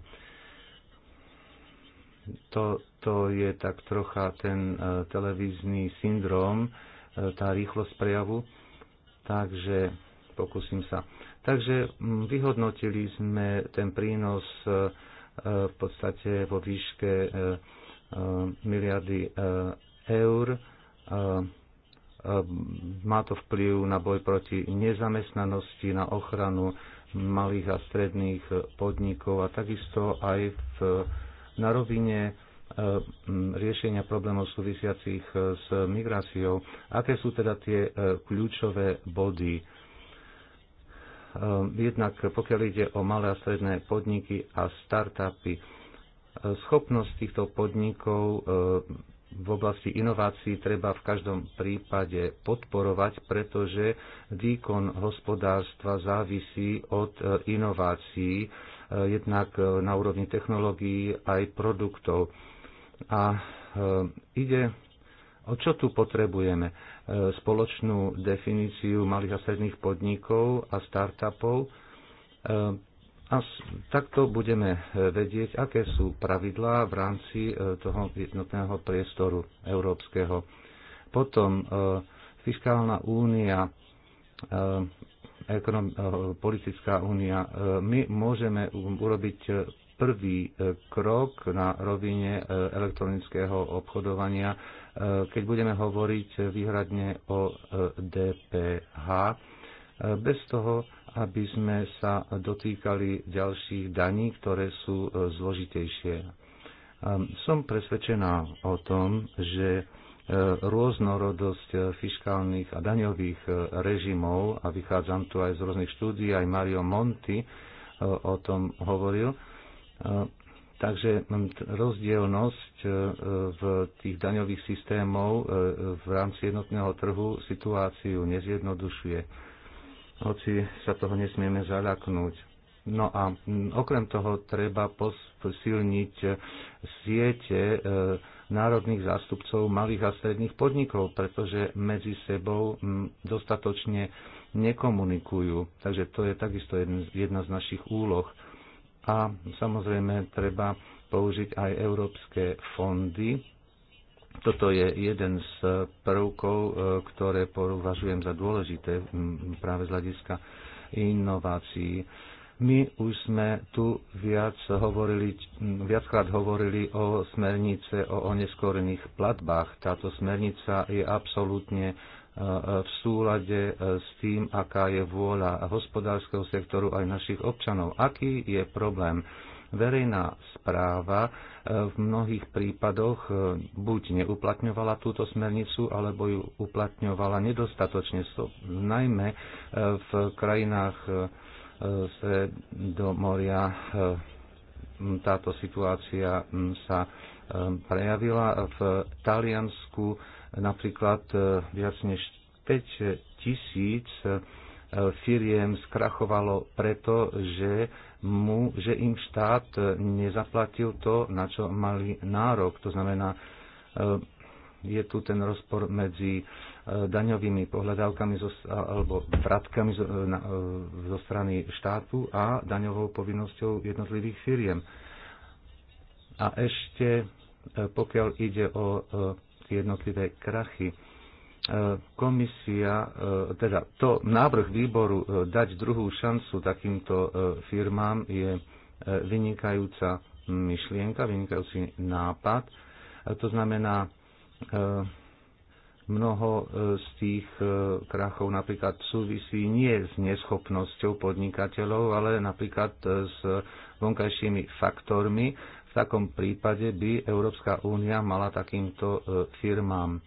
To, to je tak trocha ten televízny syndrom, tá rýchlosť prejavu takže pokúsim sa. Takže mm, vyhodnotili sme ten prínos e, e, v podstate vo výške e, miliardy eur. Má to vplyv na boj proti nezamestnanosti, na ochranu malých a stredných podnikov a takisto aj v, na rovine E, riešenia problémov súvisiacich e, s migráciou. Aké sú teda tie e, kľúčové body? Jednak pokiaľ ide o malé a stredné podniky a startupy, schopnosť týchto podnikov v oblasti inovácií treba v každom prípade podporovať, pretože výkon hospodárstva závisí od inovácií, jednak na úrovni technológií aj produktov. A e, ide O čo tu potrebujeme? E, spoločnú definíciu malých a stredných podnikov a startupov. E, a takto budeme vedieť, aké sú pravidlá v rámci toho jednotného priestoru európskeho. Potom fiskálna únia, politická únia. My môžeme urobiť prvý e, krok na rovine e, elektronického obchodovania, e, keď budeme hovoriť výhradne o DPH, bez toho, aby sme sa dotýkali ďalších daní, ktoré sú zložitejšie. Som presvedčená o tom, že rôznorodosť fiskálnych a daňových režimov, a vychádzam tu aj z rôznych štúdií, aj Mario Monti o tom hovoril, Takže rozdielnosť e, v tých daňových systémov e, v rámci jednotného trhu situáciu nezjednodušuje, hoci sa toho nesmieme zaľaknúť. No a okrem toho treba posilniť siete e, národných zástupcov malých a stredných podnikov, pretože medzi sebou dostatočne nekomunikujú. Takže to je takisto jedna z našich úloh a samozrejme treba použiť aj európske fondy. Toto je jeden z prvkov, e, ktoré považujem za dôležité práve z hľadiska inovácií. My už sme tu viac hovorili, viackrát hovorili o smernice o oneskorených platbách. Táto smernica je absolútne v súlade eh, s tým, aká je vôľa hospodárskeho sektoru aj našich občanov. Aký je problém? Verejná správa eh, v mnohých prípadoch eh, buď neuplatňovala túto smernicu, alebo ju uplatňovala nedostatočne, najmä v krajinách do moria táto situácia mm, sa prejavila. V Taliansku napríklad e, viac než 5 tisíc e, firiem skrachovalo preto, že, mu, že im štát e, nezaplatil to, na čo mali nárok. To znamená, je tu ten rozpor medzi daňovými pohľadávkami zo, alebo vratkami zo, na, zo strany štátu a daňovou povinnosťou jednotlivých firiem. A ešte, pokiaľ ide o jednotlivé krachy. E, komisia, e, teda to návrh výboru e, dať druhú šancu takýmto firmám je vynikajúca myšlienka, vynikajúci nápad. To znamená, mnoho z tých krachov napríklad súvisí nie s neschopnosťou podnikateľov, ale napríklad s vonkajšími faktormi takom prípade by Európska únia mala takýmto e, firmám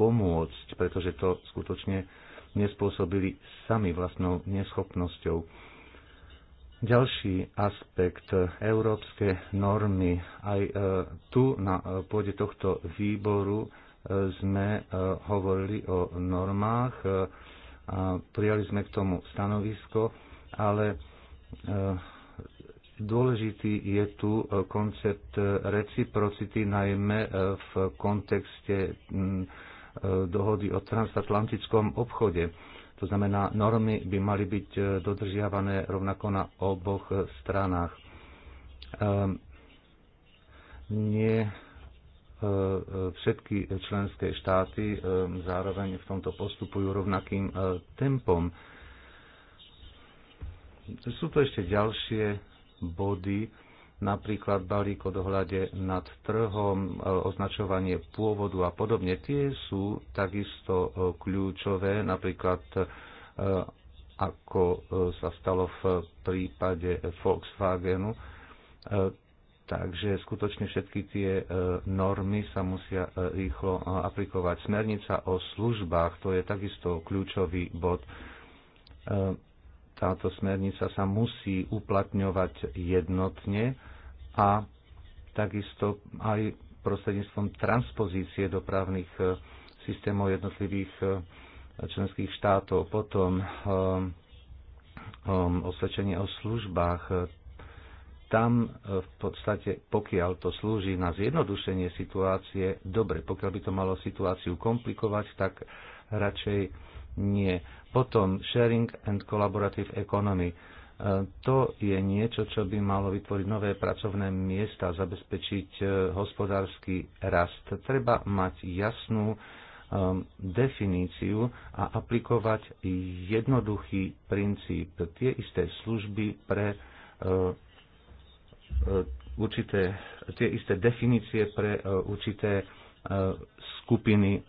pomôcť, pretože to skutočne nespôsobili sami vlastnou neschopnosťou. Ďalší aspekt, e, európske normy. Aj e, tu na pôde tohto výboru sme hovorili o normách, a prijali sme k tomu stanovisko, ale Dôležitý je tu e, koncept e, reciprocity, najmä e, v kontexte dohody o transatlantickom obchode. To znamená, normy by mali byť dodržiavané rovnako na oboch stranách. Ehm, nie všetky členské štáty zároveň v tomto postupujú rovnakým tempom. Sú to ešte ďalšie body, napríklad balík o dohľade nad trhom, e, označovanie pôvodu a podobne, tie sú takisto e, kľúčové, napríklad e, ako sa stalo v prípade Volkswagenu. Takže skutočne všetky tie normy sa musia rýchlo aplikovať. Smernica o službách, to je takisto kľúčový bod táto smernica sa musí uplatňovať jednotne a takisto aj prostredníctvom transpozície právnych eh, systémov jednotlivých eh, členských štátov. Potom eh, osvedčenie o službách. Tam v podstate, pokiaľ to slúži na zjednodušenie situácie, dobre, pokiaľ by to malo situáciu komplikovať, tak radšej nie. Potom sharing and collaborative economy. E, to je niečo, čo by malo vytvoriť nové pracovné miesta, zabezpečiť e, hospodársky rast. Treba mať jasnú e, definíciu a aplikovať jednoduchý princíp. Tie isté služby pre určité, tie isté definície pre určité E, skupiny e,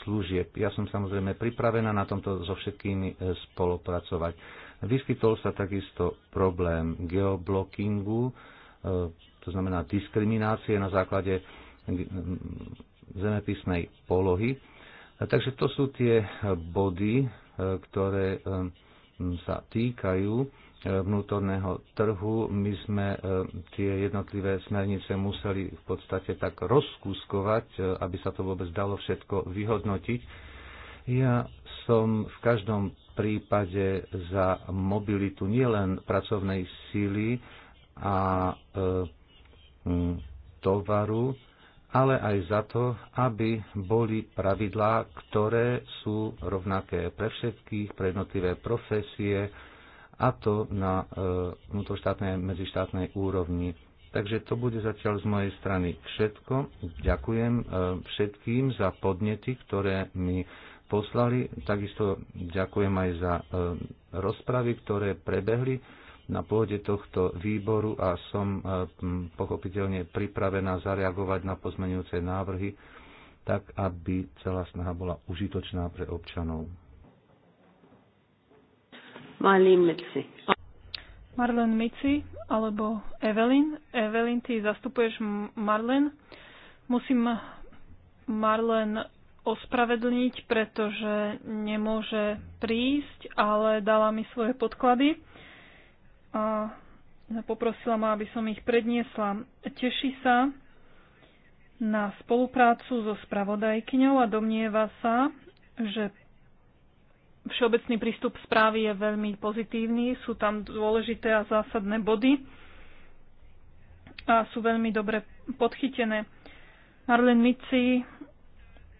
služieb. Ja som samozrejme pripravená na tomto so všetkými e, spolupracovať. Vyskytol sa takisto problém geoblockingu, to znamená diskriminácie na základe zemepisnej polohy. Takže to sú tie body, ktoré sa týkajú vnútorného trhu. My sme e, tie jednotlivé smernice museli v podstate tak rozkúskovať, e, aby sa to vôbec dalo všetko vyhodnotiť. Ja som v každom prípade za mobilitu nielen pracovnej síly a e, tovaru, ale aj za to, aby boli pravidlá, ktoré sú rovnaké pre všetkých, pre jednotlivé profesie, a to na e, vnútroštátnej a medzištátnej úrovni. Takže to bude zatiaľ z mojej strany všetko. Ďakujem e, všetkým za podnety, ktoré mi poslali. Takisto ďakujem aj za e, rozpravy, ktoré prebehli na pôde tohto výboru a som pochopiteľne pripravená zareagovať na pozmenujúce návrhy, tak aby celá snaha bola užitočná pre občanov. Marlene Mitzi. Marlen Mici alebo Evelyn. Evelyn, ty zastupuješ Marlen. Musím Marlen ospravedlniť, pretože nemôže prísť, ale dala mi svoje podklady a poprosila ma, aby som ich predniesla. Teší sa na spoluprácu so spravodajkyňou a domnieva sa, že Všeobecný prístup správy je veľmi pozitívny, sú tam dôležité a zásadné body a sú veľmi dobre podchytené. Marlen Mici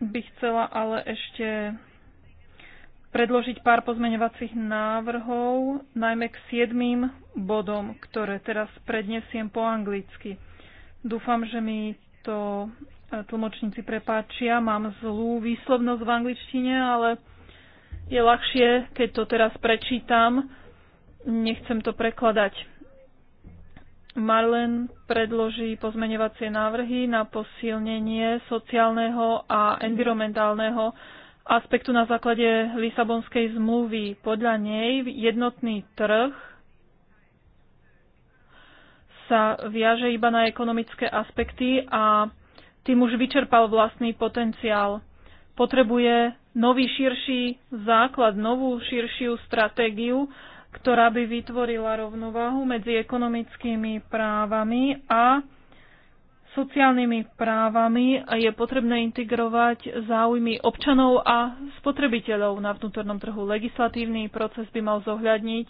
by chcela ale ešte predložiť pár pozmeňovacích návrhov, najmä k siedmým bodom, ktoré teraz prednesiem po anglicky. Dúfam, že mi to e, tlmočníci prepáčia. Mám zlú výslovnosť v angličtine, ale je ľahšie, keď to teraz prečítam. Nechcem to prekladať. Marlen predloží pozmeňovacie návrhy na posilnenie sociálneho a environmentálneho aspektu na základe Lisabonskej zmluvy. Podľa nej jednotný trh sa viaže iba na ekonomické aspekty a tým už vyčerpal vlastný potenciál. Potrebuje nový širší základ, novú širšiu stratégiu, ktorá by vytvorila rovnováhu medzi ekonomickými právami a sociálnymi právami a je potrebné integrovať záujmy občanov a spotrebiteľov na vnútornom trhu. Legislatívny proces by mal zohľadniť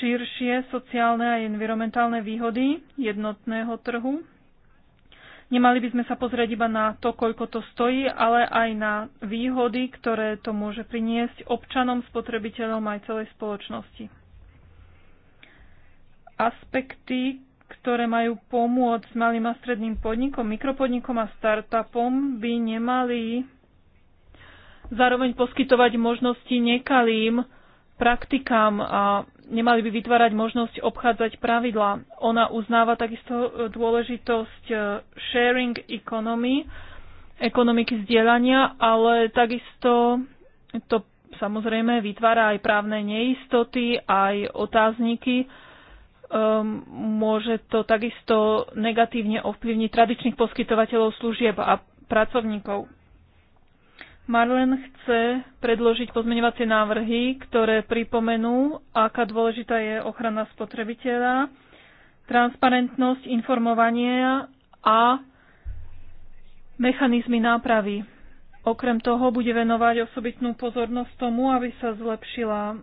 širšie sociálne a environmentálne výhody jednotného trhu Nemali by sme sa pozrieť iba na to, koľko to stojí, ale aj na výhody, ktoré to môže priniesť občanom, spotrebiteľom aj celej spoločnosti. Aspekty, ktoré majú pomôcť malým a stredným podnikom, mikropodnikom a startupom, by nemali zároveň poskytovať možnosti nekalým praktikám a nemali by vytvárať možnosť obchádzať pravidla. Ona uznáva takisto e, dôležitosť e, sharing economy, ekonomiky zdieľania, ale takisto to samozrejme vytvára aj právne neistoty, aj otázniky. E, môže to takisto negatívne ovplyvniť tradičných poskytovateľov služieb a pracovníkov. Marlen chce predložiť pozmeňovacie návrhy, ktoré pripomenú, aká dôležitá je ochrana spotrebiteľa, transparentnosť informovania a mechanizmy nápravy. Okrem toho bude venovať osobitnú pozornosť tomu, aby sa zlepšila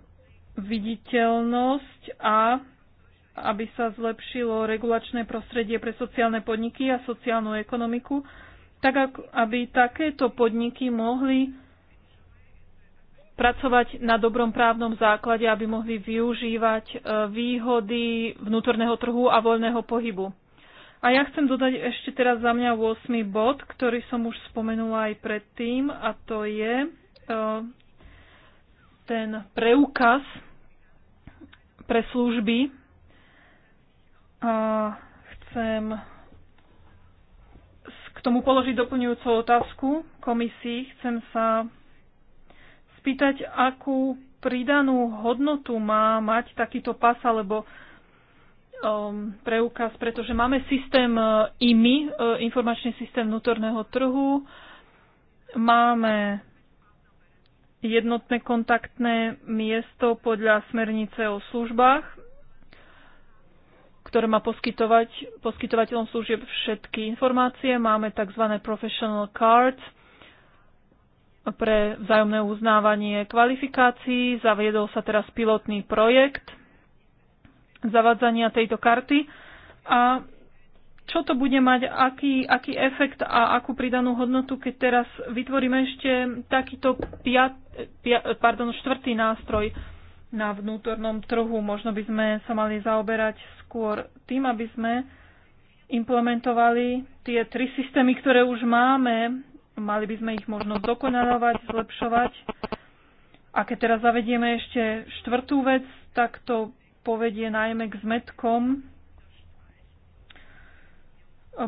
viditeľnosť a aby sa zlepšilo regulačné prostredie pre sociálne podniky a sociálnu ekonomiku tak aby takéto podniky mohli pracovať na dobrom právnom základe, aby mohli využívať e, výhody vnútorného trhu a voľného pohybu. A ja chcem dodať ešte teraz za mňa 8. bod, ktorý som už spomenula aj predtým, a to je e, ten preukaz pre služby. A chcem tomu položiť doplňujúcu otázku komisii. Chcem sa spýtať, akú pridanú hodnotu má mať takýto pas alebo um, preukaz, pretože máme systém IMI, uh, uh, informačný systém vnútorného trhu, máme jednotné kontaktné miesto podľa smernice o službách ktoré má poskytovať poskytovateľom služieb všetky informácie. Máme tzv. professional cards pre vzájomné uznávanie kvalifikácií. Zaviedol sa teraz pilotný projekt zavadzania tejto karty. A čo to bude mať, aký, aký efekt a akú pridanú hodnotu, keď teraz vytvoríme ešte takýto piat, piat, pardon, štvrtý nástroj, na vnútornom trhu. Možno by sme sa mali zaoberať skôr tým, aby sme implementovali tie tri systémy, ktoré už máme. Mali by sme ich možno dokonalovať, zlepšovať. A keď teraz zavedieme ešte štvrtú vec, tak to povedie najmä k zmetkom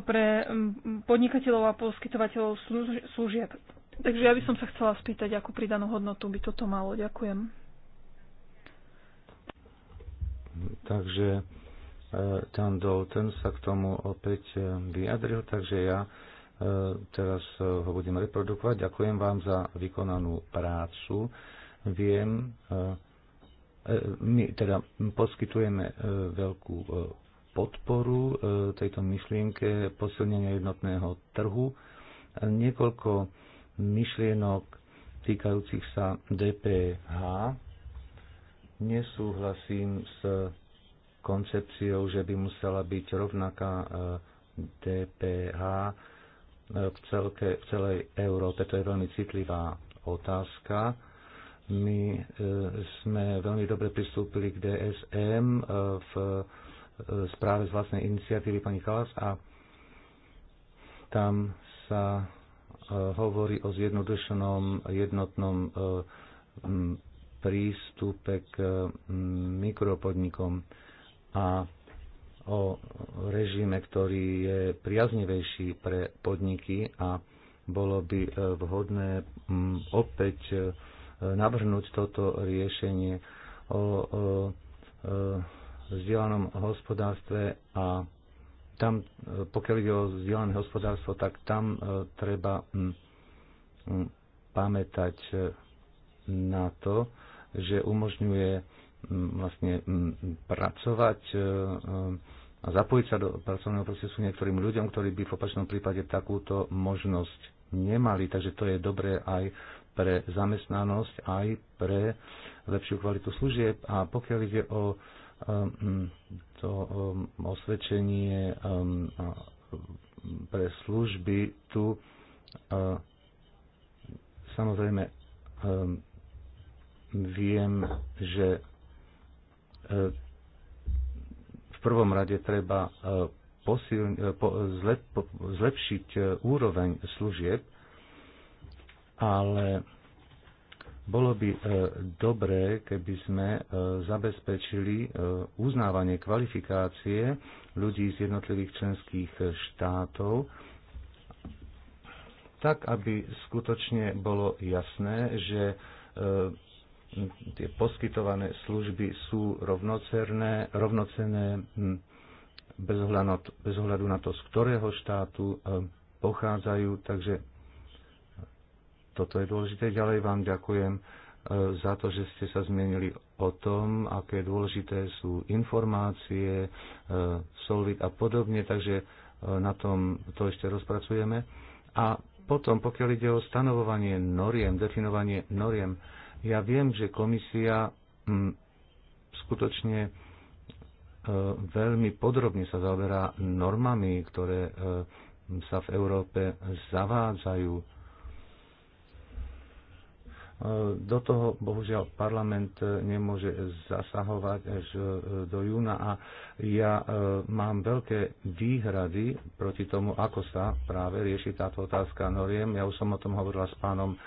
pre podnikateľov a poskytovateľov služieb. Takže ja by som sa chcela spýtať, akú pridanú hodnotu by toto malo. Ďakujem. takže Tom e, Dalton sa k tomu opäť e, vyjadril, takže ja e, teraz ho budem reprodukovať. Ďakujem vám za vykonanú prácu. Viem, my teda poskytujeme veľkú podporu tejto myšlienke posilnenia jednotného trhu. Niekoľko myšlienok týkajúcich sa DPH. Nesúhlasím s koncepciou, že by musela byť rovnaká e, DPH e, v, celke, v celej Európe. To je veľmi citlivá otázka. My e, sme veľmi dobre pristúpili k DSM v správe z vlastnej iniciatívy pani Kalas a tam sa hovorí o zjednodušenom jednotnom prístupe k mikropodnikom a o režime, ktorý je priaznivejší pre podniky a bolo by e, vhodné opäť e, navrhnúť toto riešenie o, e, vzdelanom hospodárstve a tam, pokiaľ ide o vzdelané hospodárstvo, tak tam treba pamätať na to, že umožňuje vlastne pracovať e, e, a zapojiť sa do pracovného procesu niektorým ľuďom, ktorí by v opačnom prípade takúto možnosť nemali. Takže to je dobré aj pre zamestnanosť, aj pre lepšiu kvalitu služieb. A pokiaľ ide o e, to osvedčenie pre služby, tu samozrejme viem, že E, v prvom rade treba e, e, zlepšiť úroveň služieb, ale bolo by dobré, keby sme zabezpečili uznávanie kvalifikácie ľudí z jednotlivých členských štátov, tak aby skutočne bolo jasné, že tie poskytované služby sú rovnocerné, rovnocené hm, bez ohľadu, bez ohľadu na to, z ktorého štátu eh, pochádzajú. Takže toto je dôležité. Ďalej vám ďakujem eh, za to, že ste sa zmienili o tom, aké dôležité sú informácie, eh, solvit a podobne, takže na tom to ešte rozpracujeme. A potom, pokiaľ ide o stanovovanie noriem, definovanie noriem, ja viem, že komisia mm, skutočne e, veľmi podrobne sa zaoberá normami, ktoré e, sa v Európe zavádzajú e, do toho bohužiaľ parlament nemôže zasahovať až do júna a ja mám veľké výhrady proti tomu, ako sa práve rieši táto otázka noriem. Ja už som o tom hovorila s pánom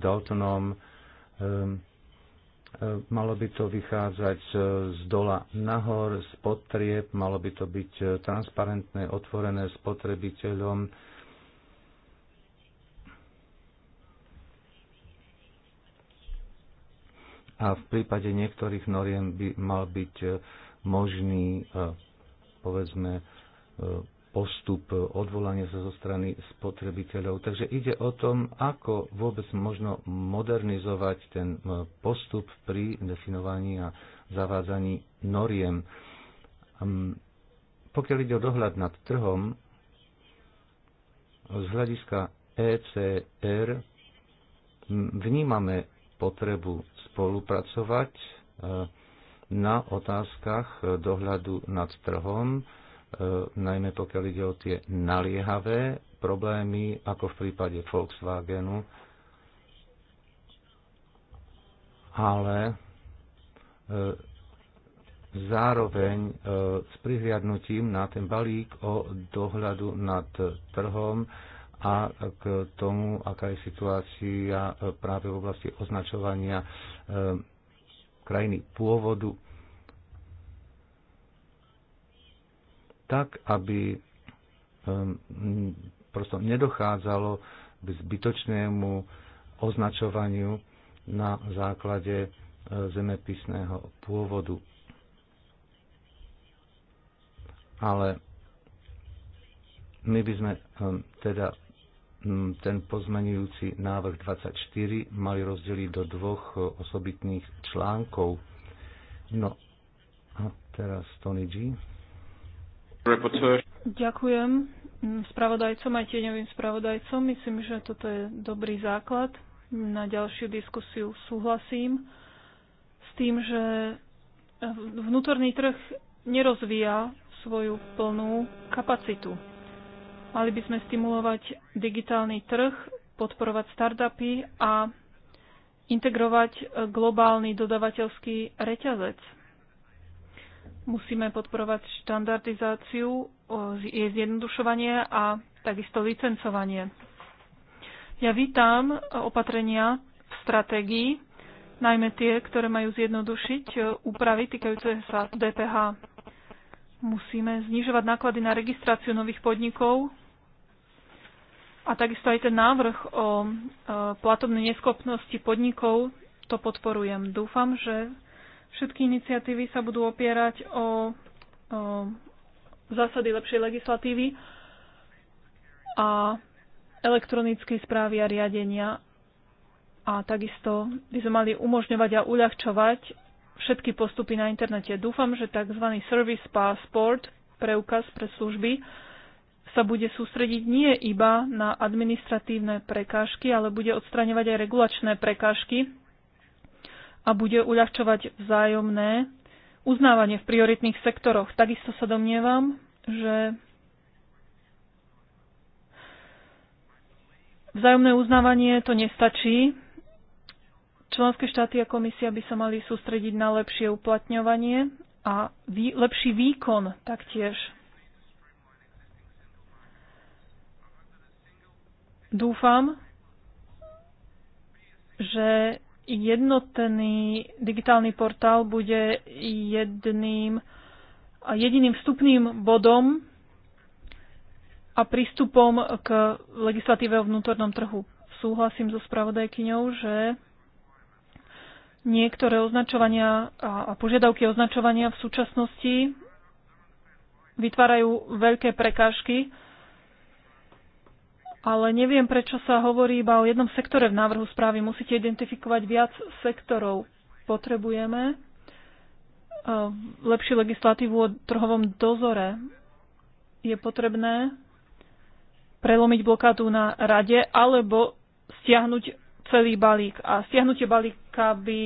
Daltonom Ehm, ehm, malo by to vychádzať e, z dola nahor, z potrieb, malo by to byť e, transparentné, otvorené spotrebiteľom. A v prípade niektorých noriem by mal byť e, možný, povedzme, postup odvolania sa zo strany spotrebiteľov. Takže ide o tom, ako vôbec možno modernizovať ten e, postup pri definovaní a zavádzaní noriem. Pokiaľ ide o dohľad nad trhom, z hľadiska ECR vnímame potrebu spolupracovať e, na otázkach dohľadu nad trhom, E, najmä pokiaľ ide o tie naliehavé problémy, ako v prípade Volkswagenu. Ale e, zároveň e, s prihliadnutím na ten balík o dohľadu nad trhom a k tomu, aká je situácia práve v oblasti označovania krajiny pôvodu tak, aby ehm, prosto nedochádzalo k zbytočnému označovaniu na základe e, zemepisného pôvodu. Ale my by sme ehm, teda ten pozmenujúci návrh 24 mali rozdeliť do dvoch e, osobitných článkov. No a teraz Tony G. Ďakujem spravodajcom aj tieňovým spravodajcom. Myslím, že toto je dobrý základ na ďalšiu diskusiu. Súhlasím s tým, že vnútorný trh nerozvíja svoju plnú kapacitu. Mali by sme stimulovať digitálny trh, podporovať startupy a integrovať globálny dodavateľský reťazec. Musíme podporovať štandardizáciu, jej zjednodušovanie a takisto licencovanie. Ja vítam opatrenia v stratégii, najmä tie, ktoré majú zjednodušiť e, úpravy týkajúce sa DPH. Musíme znižovať náklady na registráciu nových podnikov a takisto aj ten návrh o e, platobnej neschopnosti podnikov, to podporujem. Dúfam, že Všetky iniciatívy sa budú opierať o, o zásady lepšej legislatívy a elektronickej správy a riadenia a takisto by sme mali umožňovať a uľahčovať všetky postupy na internete. Dúfam, že tzv. Service Passport, preukaz pre služby, sa bude sústrediť nie iba na administratívne prekážky, ale bude odstraňovať aj regulačné prekážky, a bude uľahčovať vzájomné uznávanie v prioritných sektoroch. Takisto sa domnievam, že vzájomné uznávanie to nestačí. Členské štáty a komisia by sa mali sústrediť na lepšie uplatňovanie a vý, lepší výkon taktiež. Dúfam, že jednotný digitálny portál bude jedným jediným vstupným bodom a prístupom k legislatíve o vnútornom trhu. Súhlasím so spravodajkyňou, že niektoré označovania a požiadavky označovania v súčasnosti vytvárajú veľké prekážky ale neviem, prečo sa hovorí iba o jednom sektore v návrhu správy. Musíte identifikovať viac sektorov. Potrebujeme e, lepšiu legislatívu o trhovom dozore. Je potrebné prelomiť blokádu na rade alebo stiahnuť celý balík. A stiahnutie balíka by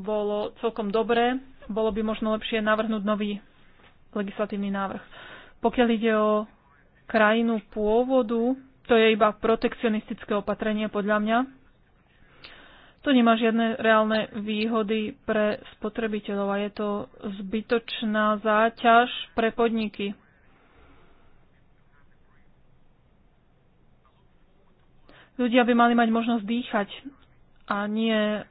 bolo celkom dobré. Bolo by možno lepšie navrhnúť nový legislatívny návrh. Pokiaľ ide o krajinu pôvodu, to je iba protekcionistické opatrenie podľa mňa. To nemá žiadne reálne výhody pre spotrebiteľov a je to zbytočná záťaž pre podniky. Ľudia by mali mať možnosť dýchať a nie uh,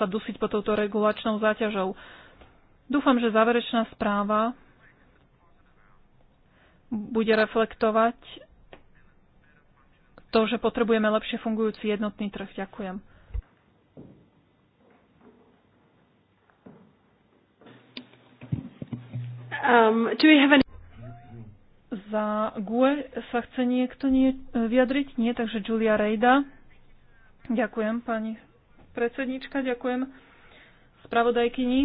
sa dusiť pod touto regulačnou záťažou. Dúfam, že záverečná správa bude reflektovať to, že potrebujeme lepšie fungujúci jednotný trh. Ďakujem. Um, do we have any... Za GUE sa chce niekto nie, e, vyjadriť? Nie, takže Julia Rejda. Ďakujem, pani predsednička, ďakujem spravodajkyni.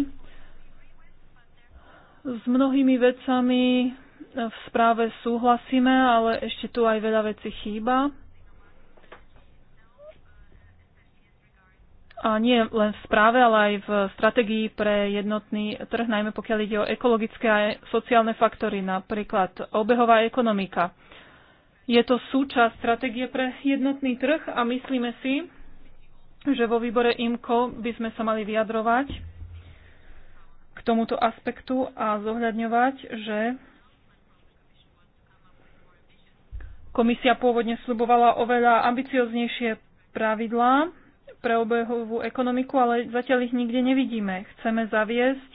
S mnohými vecami v správe súhlasíme, ale ešte tu aj veľa vecí chýba. A nie len v správe, ale aj v stratégii pre jednotný trh, najmä pokiaľ ide o ekologické a sociálne faktory, napríklad obehová ekonomika. Je to súčasť stratégie pre jednotný trh a myslíme si, že vo výbore IMCO by sme sa mali vyjadrovať k tomuto aspektu a zohľadňovať, že komisia pôvodne slubovala oveľa ambicioznejšie pravidlá pre obehovú ekonomiku, ale zatiaľ ich nikde nevidíme. Chceme zaviesť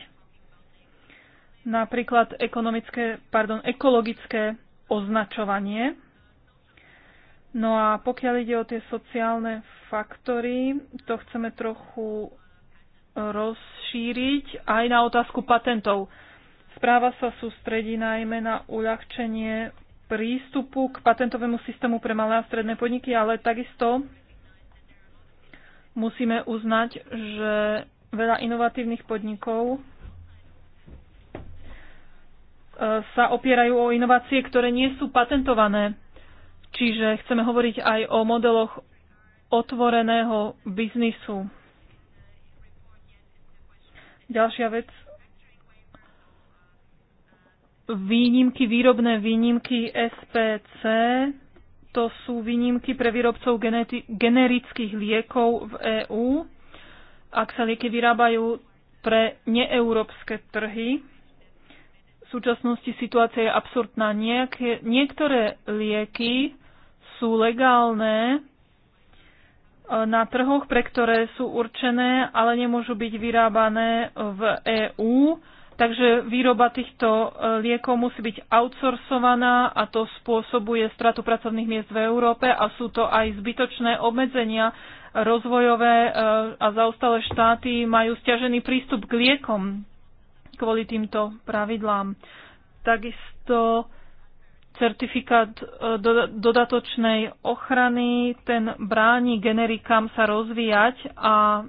napríklad ekonomické, pardon, ekologické označovanie. No a pokiaľ ide o tie sociálne faktory, to chceme trochu rozšíriť aj na otázku patentov. Správa sa sústredí najmä na uľahčenie prístupu k patentovému systému pre malé a stredné podniky, ale takisto musíme uznať, že veľa inovatívnych podnikov e, sa opierajú o inovácie, ktoré nie sú patentované. Čiže chceme hovoriť aj o modeloch otvoreného biznisu. Ďalšia vec. Výnimky, výrobné výnimky SPC to sú výnimky pre výrobcov geneti- generických liekov v EÚ, ak sa lieky vyrábajú pre neeurópske trhy. V súčasnosti situácia je absurdná. Nejaké, niektoré lieky sú legálne e, na trhoch, pre ktoré sú určené, ale nemôžu byť vyrábané v EÚ Takže výroba týchto e, liekov musí byť outsourcovaná a to spôsobuje stratu pracovných miest v Európe a sú to aj zbytočné obmedzenia. Rozvojové e, a zaostalé štáty majú stiažený prístup k liekom kvôli týmto pravidlám. Takisto certifikát e, dodatočnej ochrany, ten bráni generikám sa rozvíjať a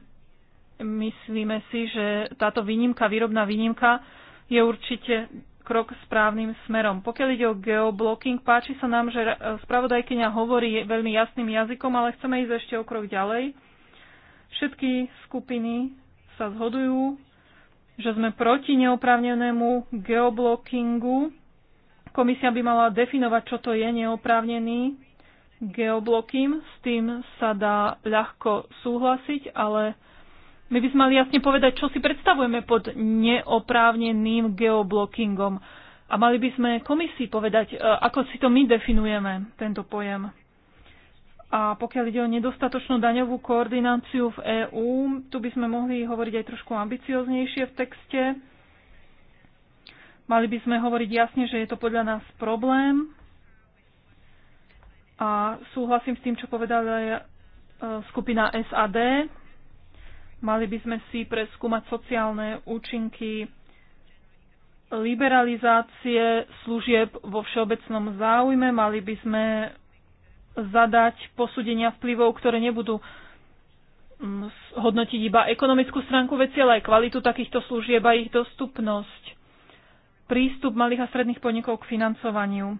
Myslíme si, že táto výnimka, výrobná výnimka je určite krok správnym smerom. Pokiaľ ide o geoblocking, páči sa nám, že spravodajkyňa hovorí veľmi jasným jazykom, ale chceme ísť ešte o krok ďalej. Všetky skupiny sa zhodujú, že sme proti neoprávnenému geoblockingu. Komisia by mala definovať, čo to je neoprávnený geoblocking. S tým sa dá ľahko súhlasiť, ale my by sme mali jasne povedať, čo si predstavujeme pod neoprávneným geoblockingom. A mali by sme komisii povedať, e, ako si to my definujeme, tento pojem. A pokiaľ ide o nedostatočnú daňovú koordináciu v EÚ, tu by sme mohli hovoriť aj trošku ambicioznejšie v texte. Mali by sme hovoriť jasne, že je to podľa nás problém. A súhlasím s tým, čo povedala e, skupina SAD. Mali by sme si preskúmať sociálne účinky liberalizácie služieb vo všeobecnom záujme. Mali by sme zadať posúdenia vplyvov, ktoré nebudú mm, hodnotiť iba ekonomickú stránku veci, ale aj kvalitu takýchto služieb a ich dostupnosť. Prístup malých a stredných podnikov k financovaniu. E,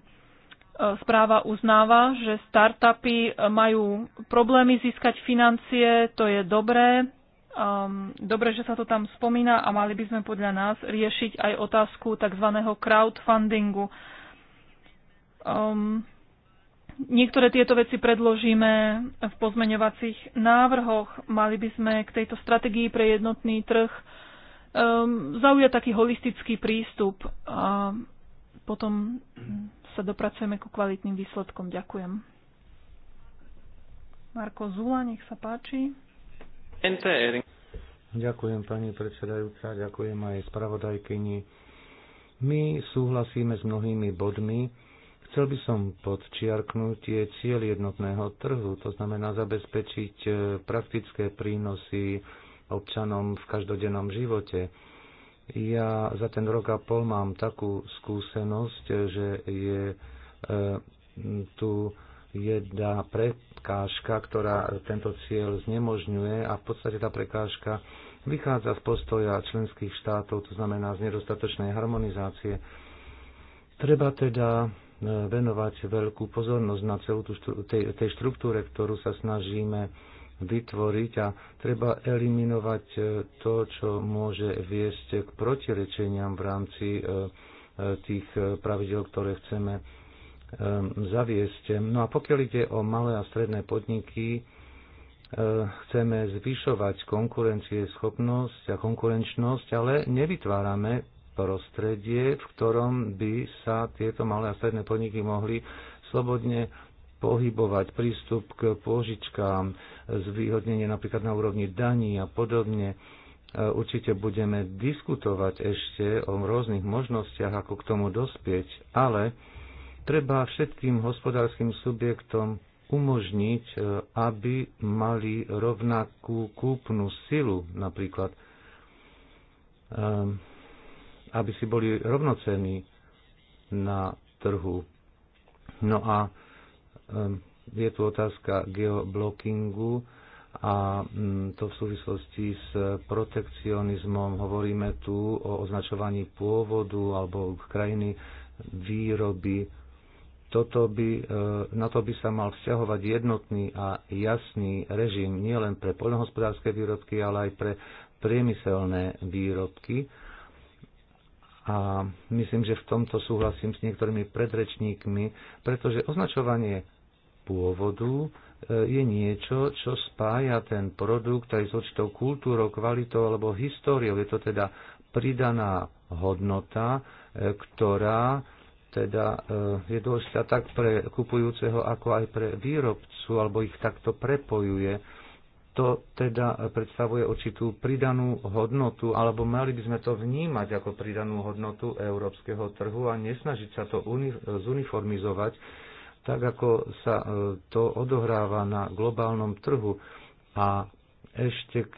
správa uznáva, že startupy majú problémy získať financie, to je dobré, Um, dobre, že sa to tam spomína a mali by sme podľa nás riešiť aj otázku tzv. crowdfundingu. Um, Niektoré tieto veci predložíme v pozmeňovacích návrhoch. Mali by sme k tejto strategii pre jednotný trh um, zaujať taký holistický prístup a potom sa dopracujeme ku kvalitným výsledkom. Ďakujem. Marko Zula, nech sa páči. Ďakujem pani predsedajúca, ďakujem aj spravodajkyni. My súhlasíme s mnohými bodmi. Chcel by som podčiarknúť tie cieľ jednotného trhu, to znamená zabezpečiť e, praktické prínosy občanom v každodennom živote. Ja za ten rok a pol mám takú skúsenosť, že je e, tu jedna pre, prekážka, ktorá tento cieľ znemožňuje a v podstate tá prekážka vychádza z postoja členských štátov, to znamená z nedostatočnej harmonizácie. Treba teda e, venovať veľkú pozornosť na celú tú, tej, tej štruktúre, ktorú sa snažíme vytvoriť a treba eliminovať e, to, čo môže viesť k protirečeniam v rámci e, tých pravidel, ktoré chceme Ehm, zaviesť. No a pokiaľ ide o malé a stredné podniky, ehm, chceme zvyšovať schopnosť a konkurenčnosť, ale nevytvárame prostredie, v ktorom by sa tieto malé a stredné podniky mohli slobodne pohybovať, prístup k pôžičkám, zvýhodnenie napríklad na úrovni daní a podobne. Ehm, určite budeme diskutovať ešte o rôznych možnostiach, ako k tomu dospieť, ale Treba všetkým hospodárskym subjektom umožniť, e, aby mali rovnakú kúpnu silu napríklad, e, aby si boli rovnocení na trhu. No a e, je tu otázka geoblockingu a mm, to v súvislosti s protekcionizmom. Hovoríme tu o označovaní pôvodu alebo krajiny výroby toto by, e, na to by sa mal vzťahovať jednotný a jasný režim nielen pre poľnohospodárske výrobky, ale aj pre priemyselné výrobky. A myslím, že v tomto súhlasím s niektorými predrečníkmi, pretože označovanie pôvodu e, je niečo, čo spája ten produkt aj s určitou kultúrou, kvalitou alebo históriou. Je to teda pridaná hodnota, e, ktorá teda eh, je dôležitá tak pre kupujúceho, ako aj pre výrobcu, alebo ich takto prepojuje. To teda predstavuje určitú pridanú hodnotu, alebo mali by sme to vnímať ako pridanú hodnotu európskeho trhu a nesnažiť sa to zuniformizovať, tak ako sa eh, to odohráva na globálnom trhu. A ešte k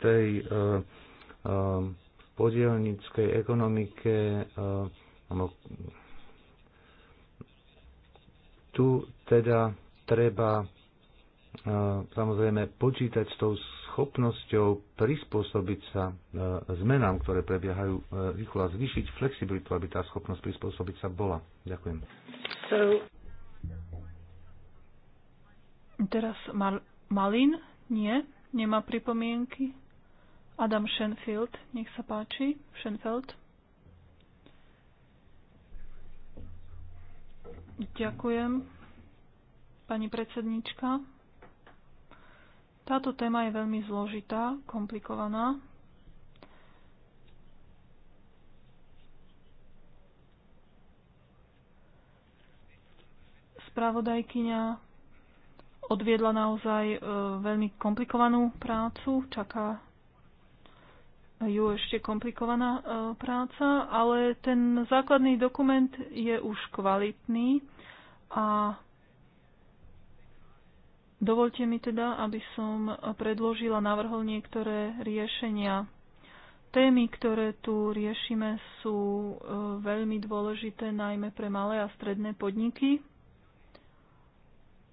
tej eh, podielnickej ekonomike, tu teda treba e, samozrejme počítať s tou schopnosťou prispôsobiť sa e, zmenám, ktoré prebiehajú e, rýchlo a zvýšiť flexibilitu, aby tá schopnosť prispôsobiť sa bola. Ďakujem. So, teraz Mal- Malin? Nie? Nemá pripomienky? Adam Schenfield, nech sa páči. Schenfeld. Ďakujem, pani predsednička. Táto téma je veľmi zložitá, komplikovaná. Spravodajkyňa odviedla naozaj e, veľmi komplikovanú prácu, čaká ju ešte komplikovaná e, práca, ale ten základný dokument je už kvalitný a dovolte mi teda, aby som predložila, navrhol niektoré riešenia. Témy, ktoré tu riešime, sú e, veľmi dôležité najmä pre malé a stredné podniky.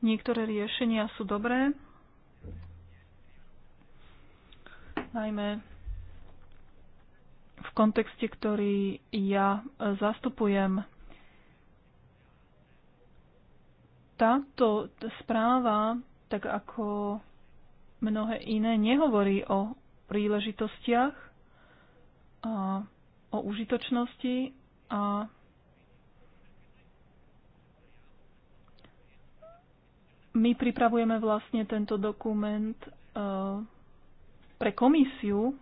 Niektoré riešenia sú dobré, najmä v kontexte, ktorý ja e, zastupujem. Táto správa, tak ako mnohé iné, nehovorí o príležitostiach, a o užitočnosti a my pripravujeme vlastne tento dokument e, pre komisiu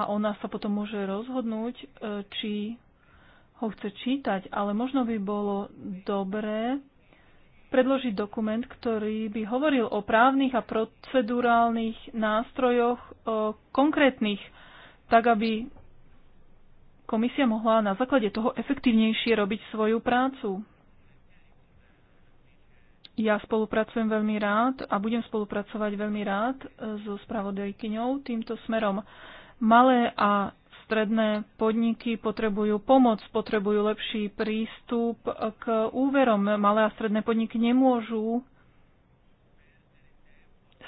a ona sa potom môže rozhodnúť, e, či ho chce čítať, ale možno by bolo dobré predložiť dokument, ktorý by hovoril o právnych a procedurálnych nástrojoch e, konkrétnych, tak aby komisia mohla na základe toho efektívnejšie robiť svoju prácu. Ja spolupracujem veľmi rád a budem spolupracovať veľmi rád e, so spravodajkyňou týmto smerom. Malé a stredné podniky potrebujú pomoc, potrebujú lepší prístup k úverom. Malé a stredné podniky nemôžu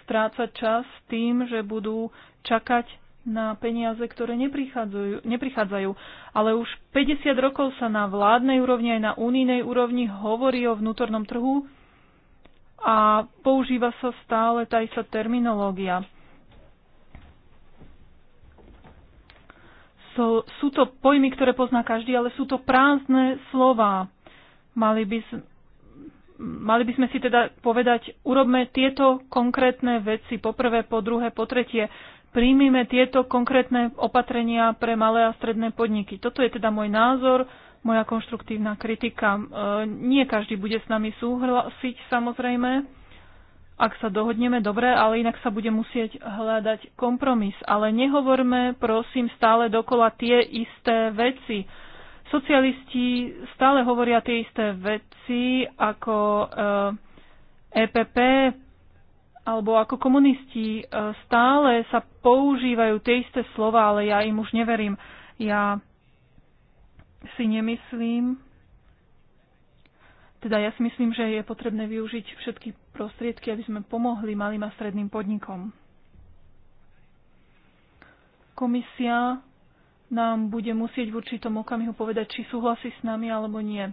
strácať čas tým, že budú čakať na peniaze, ktoré neprichádzajú, neprichádzajú. Ale už 50 rokov sa na vládnej úrovni aj na unijnej úrovni hovorí o vnútornom trhu a používa sa stále tá istá terminológia. so, sú to pojmy, ktoré pozná každý, ale sú to prázdne slova. Mali by, mali by sme si teda povedať, urobme tieto konkrétne veci, po prvé, po druhé, po tretie. Príjmime tieto konkrétne opatrenia pre malé a stredné podniky. Toto je teda môj názor, moja konštruktívna kritika. E, nie každý bude s nami súhlasiť, samozrejme ak sa dohodneme, dobre, ale inak sa bude musieť hľadať kompromis. Ale nehovorme, prosím, stále dokola tie isté veci. Socialisti stále hovoria tie isté veci ako EPP eh, e alebo ako komunisti. Eh, stále sa používajú tie isté slova, ale ja im už neverím. Ja si nemyslím, teda ja si myslím, že je potrebné využiť všetky prostriedky, aby sme pomohli malým a stredným podnikom. Komisia nám bude musieť v určitom okamihu povedať, či súhlasí s nami alebo nie.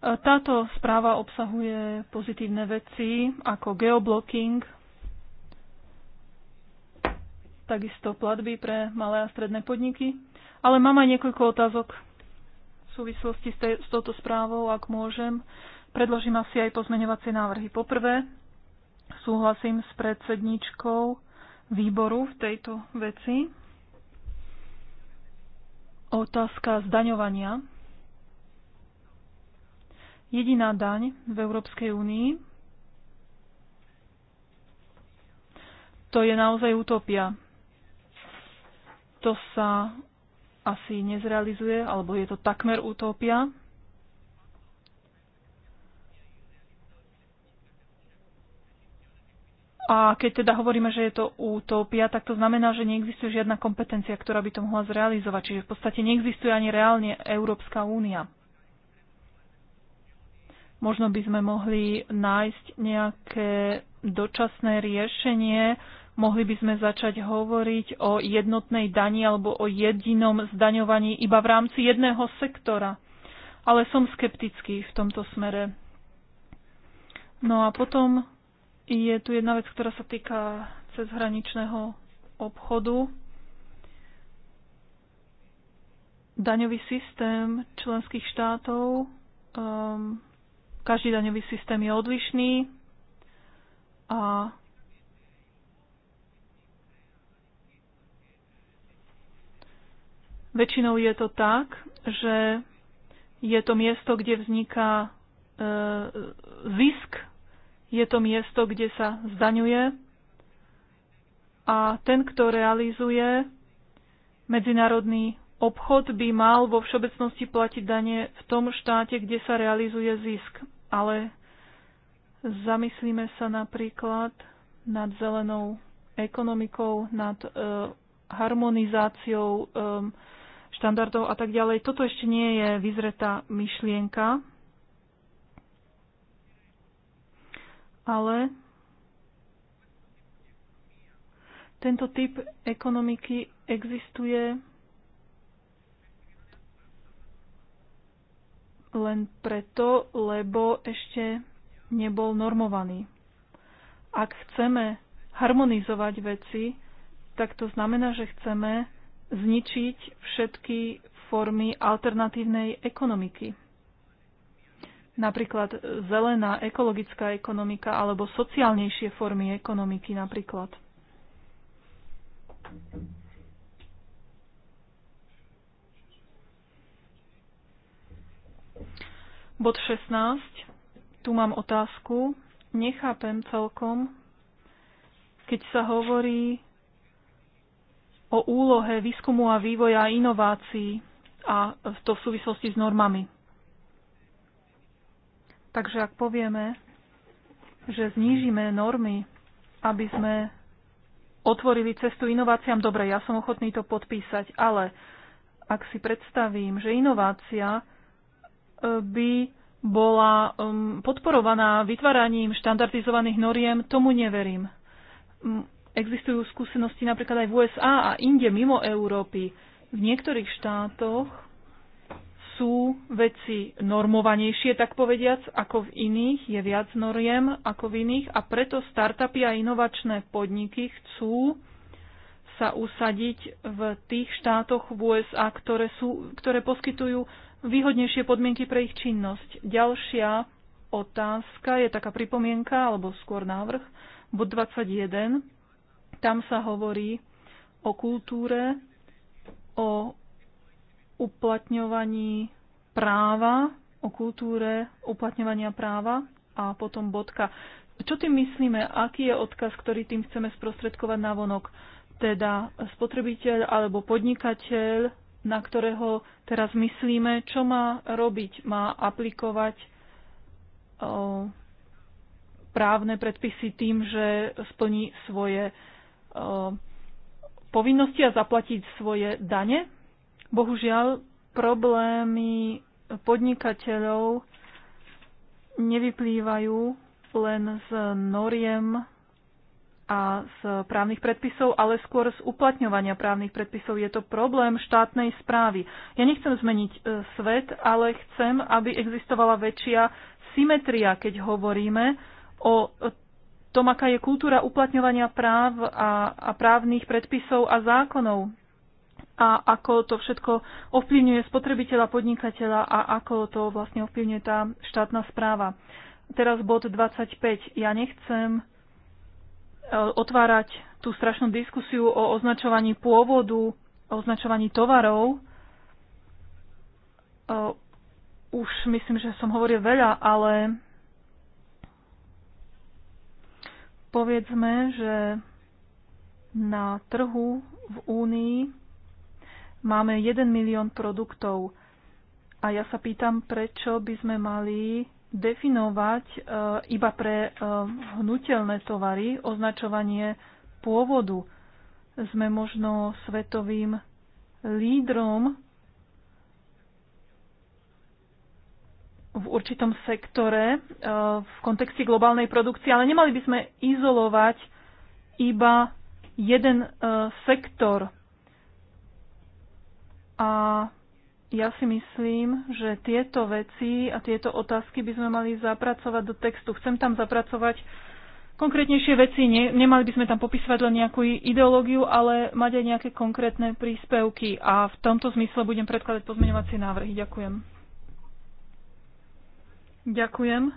Táto správa obsahuje pozitívne veci ako geoblocking, takisto platby pre malé a stredné podniky ale mám aj niekoľko otázok v súvislosti s, te, s touto správou, ak môžem. Predložím asi aj pozmeňovacie návrhy. Poprvé, súhlasím s predsedničkou výboru v tejto veci. Otázka zdaňovania. Jediná daň v Európskej únii, to je naozaj utopia. To sa asi nezrealizuje, alebo je to takmer utópia. A keď teda hovoríme, že je to utópia, tak to znamená, že neexistuje žiadna kompetencia, ktorá by to mohla zrealizovať. Čiže v podstate neexistuje ani reálne Európska únia. Možno by sme mohli nájsť nejaké dočasné riešenie, Mohli by sme začať hovoriť o jednotnej dani alebo o jedinom zdaňovaní iba v rámci jedného sektora. Ale som skeptický v tomto smere. No a potom je tu jedna vec, ktorá sa týka cezhraničného obchodu. Daňový systém členských štátov, um, každý daňový systém je odlišný a Väčšinou je to tak, že je to miesto, kde vzniká e, zisk, je to miesto, kde sa zdaňuje a ten, kto realizuje medzinárodný obchod, by mal vo všeobecnosti platiť dane v tom štáte, kde sa realizuje zisk. Ale zamyslíme sa napríklad nad zelenou ekonomikou, nad e, harmonizáciou e, štandardov a tak ďalej. Toto ešte nie je vyzretá myšlienka, ale tento typ ekonomiky existuje len preto, lebo ešte nebol normovaný. Ak chceme harmonizovať veci, tak to znamená, že chceme zničiť všetky formy alternatívnej ekonomiky. Napríklad zelená ekologická ekonomika alebo sociálnejšie formy ekonomiky napríklad. Bod 16. Tu mám otázku. Nechápem celkom, keď sa hovorí o úlohe výskumu a vývoja inovácií a to v súvislosti s normami. Takže ak povieme, že znížime normy, aby sme otvorili cestu inováciám, dobre, ja som ochotný to podpísať, ale ak si predstavím, že inovácia e, by bola podporovaná vytváraním štandardizovaných noriem, tomu neverím. Existujú skúsenosti napríklad aj v USA a inde mimo Európy. V niektorých štátoch sú veci normovanejšie, tak povediac, ako v iných, je viac noriem ako v iných a preto startupy a inovačné podniky chcú sa usadiť v tých štátoch v USA, ktoré, sú, ktoré poskytujú výhodnejšie podmienky pre ich činnosť. Ďalšia otázka je taká pripomienka, alebo skôr návrh, bod 21. Tam sa hovorí o kultúre, o uplatňovaní práva, o kultúre uplatňovania práva a potom bodka. Čo tým myslíme? Aký je odkaz, ktorý tým chceme sprostredkovať na vonok? Teda spotrebiteľ alebo podnikateľ, na ktorého teraz myslíme, čo má robiť? Má aplikovať eh, právne predpisy tým, že splní svoje Eh, povinnosti a zaplatiť svoje dane. Bohužiaľ, problémy podnikateľov nevyplývajú len z noriem a z právnych predpisov, ale skôr z uplatňovania právnych predpisov. Je to problém štátnej správy. Ja nechcem zmeniť eh, svet, ale chcem, aby existovala väčšia symetria, keď hovoríme o tom, aká je kultúra uplatňovania práv a, a právnych predpisov a zákonov a ako to všetko ovplyvňuje spotrebiteľa, podnikateľa a ako to vlastne ovplyvňuje tá štátna správa. Teraz bod 25. Ja nechcem e, otvárať tú strašnú diskusiu o označovaní pôvodu, o označovaní tovarov. E, už myslím, že som hovoril veľa, ale Povedzme, že na trhu v Únii máme 1 milión produktov. A ja sa pýtam, prečo by sme mali definovať e, iba pre e, hnutelné tovary označovanie pôvodu. Sme možno svetovým lídrom v určitom sektore eh, v kontexte globálnej produkcie, ale nemali by sme izolovať iba jeden eh, sektor. A ja si myslím, že tieto veci a tieto otázky by sme mali zapracovať do textu. Chcem tam zapracovať konkrétnejšie veci. nemali by sme tam popisovať len nejakú ideológiu, ale mať aj nejaké konkrétne príspevky. A v tomto zmysle budem predkladať pozmeňovacie návrhy. Ďakujem. Ďakujem.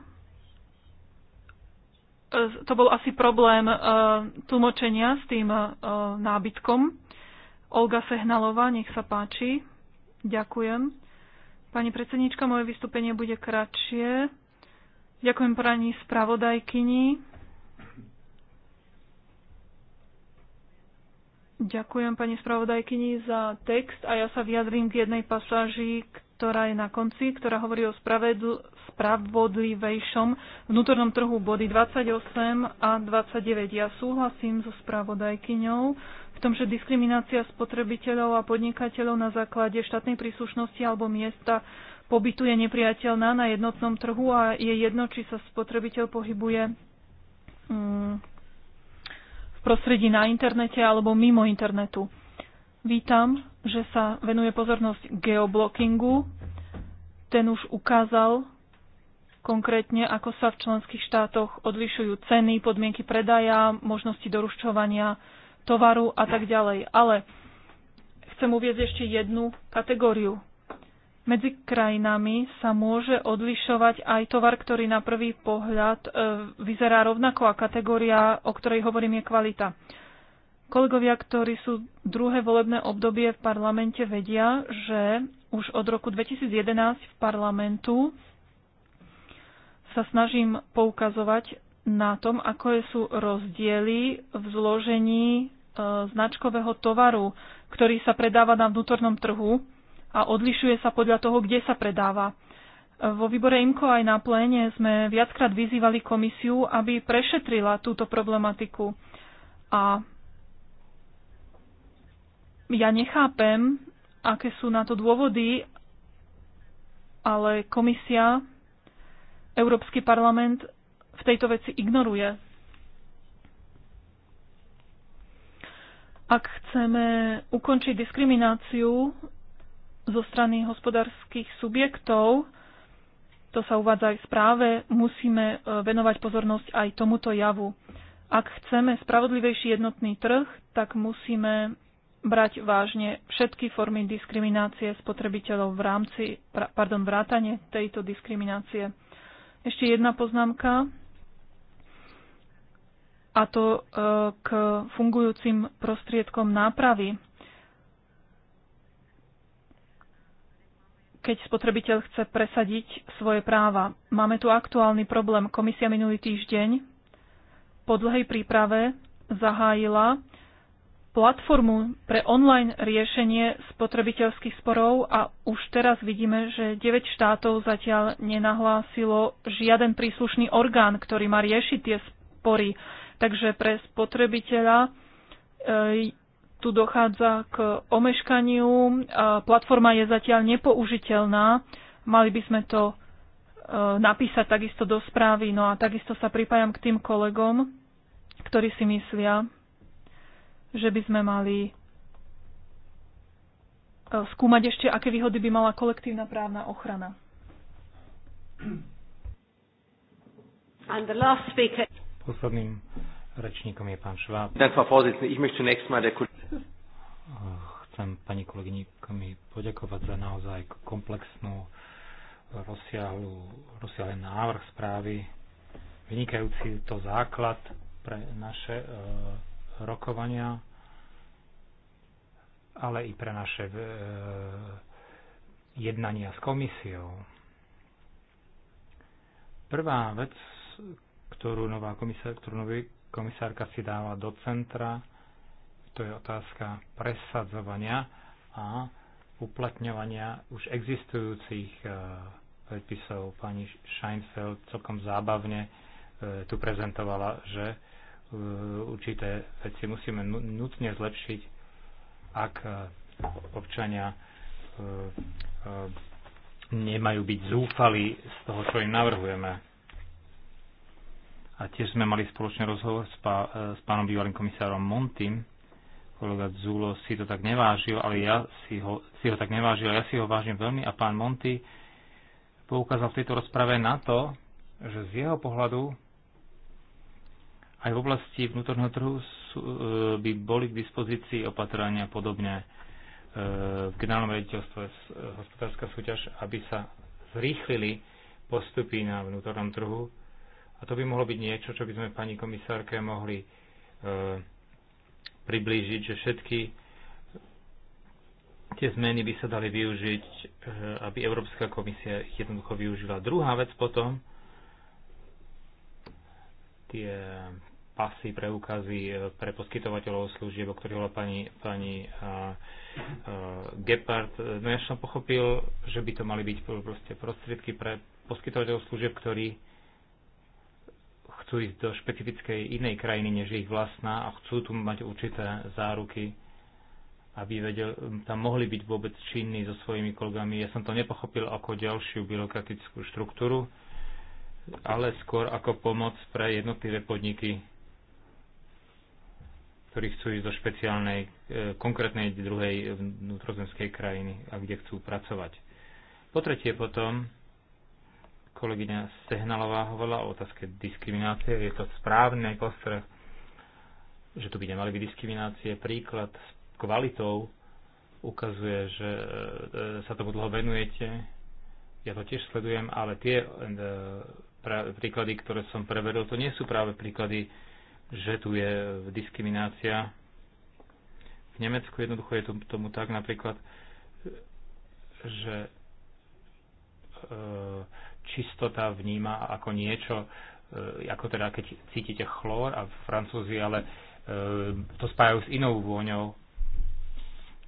E, to bol asi problém e, tlmočenia s tým e, nábytkom. Olga Sehnalová, nech sa páči. Ďakujem. Pani predsednička, moje vystúpenie bude kratšie. Ďakujem pani spravodajkyni. Ďakujem pani spravodajkyni za text a ja sa vyjadrím k jednej pasáži, ktorá je na konci, ktorá hovorí o spravedl- spravodlivejšom vnútornom trhu body 28 a 29. Ja súhlasím so spravodajkyňou v tom, že diskriminácia spotrebiteľov a podnikateľov na základe štátnej príslušnosti alebo miesta pobytu je nepriateľná na jednotnom trhu a je jedno, či sa spotrebiteľ pohybuje mm, v prostredí na internete alebo mimo internetu. Vítam, že sa venuje pozornosť geoblockingu. Ten už ukázal, konkrétne, ako sa v členských štátoch odlišujú ceny, podmienky predaja, možnosti doručovania tovaru a tak ďalej. Ale chcem uvieť ešte jednu kategóriu. Medzi krajinami sa môže odlišovať aj tovar, ktorý na prvý pohľad e, vyzerá rovnako a kategória, o ktorej hovorím, je kvalita. Kolegovia, ktorí sú druhé volebné obdobie v parlamente, vedia, že už od roku 2011 v parlamentu sa snažím poukazovať na tom, ako sú rozdiely v zložení e, značkového tovaru, ktorý sa predáva na vnútornom trhu a odlišuje sa podľa toho, kde sa predáva. E, vo výbore IMCO aj na pléne sme viackrát vyzývali komisiu, aby prešetrila túto problematiku. A ja nechápem, aké sú na to dôvody, ale komisia Európsky parlament v tejto veci ignoruje. Ak chceme ukončiť diskrimináciu zo strany hospodárskych subjektov, to sa uvádza aj v správe, musíme e, venovať pozornosť aj tomuto javu. Ak chceme spravodlivejší jednotný trh, tak musíme brať vážne všetky formy diskriminácie spotrebiteľov v rámci, pardon, vrátane tejto diskriminácie. Ešte jedna poznámka a to e, k fungujúcim prostriedkom nápravy. Keď spotrebiteľ chce presadiť svoje práva. Máme tu aktuálny problém. Komisia minulý týždeň po dlhej príprave zahájila platformu pre online riešenie spotrebiteľských sporov a už teraz vidíme, že 9 štátov zatiaľ nenahlásilo žiaden príslušný orgán, ktorý má riešiť tie spory. Takže pre spotrebiteľa e, tu dochádza k omeškaniu. E, platforma je zatiaľ nepoužiteľná. Mali by sme to e, napísať takisto do správy. No a takisto sa pripájam k tým kolegom, ktorí si myslia, že by sme mali e, skúmať ešte, aké výhody by mala kolektívna právna ochrana. And the last speaker. Posledným rečníkom je pán Šváb. Chcem pani kolegyni poďakovať za naozaj komplexnú, rozsiahlu, rozsiahlý návrh správy, vynikajúci to základ pre naše e, rokovania, ale i pre naše e, jednania s komisiou. Prvá vec, ktorú, nová komisár, ktorú nový komisárka si dáva do centra, to je otázka presadzovania a uplatňovania už existujúcich e, predpisov. Pani Scheinfeld celkom zábavne e, tu prezentovala, že určité veci musíme nutne zlepšiť, ak e, občania e, e, nemajú byť zúfali z toho, čo im navrhujeme. A tiež sme mali spoločný rozhovor s, pá, s pánom bývalým komisárom Montim. Kolega Zulo si to tak nevážil, ale ja si ho, si ho tak nevážil, ja si ho vážim veľmi a pán Monty poukázal v tejto rozprave na to, že z jeho pohľadu aj v oblasti vnútorného trhu sú, e, by boli k dispozícii opatrenia podobne v generálnom rediteľstve e, hospodárska súťaž, aby sa zrýchlili postupy na vnútornom trhu. A to by mohlo byť niečo, čo by sme pani komisárke mohli e, priblížiť, že všetky tie zmeny by sa dali využiť, e, aby Európska komisia ich jednoducho využila. Druhá vec potom, tie pasy, preukazy e, pre poskytovateľov služieb, o ktorých hovorila pani, pani a, e, a, e, Gepard. No ja som pochopil, že by to mali byť proste prostriedky pre poskytovateľov služieb, ktorí chcú ísť do špecifickej inej krajiny, než ich vlastná a chcú tu mať určité záruky, aby vedel, tam mohli byť vôbec činní so svojimi kolegami. Ja som to nepochopil ako ďalšiu byrokratickú štruktúru, ale skôr ako pomoc pre jednotlivé podniky, ktorí chcú ísť do špeciálnej, e, konkrétnej druhej e, vnútrozemskej krajiny a kde chcú pracovať. Po tretie potom, kolegyňa Sehnalová hovorila o otázke diskriminácie. Je to správny postreh, že tu by nemali byť diskriminácie. Príklad s kvalitou ukazuje, že e, sa tomu dlho venujete ja to tiež sledujem, ale tie e, príklady, ktoré som prevedol, to nie sú práve príklady, že tu je diskriminácia. V Nemecku jednoducho je tomu tak napríklad, že e, čistota vníma ako niečo, e, ako teda keď cítite chlór a francúzi, ale to spájajú s inou vôňou.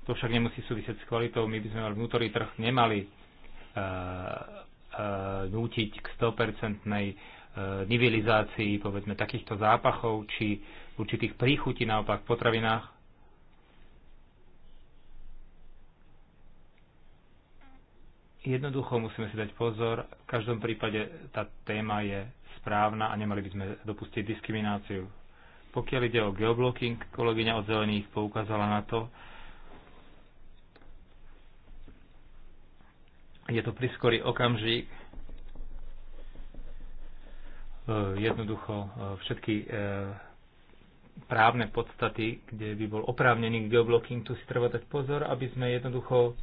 To však nemusí súvisieť s kvalitou. My by sme mali vnútorný trh nemali Eh, eh, nútiť k 100% eh, nivilizácii povedzme takýchto zápachov či určitých príchutí naopak v potravinách? Jednoducho musíme si dať pozor. V každom prípade tá téma je správna a nemali by sme dopustiť diskrimináciu. Pokiaľ ide o geoblocking, kolegyňa od zelených poukázala na to, Je to priskorý okamžik. E, jednoducho e, všetky e, právne podstaty, kde by bol oprávnený geoblocking, tu si treba dať pozor, aby sme jednoducho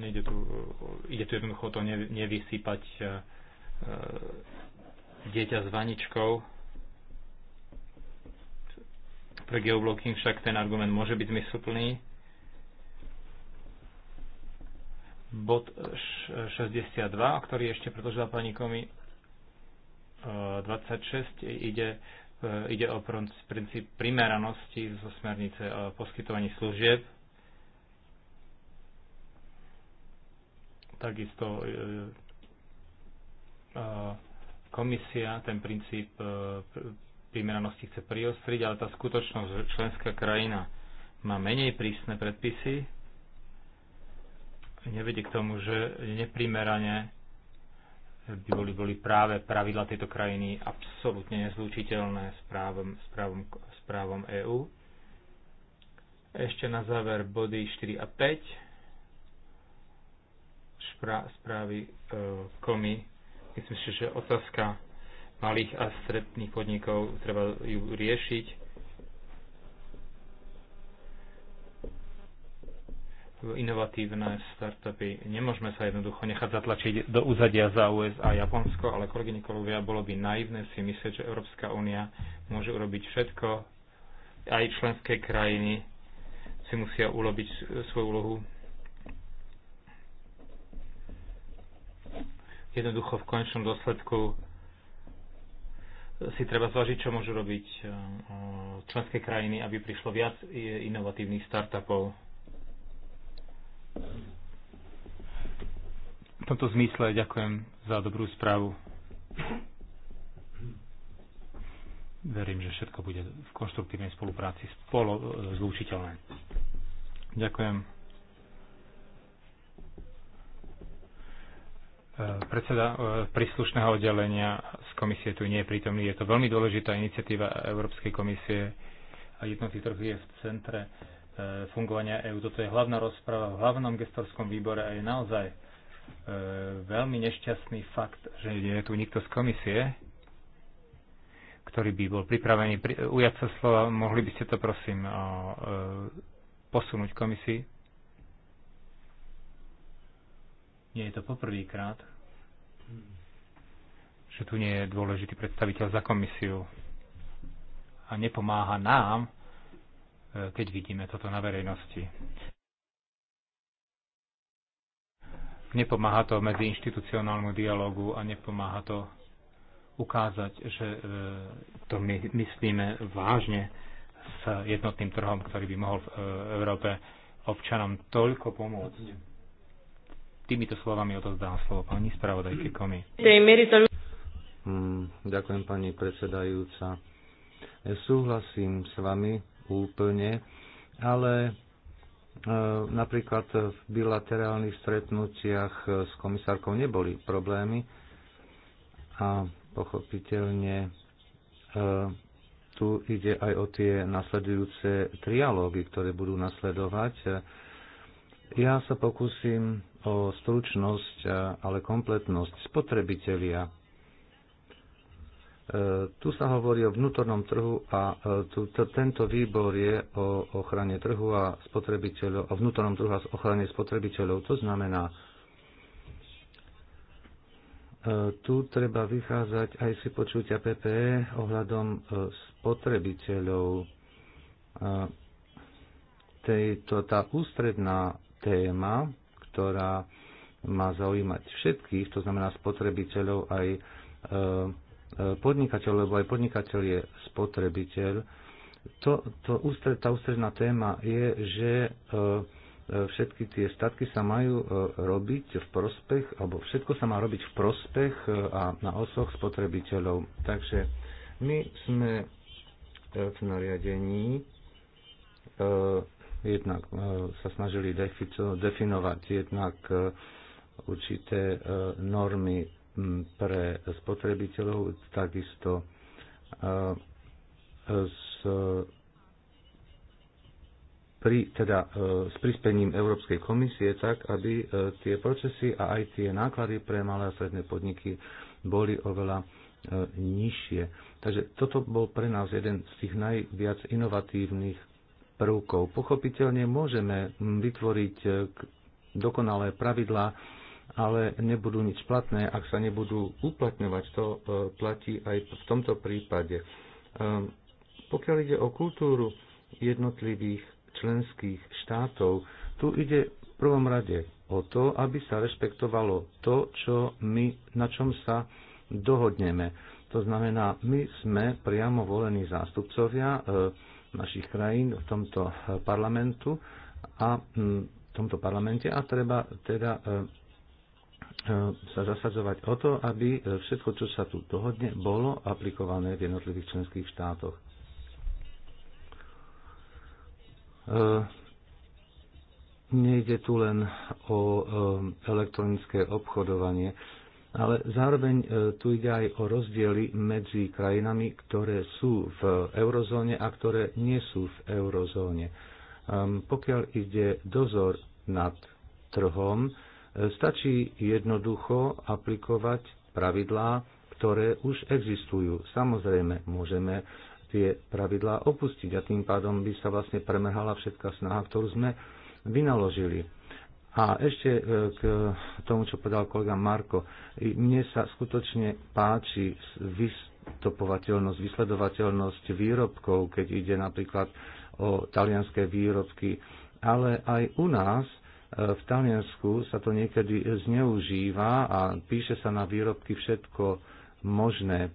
nejde tu, ide tu jednoducho to nevysypať dieťa s vaničkou. Pre geoblocking však ten argument môže byť zmysluplný bod 62, ktorý ešte predložila pani Komi 26, e, ide, e, ide o princíp primeranosti zo smernice o poskytovaní služieb. Takisto e, komisia ten princíp primeranosti chce priostriť, ale tá skutočnosť, že členská krajina má menej prísne predpisy, nevedie k tomu, že neprimerane by boli, boli práve pravidla tejto krajiny absolútne nezlučiteľné s právom, s právom, s právom EÚ. Ešte na záver body 4 a 5 správy e, komy. Myslím si, že otázka malých a stredných podnikov treba ju riešiť inovatívne startupy. Nemôžeme sa jednoducho nechať zatlačiť do uzadia za USA a Japonsko, ale kolegyni kolegovia, bolo by naivné si myslieť, že Európska únia môže urobiť všetko. Aj členské krajiny si musia urobiť svoju úlohu. Jednoducho v konečnom dôsledku si treba zvažiť, čo môžu robiť eh, eh, členské krajiny, aby prišlo viac inovatívnych startupov v tomto zmysle ďakujem za dobrú správu. Verím, že všetko bude v konštruktívnej spolupráci spolo e, zlúčiteľné. Ďakujem. E, predseda e, príslušného oddelenia z komisie tu nie je prítomný. Je to veľmi dôležitá iniciatíva Európskej komisie a jednotný trh je v centre E, fungovania EÚ. Toto je hlavná rozprava v hlavnom gestorskom výbore a je naozaj e, veľmi nešťastný fakt, že nie je tu nikto z komisie, ktorý by bol pripravený ujať sa slova. Mohli by ste to prosím e, posunúť komisii? Nie je to poprvýkrát, že tu nie je dôležitý predstaviteľ za komisiu a nepomáha nám, keď vidíme toto na verejnosti. Nepomáha to medzi inštitucionálnu dialogu a nepomáha to ukázať, že e, to my myslíme vážne s jednotným trhom, ktorý by mohol v e, Európe občanom toľko pomôcť. Týmito slovami odozdám slovo pani spravodajke Komi. Mm, ďakujem pani predsedajúca. súhlasím s vami, úplne, ale e, napríklad v bilaterálnych stretnutiach s komisárkou neboli problémy a pochopiteľne e, tu ide aj o tie nasledujúce trialógy, ktoré budú nasledovať. Ja sa pokúsim o stručnosť, e, ale kompletnosť spotrebitelia E, tu sa hovorí o vnútornom trhu a e, tu, to, tento výbor je o ochrane trhu a spotrebiteľov, o vnútornom trhu a ochrane spotrebiteľov. To znamená, e, tu treba vychádzať aj si počutia PPE ohľadom spotrebiteľov. Tejto, tá ústredná téma, ktorá má zaujímať všetkých, to znamená spotrebiteľov aj podnikateľ, lebo aj podnikateľ je spotrebiteľ, to, to, tá ústredná téma je, že e, e, všetky tie statky sa majú e, robiť v prospech, alebo všetko sa má robiť v prospech a na osoch spotrebiteľov. Takže my sme v nariadení jednak sa snažili definovať jednak určité normy pre spotrebiteľov, takisto s, pri, teda, e, s prispením Európskej komisie tak, aby e, tie procesy a aj tie náklady pre malé a stredné podniky boli oveľa e, nižšie. Takže toto bol pre nás jeden z tých najviac inovatívnych prvkov. Pochopiteľne môžeme vytvoriť dokonalé pravidlá, ale nebudú nič platné, ak sa nebudú uplatňovať. To e, platí aj v tomto prípade. E, pokiaľ ide o kultúru jednotlivých členských štátov, tu ide v prvom rade o to, aby sa rešpektovalo to, čo my, na čom sa dohodneme. To znamená, my sme priamo volení zástupcovia e, našich krajín v tomto parlamentu a v tomto parlamente a treba teda E, sa zasadzovať o to, aby e, všetko, čo sa tu dohodne, bolo aplikované v jednotlivých členských štátoch. E, nejde tu len o elektronické obchodovanie, ale zároveň tu ide aj o rozdiely medzi krajinami, ktoré sú v eurozóne a ktoré nie sú v eurozóne. Ehm, pokiaľ ide dozor nad trhom, Stačí jednoducho aplikovať pravidlá, ktoré už existujú. Samozrejme, môžeme tie pravidlá opustiť a tým pádom by sa vlastne premerhala všetká snaha, ktorú sme vynaložili. A ešte e, k tomu, čo povedal kolega Marko. Mne sa skutočne páči vystopovateľnosť, vysledovateľnosť výrobkov, keď ide napríklad o talianské výrobky, ale aj u nás v Taliansku sa to niekedy zneužíva a píše sa na výrobky všetko možné.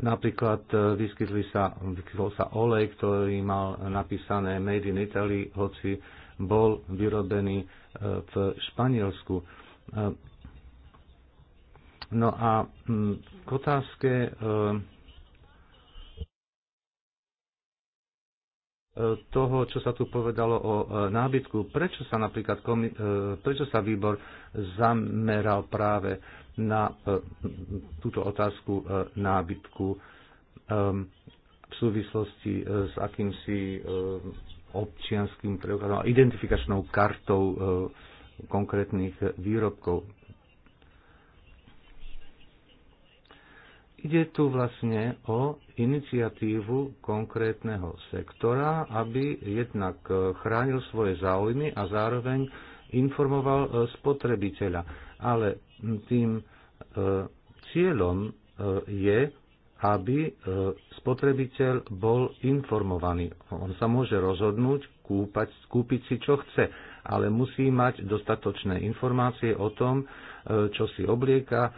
Napríklad e, vyskytli sa, vyskytol sa olej, ktorý mal napísané Made in Italy, hoci bol vyrobený e, v Španielsku. E, no a mm, k otázke toho, čo sa tu povedalo o e, nábytku. Prečo sa napríklad e, prečo sa výbor zameral práve na e, túto otázku nábytku v súvislosti s akýmsi občianským preukazom a identifikačnou kartou konkrétnych výrobkov. Ide tu vlastne o iniciatívu konkrétneho sektora, aby jednak e, chránil svoje záujmy a zároveň informoval e, spotrebiteľa. Ale tým e, cieľom je, aby spotrebiteľ bol informovaný. On sa môže rozhodnúť kúpať, kúpiť si čo chce, ale musí mať dostatočné informácie o tom, E, čo si oblieka, e,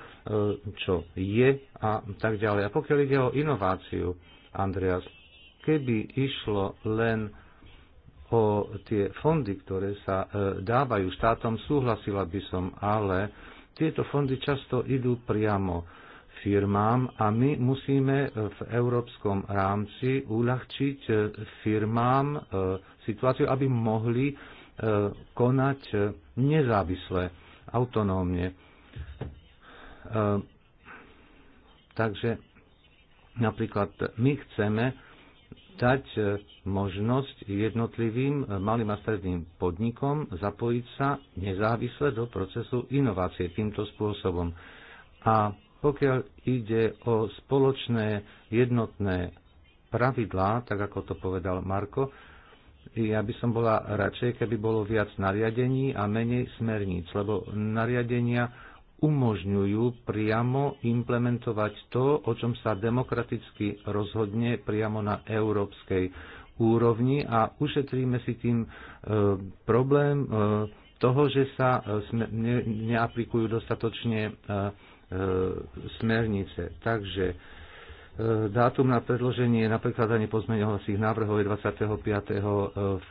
čo je a tak ďalej. A pokiaľ ide o inováciu, Andreas, keby išlo len o tie fondy, ktoré sa e, dávajú štátom, súhlasila by som, ale tieto fondy často idú priamo firmám a my musíme v európskom rámci uľahčiť firmám situáciu, aby mohli konať nezávisle autonómne. E, takže napríklad my chceme dať e, možnosť jednotlivým e, malým a stredným podnikom zapojiť sa nezávisle do procesu inovácie týmto spôsobom. A pokiaľ ide o spoločné jednotné pravidlá, tak ako to povedal Marko, ja by som bola radšej, keby bolo viac nariadení a menej smerníc, lebo nariadenia umožňujú priamo implementovať to, o čom sa demokraticky rozhodne priamo na európskej úrovni a ušetríme si tým e, problém e, toho, že sa e, ne, neaplikujú dostatočne e, e, smernice. Takže Dátum na predloženie na prekladanie pozmeňovacích návrhov je 25. E,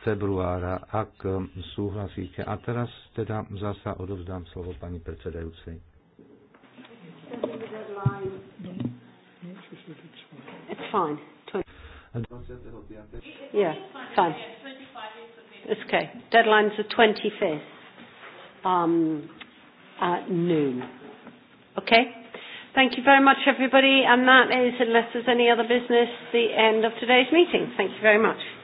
februára, ak e, súhlasíte. A teraz teda zasa odovzdám slovo pani predsedajúcej. It's fine. Yeah, fine. It's okay. Deadline's the 25th um, at noon. Okay? Thank you very much, everybody. And that is, unless there's any other business, the end of today's meeting. Thank you very much.